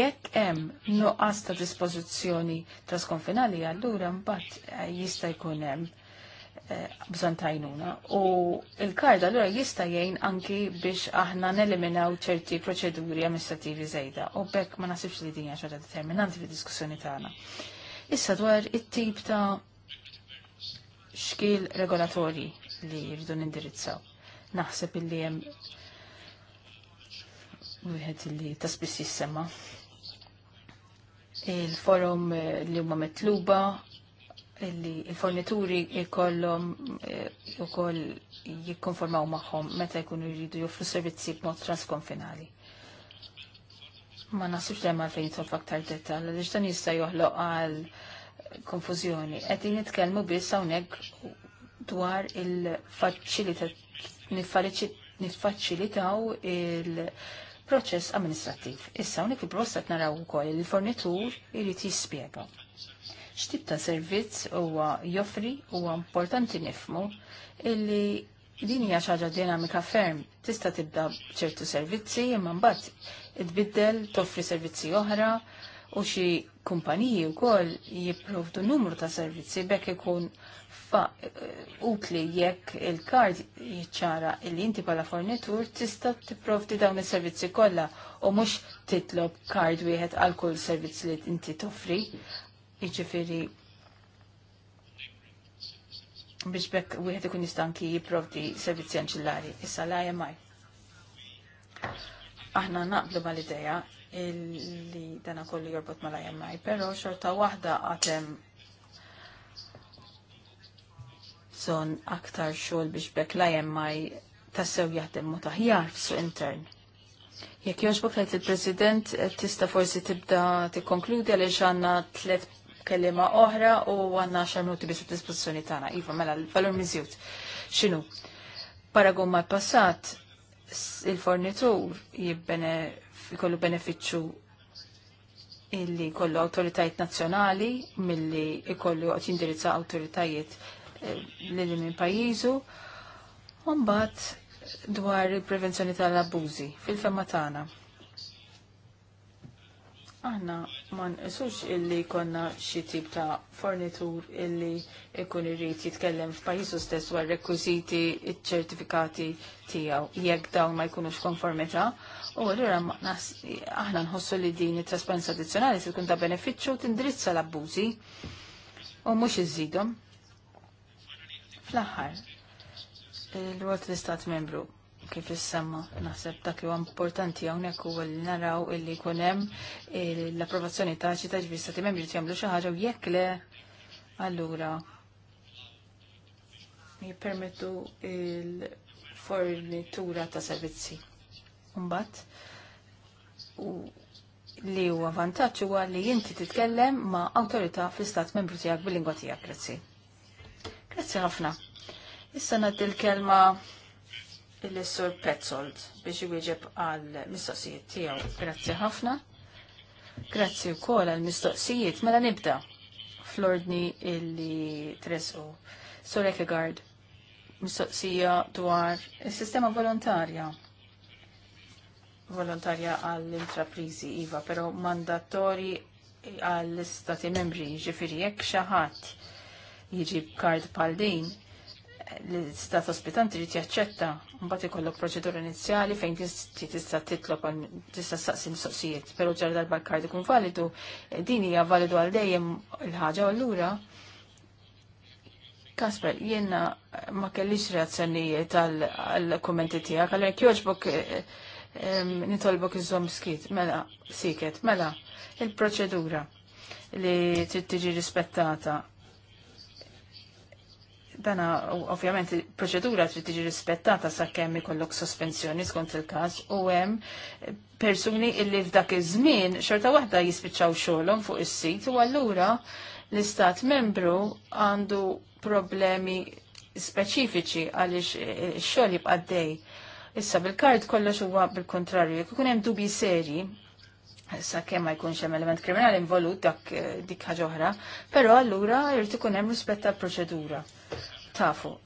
jekk hemm nuqqas ta' dispożizzjoni transkonfinali allura mbagħad jista' jkun hemm Eh, bżon tajnuna. U il-karda l-għura jista jgħin anki biex aħna neliminaw ċerti proċeduri amministrativi zejda. U bekk ma nasibx li dinja ċerta determinanti fi diskussjoni tagħna. Issa dwar it-tip ta' xkil regolatori li jridu nindirizzaw. Naħseb illi hemm wieħed li ta' spiss jissema. Il-forum eh, li huma mitluba il-fornituri jkollhom eh, ukoll jikkonformaw magħhom meta jkunu jridu joffru servizzi b'mod transkonfinali. Ma nasibx li ma għalfejn jitolb aktar dettal, li ġdan jista' joħloq għal konfużjoni. Qegħdin nitkellmu biss hawnhekk dwar il-faċilitaw il- proċess amministrativ. Issa unik il-prostat naraw ukoll il-fornitur irid jispjega x'tip ta' servizz huwa joffri huwa importanti nifmu illi din hija xi ħaġa dinamika ferm tista' tibda ċertu servizzi imma mbagħad tbiddel toffri servizzi oħra u xi kumpaniji wkoll jipprovdu numru ta' servizzi bekk ikun eh, utli jekk il-kard jiċċara li inti bħala fornitur tista' tipprovdi dawn is-servizzi kollha u mhux titlob kard wieħed għal kull servizz li inti toffri Iġifiri, biex bekk u ikun jistanki jiprovdi servizzi anċillari, issa la jemaj. Aħna naqblu ma l-ideja li dana kollu jorbot ma la jemaj, pero xorta wahda għatem son aktar xol biex bekk la jemaj tassew jaħdem mutaħjar f'su intern. Jekk joġbok lejt il-President, tista forsi tibda tikkonkludi għaliex għanna tlet kellima oħra u għanna xar minuti t dispożizzjoni tagħna. Iva, mela l-valur mizjut. X'inhu? Paragon mal-passat, il-fornitur jibbene jkollu benefiċċju illi kollu autoritajiet nazzjonali milli ikollu għot jindirizza autoritajiet li eh, li minn pajizu. Umbat dwar il-prevenzjoni tal-abbużi fil-femma tagħna Aħna ma nqisux illi konna xi tip ta' fornitur illi ikun irrid jitkellem f'pajjiżu stess dwar rekwiżiti ċ-ċertifikati tiegħu jekk dawn ma jkunux konformità. U allura aħna nħossu li din it-trasparenza addizzjonali se tkun ta' benefiċċju tindrizza l-abbużi u mhux iżidhom. Fl-aħħar, l-għot l-istat membru kif issemma. Naħseb dak li huwa importanti hawnhekk huwa li naraw illi jkun hemm l-approvazzjoni ta' ċi ta' stati membri li jagħmlu xi ħaġa u jekk le allura jippermettu il-fornitura ta' servizzi. Mbagħad u li huwa vantaġġ huwa li inti titkellem ma' awtorità fl-istat membru tiegħek bil-lingwa tiegħek, grazzi. Grazzi ħafna. Issa nad il-kelma il-sur Petzold biex iwieġeb għal mistoqsijiet tiegħu. Grazzi ħafna. Grazzi wkoll għal mistoqsijiet. Mela nibda fl-ordni illi tresqu. Sur Ekegard, mistoqsija dwar is-sistema volontarja volontarja għall-intraprizi IVA, però mandatori għall-istati membri, ġifiri jekk xaħat jiġib kard pal din, l-istat ospitanti ġiet jaċċetta mbagħad ikollok proċedura inizjali fejn tista' titlob tista' saqsi mistoqsijiet, però ġara darba l-kard ikun validu, din hija validu għal dejjem il-ħaġa u allura Kasper, jenna ma kellix reazzjonijiet għal-kommenti tiegħek, għalhekk jogħġbok nitolbok iżżomm skit, mela, siket, mela, il-proċedura li trid tiġi rispettata Dana, ovvjament, il-proċedura trid tiġi rispettata sakemm ikollok sospensjoni skont il-każ u hemm persuni illi f'dak iż-żmien xorta waħda jispiċċaw xogħolhom fuq is-sit u allura l-istat membru għandu problemi speċifiċi għaliex x-xogħol jibqa' dej. Issa bil-kard kollox huwa bil-kontrarju, jekk ikun hemm dubi serji, sa kemm ma jkunx hemm element kriminali involut dak eh, dik ħaġa oħra, però allura jrid ikun hemm rispett tal-proċedura tafu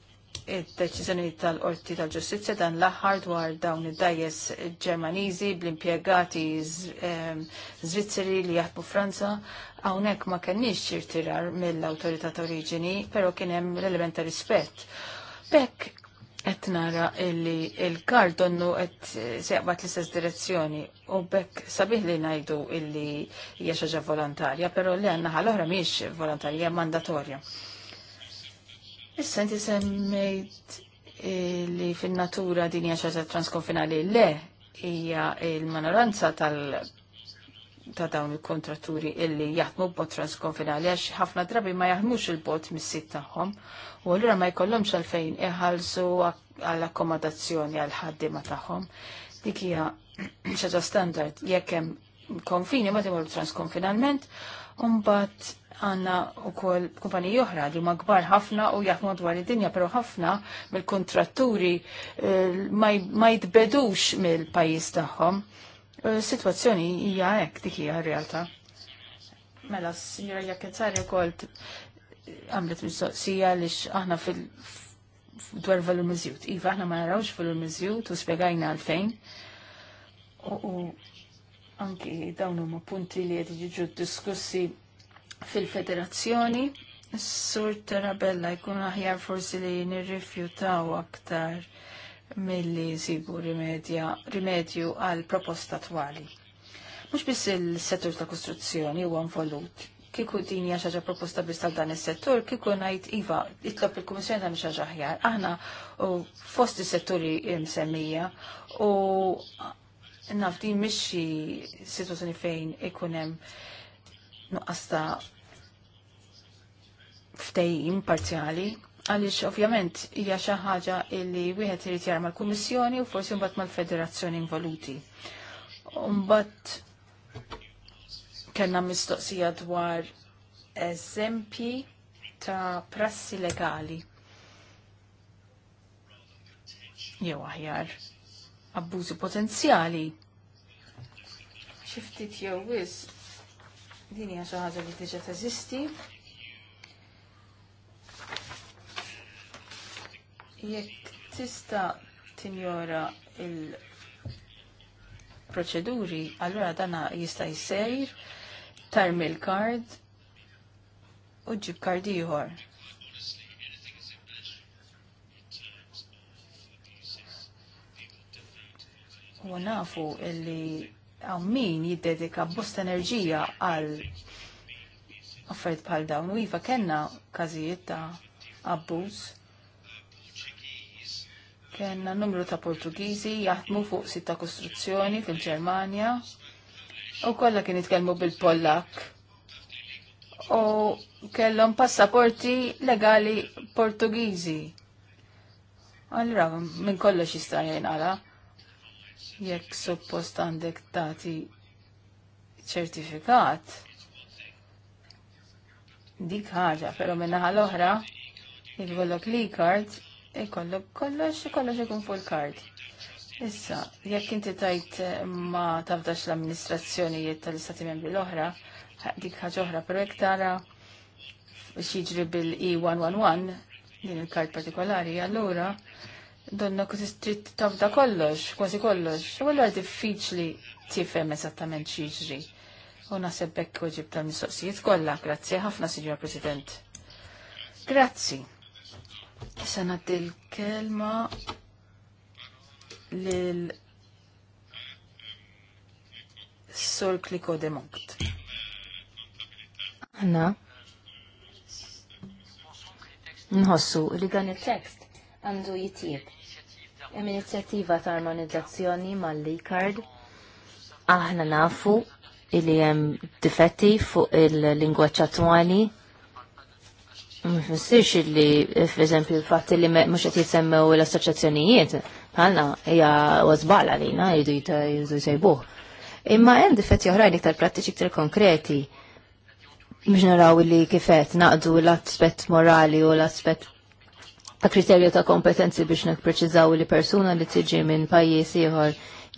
id deċizjoni tal-Qorti tal-Ġustizzja dan l-aħħar dwar dawn id-dajjes Ġermaniżi bl-impjegati Zvizzeri li jaħdmu Franza hawnhekk ma kenniex irtirar mill-awtorità ta' oriġini, però kien hemm l-element ta' rispett. Bekk qed nara illi il-kar donnu qed seqbad l-istess direzzjoni u bekk sabiħ li ngħidu illi hija xi volontarja, però li għandna ħal oħra mhix volontarja mandatorja. Issa inti semmejt eh, li fin-natura din hija xaġa transkonfinali le hija il-manoranza tal ta' dawn il-kontratturi illi jaħdmu b'bot transkonfinali għax ħafna drabi ma jaħdmux il-bot mis-sit tagħhom u allura ma jkollhomx għalfejn iħallsu għall-akkomodazzjoni għal ħaddiema tagħhom. Dik hija xaġa standard jekk hemm konfini ma timur transkonfinalment u mbagħad għanna u kol kumpaniji oħra li huma kbar ħafna u jaħmu dwar id-dinja, pero ħafna mill-kontratturi eh, ma jitbedux mill-pajis tagħhom. Eh, Situazzjoni hija hekk dik hija r-realtà. Mela, signora Jakkenzari u kol għamlet mistoqsija li aħna fil dwar valur Iva, aħna ma narawx valur miżjut u spiegajna għalfejn. U anki dawn huma punti li qed jiġu diskussi fil-federazzjoni. Sur Tarabella jkun aħjar forsi li nirrifjutaw aktar milli li rimedja, rimedju għal proposta twali. Mux biss il-settur ta' kostruzzjoni huwa involut. Kiku din hija xaġa proposta biss tal dan is-settur, kiku ngħid iva itlob il-Kummissjoni tagħmel xaġa aħjar. Aħna u fost is-setturi msemmija u naf din situazzjoni fejn ikun hemm nuqqas ta' parzjali għaliex ovvjament hija xi ħaġa li wieħed irid jara mal-Kummissjoni u forsi mbagħad mal-Federazzjoni involuti. Mbagħad kellna mistoqsija dwar eżempji ta' prassi legali. Jew aħjar abbużi potenzjali. Xi ftit jew wisq Din hija xi ħaġa li diġà teżisti. Jekk tista' tinjora il proċeduri, allora dana jista' jsejr tarmi l-kard u ġib kard ieħor. U nafu illi għaw min jiddedika bost enerġija għal affarijiet bħal dawn. U iva kena kazijiet ta' abbuż. Kenna numru ta' Portugiżi jaħdmu fuq sitta kostruzzjoni fil-Ġermanja u kollha kien jitkellmu bil-Pollak. U kellhom passaporti legali Portugiżi. Allura, minn kollox jista' jgħinqala jekk suppost għandek tagħti ċertifikat dik ħaġa, però minna l-oħra jekk li kard jikollok kollox kollox ikun fuq il-kard. Issa, jekk inti tajt eh, ma tafdax l-amministrazzjonijiet tal-istati membri l-oħra, dik ħaġa oħra, pero jekk tara xieġri bil-E111 din il-kard partikolari, allura donna kuti trid tafda kollox, kważi kollox, u għallu diffiċli tifhem eżattament xieġri. U naħseb bekk u ġib tal-mistoqsijiet kollha, grazzi ħafna, Signor President. Grazzi. Sena nagħti kelma lil Sur Kliko de Anna. Nħossu li dan il-tekst għandu jitjib hemm inizjattiva ta' armonizzazzjoni mal-Likard. Aħna nafu illi hemm difetti fuq il-lingwaġġ attwali. Mfissirx illi, f'eżempju, fatt li mhux qed jisemmew l-assoċjazzjonijiet bħalna hija ważbal għalina jridu jsejbuh. Imma hemm difetti oħrajn iktar prattiċi iktar konkreti biex naraw li kifet naqdu l-aspett morali u l-aspett ta' kriterju ta' kompetenzi biex nikpreċizaw li persuna li tiġi minn pajjiż ieħor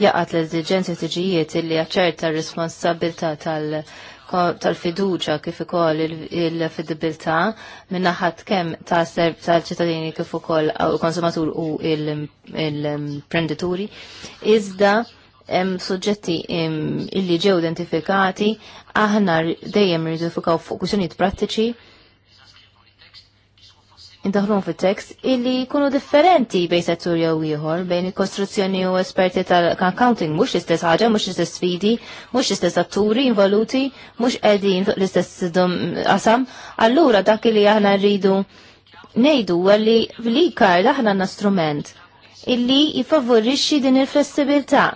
jaqat l-eżigenzi tiġijiet li aċċerta r-responsabilità tal-fiduċa kif ukoll il-fidibilità minn naħat kemm ta' serb tal-ċittadini kif ukoll konsumatur u l-imprenditori iżda hemm suġġetti illi ġew identifikati aħna dejjem nidifikaw fuq kwistjonijiet prattiċi indaħlum fit tekst illi jkunu differenti bejn settur jew ieħor bejn il-kostruzzjoni u esperti tal-accounting mhux l-istess ħaġa, mhux l-istess sfidi, mhux l-istess atturi involuti, mhux qegħdin fuq l-istess qasam. Allura dak li aħna rridu ngħidu li fl-ikar aħna għandna strument illi jifavorixxi din il-flessibilità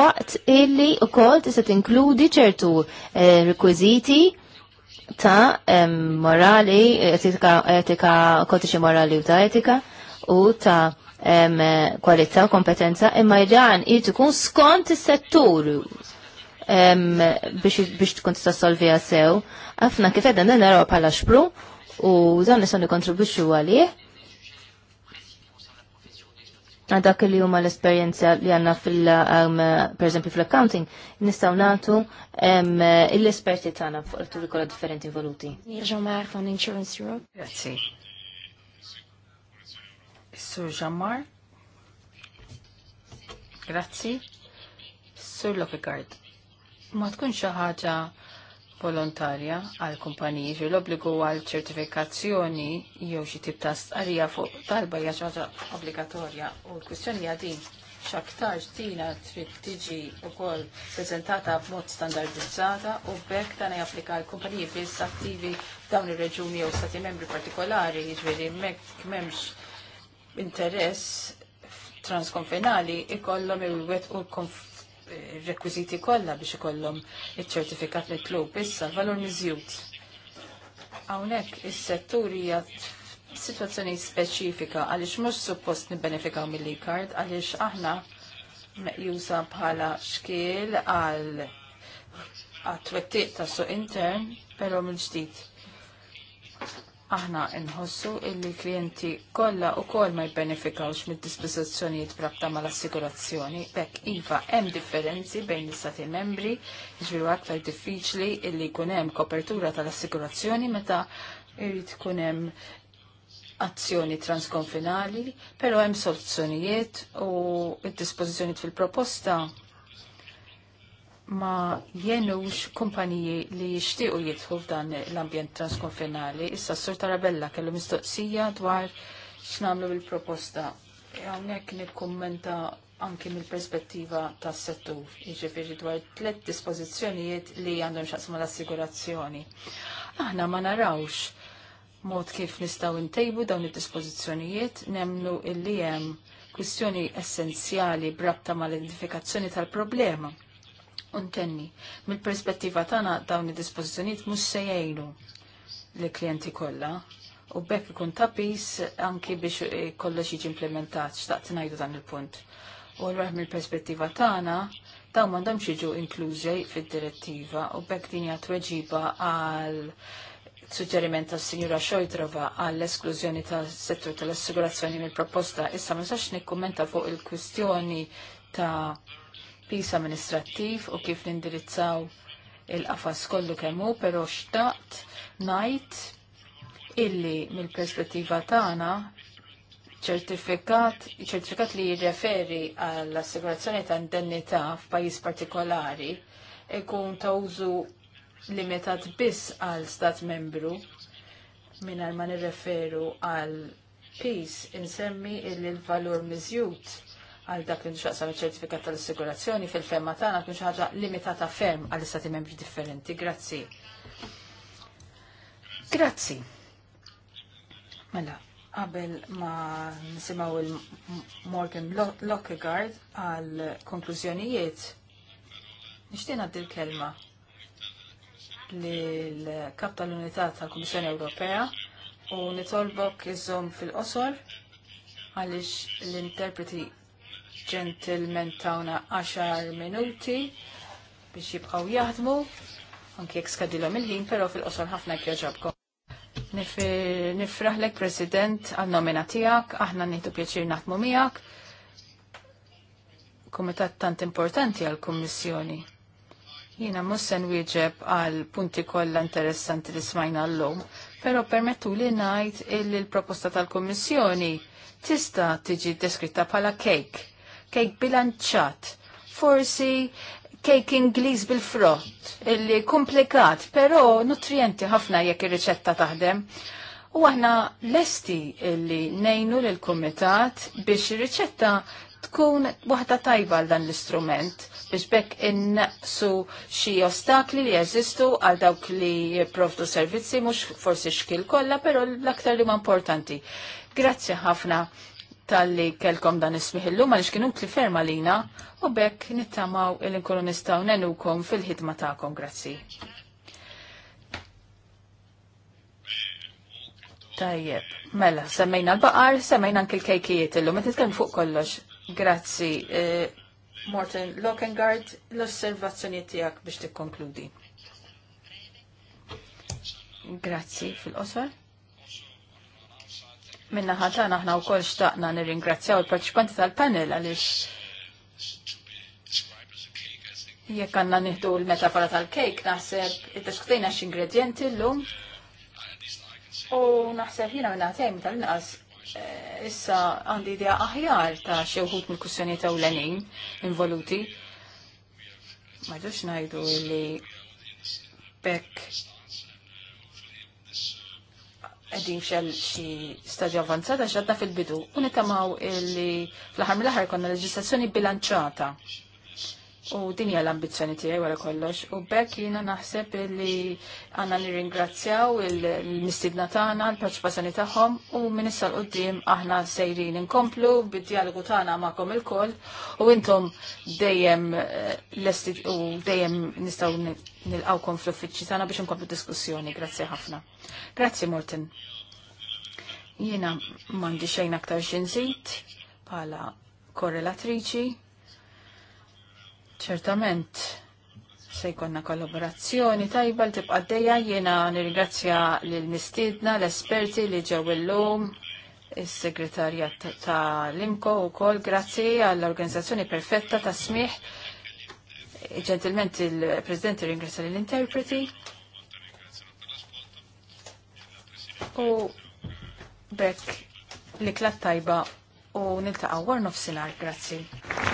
waqt illi u kol tista' tinkludi ċertu eh, rekwiziti ta' morali, etika, kodiċi morali u ta' etika u ta' kwalità u kompetenza imma dan id ikun skont is-settur biex tkun tista' solvija sew. Għafna kif qegħda naraw pala xplu u dan nistgħu nikkontribwixxu għalih dak li huma l-esperjenza li għanna fil um, per esempio fil-accounting, nistaw natu um, l-esperti tagħna fuq l-turi kolla differenti involuti. Jammar from Insurance Europe. Grazie. Sur Jammar. Grazzi. Sur Lopigard. Ma tkun xi ħaġa volontarja għal kumpaniji ġi l-obbligu għal ċertifikazzjoni jew xi tip ta' starija fuq talba hija xaġa obbligatorja u l-kwistjoni hija din xaktar tina trid tiġi wkoll preżentata b'mod standardizzata u b'hekk dan japplika l-kumpaniji biss attivi dawn ir-reġuni jew stati membri partikolari, jiġifieri m'hekk m'hemmx interess transkonfinali ikollhom il-wet u rekwiziti kollha biex ikollhom iċ-ċertifikat li tlub issa l-valur miżjud. Hawnhekk is-settur hija situazzjoni speċifika għaliex mhux suppost nibbenefikaw mill-e-card għaliex aħna meqjusa bħala xkiel għal għat-twettiq ta' suq intern, pero mill-ġdid aħna nħossu illi klienti kollha ukoll ma jbenefikawx mid-dispożizzjonijiet rabta mal-assigurazzjoni, bekk iva hemm differenzi bejn l-istati membri, jiġri aktar diffiċli illi jkun hemm kopertura tal-assigurazzjoni meta jrid tkun hemm azzjoni transkonfinali, però hemm soluzzjonijiet u d-dispożizzjonijiet fil-proposta ma jenux kumpaniji li jixtiequ jitħu f'dan l-ambjent transkonfinali. Issa s-sur Tarabella kellu mistoqsija dwar x'namlu bil-proposta. E hawnhekk nikkummenta anki mill-perspettiva tas settur jiġifieri dwar tliet dispożizzjonijiet li għandhom x'aqsma l-assigurazzjoni. Aħna ma narawx mod kif nistgħu ntejbu dawn id-dispożizzjonijiet nemnu illi hemm kwistjoni essenzjali brabta mal-identifikazzjoni tal-problema untenni. Mill-perspettiva tagħna dawn id-dispożizzjonijiet mhux se jgħinu lill-klijenti kollha u bekk ikun tapis anki biex eh, kollox jiġi implementat x'taqt ngħidu dan il-punt. U allura mill-perspettiva tagħna dawn m'għandhomx jiġu inklużi fid-direttiva u bekk din hija tweġiba għal suġġeriment tas sinjura Xojtrova għall-esklużjoni tas settur tal-assigurazzjoni mill-proposta, issa ma sax nikkummenta fuq il-kwistjoni ta' pis amministrattiv u kif nindirizzaw il-qafas kollu kemmu, pero xtaqt najt illi mill-perspettiva tagħna ċertifikat, ċertifikat li jirreferi għall-assigurazzjoni ta' indennità f'pajjiż partikolari ikun ta' użu limitat biss għal stat membru minn ma nirreferu għal peace insemmi illi l-valur miżjut għal dak li nxaqsa iċ-ċertifikat tal-assigurazzjoni fil-femma tagħna kien xi ħaġa limitata ferm għal istati membri differenti. Grazzi. Grazzi. Mela, qabel ma nisimgħu il-Morgan Lockegard għal konklużjonijiet, nixtieq għaddi l-kelma l-kap tal-unità tal-Kummissjoni Ewropea u nitolbok iżom fil-qosor għalix l-interpreti ġentilmen tawna 10 minuti biex jibqaw jaħdmu, anki jek skadilom il-ħin, pero fil-qosor ħafna kjoġabkom. Nifraħlek, President, għal-nomina tijak, aħna nitu pjaċir naħdmu miegħek. Komitat tant importanti għal-Kommissjoni. Jina mussen wieġeb għal punti kollha interessanti li smajna l-lum, pero permettu li najt il-proposta tal-Kommissjoni tista tiġi deskritta bħala cake kejk bilanċat, forsi kejk Ingliż bil-frott, illi komplikat, però nutrienti ħafna jekk ir-riċetta taħdem. U aħna lesti illi nejnu lill-kumitat biex ir-riċetta tkun waħda tajba għal dan l-istrument biex bekk innaqsu xi ostakli li jeżistu għal dawk li jipprovdu servizzi mhux forsi xkil kollha, però l-aktar li ma importanti. Grazzi ħafna tal-li kelkom dan ismiħ illum għaliex kienu tli ferma lina u bekk nittamaw il-nkunu nistaw nenukom fil-ħidma ta' Grazzi. Tajjeb, mela, semmejna l-baqar, semmejna anke l-kejkijiet illum, ma titkellem fuq kollox. Grazzi. Eh, Morten Lokengard, l-osservazzjoni tiegħek biex tikkonkludi. Grazzi fil-qosor. Minna ħata aħna u kol xtaqna nir-ingrazzjaw il-parċipanti tal-panel għalix jekk għanna nihdu l-metafora tal-kejk naħseb it-taxktina x-ingredienti l-lum u naħseb jina minna għatajm tal-inqas eh, issa għandi idea aħjar ta' xewħut mill-kussjoni ta' l enin involuti. Ma najdu li pek għedin xel xie stadju avanzata xadda fil-bidu. Unitamaw illi fl-ħar mill-ħar konna leġislazzjoni bilanċata U din hija l-ambizzjoni tiegħi wara kollox. U bekk jiena naħseb li għandna li ringrazzjaw il-mistidna tagħna, l-parċipazzjoni tagħhom u minissa issa l-qudiem aħna sejrin inkomplu bid-dialogu tagħna magħkom ilkoll u intom dejjem eh, lesti u dejjem nistgħu nilqawkom fl uffiċċji tagħna biex inkomplu diskussjoni. Grazzi ħafna. Grazzi Morten. Jiena m'għandi xejn aktar xi nżid bħala korrelatriċi ċertament se jkollna kollaborazzjoni tajba li tibqa' dejja jiena nirringrazzja lil mistiedna l-esperti li ġew illum is segretarja ta' Limko wkoll grazzi għall-organizzazzjoni perfetta ta' smih. Ġentilment il-President ringrazzja lill interpreti U bekk l-iklat tajba u niltaqgħu war nofsinhar, grazzi.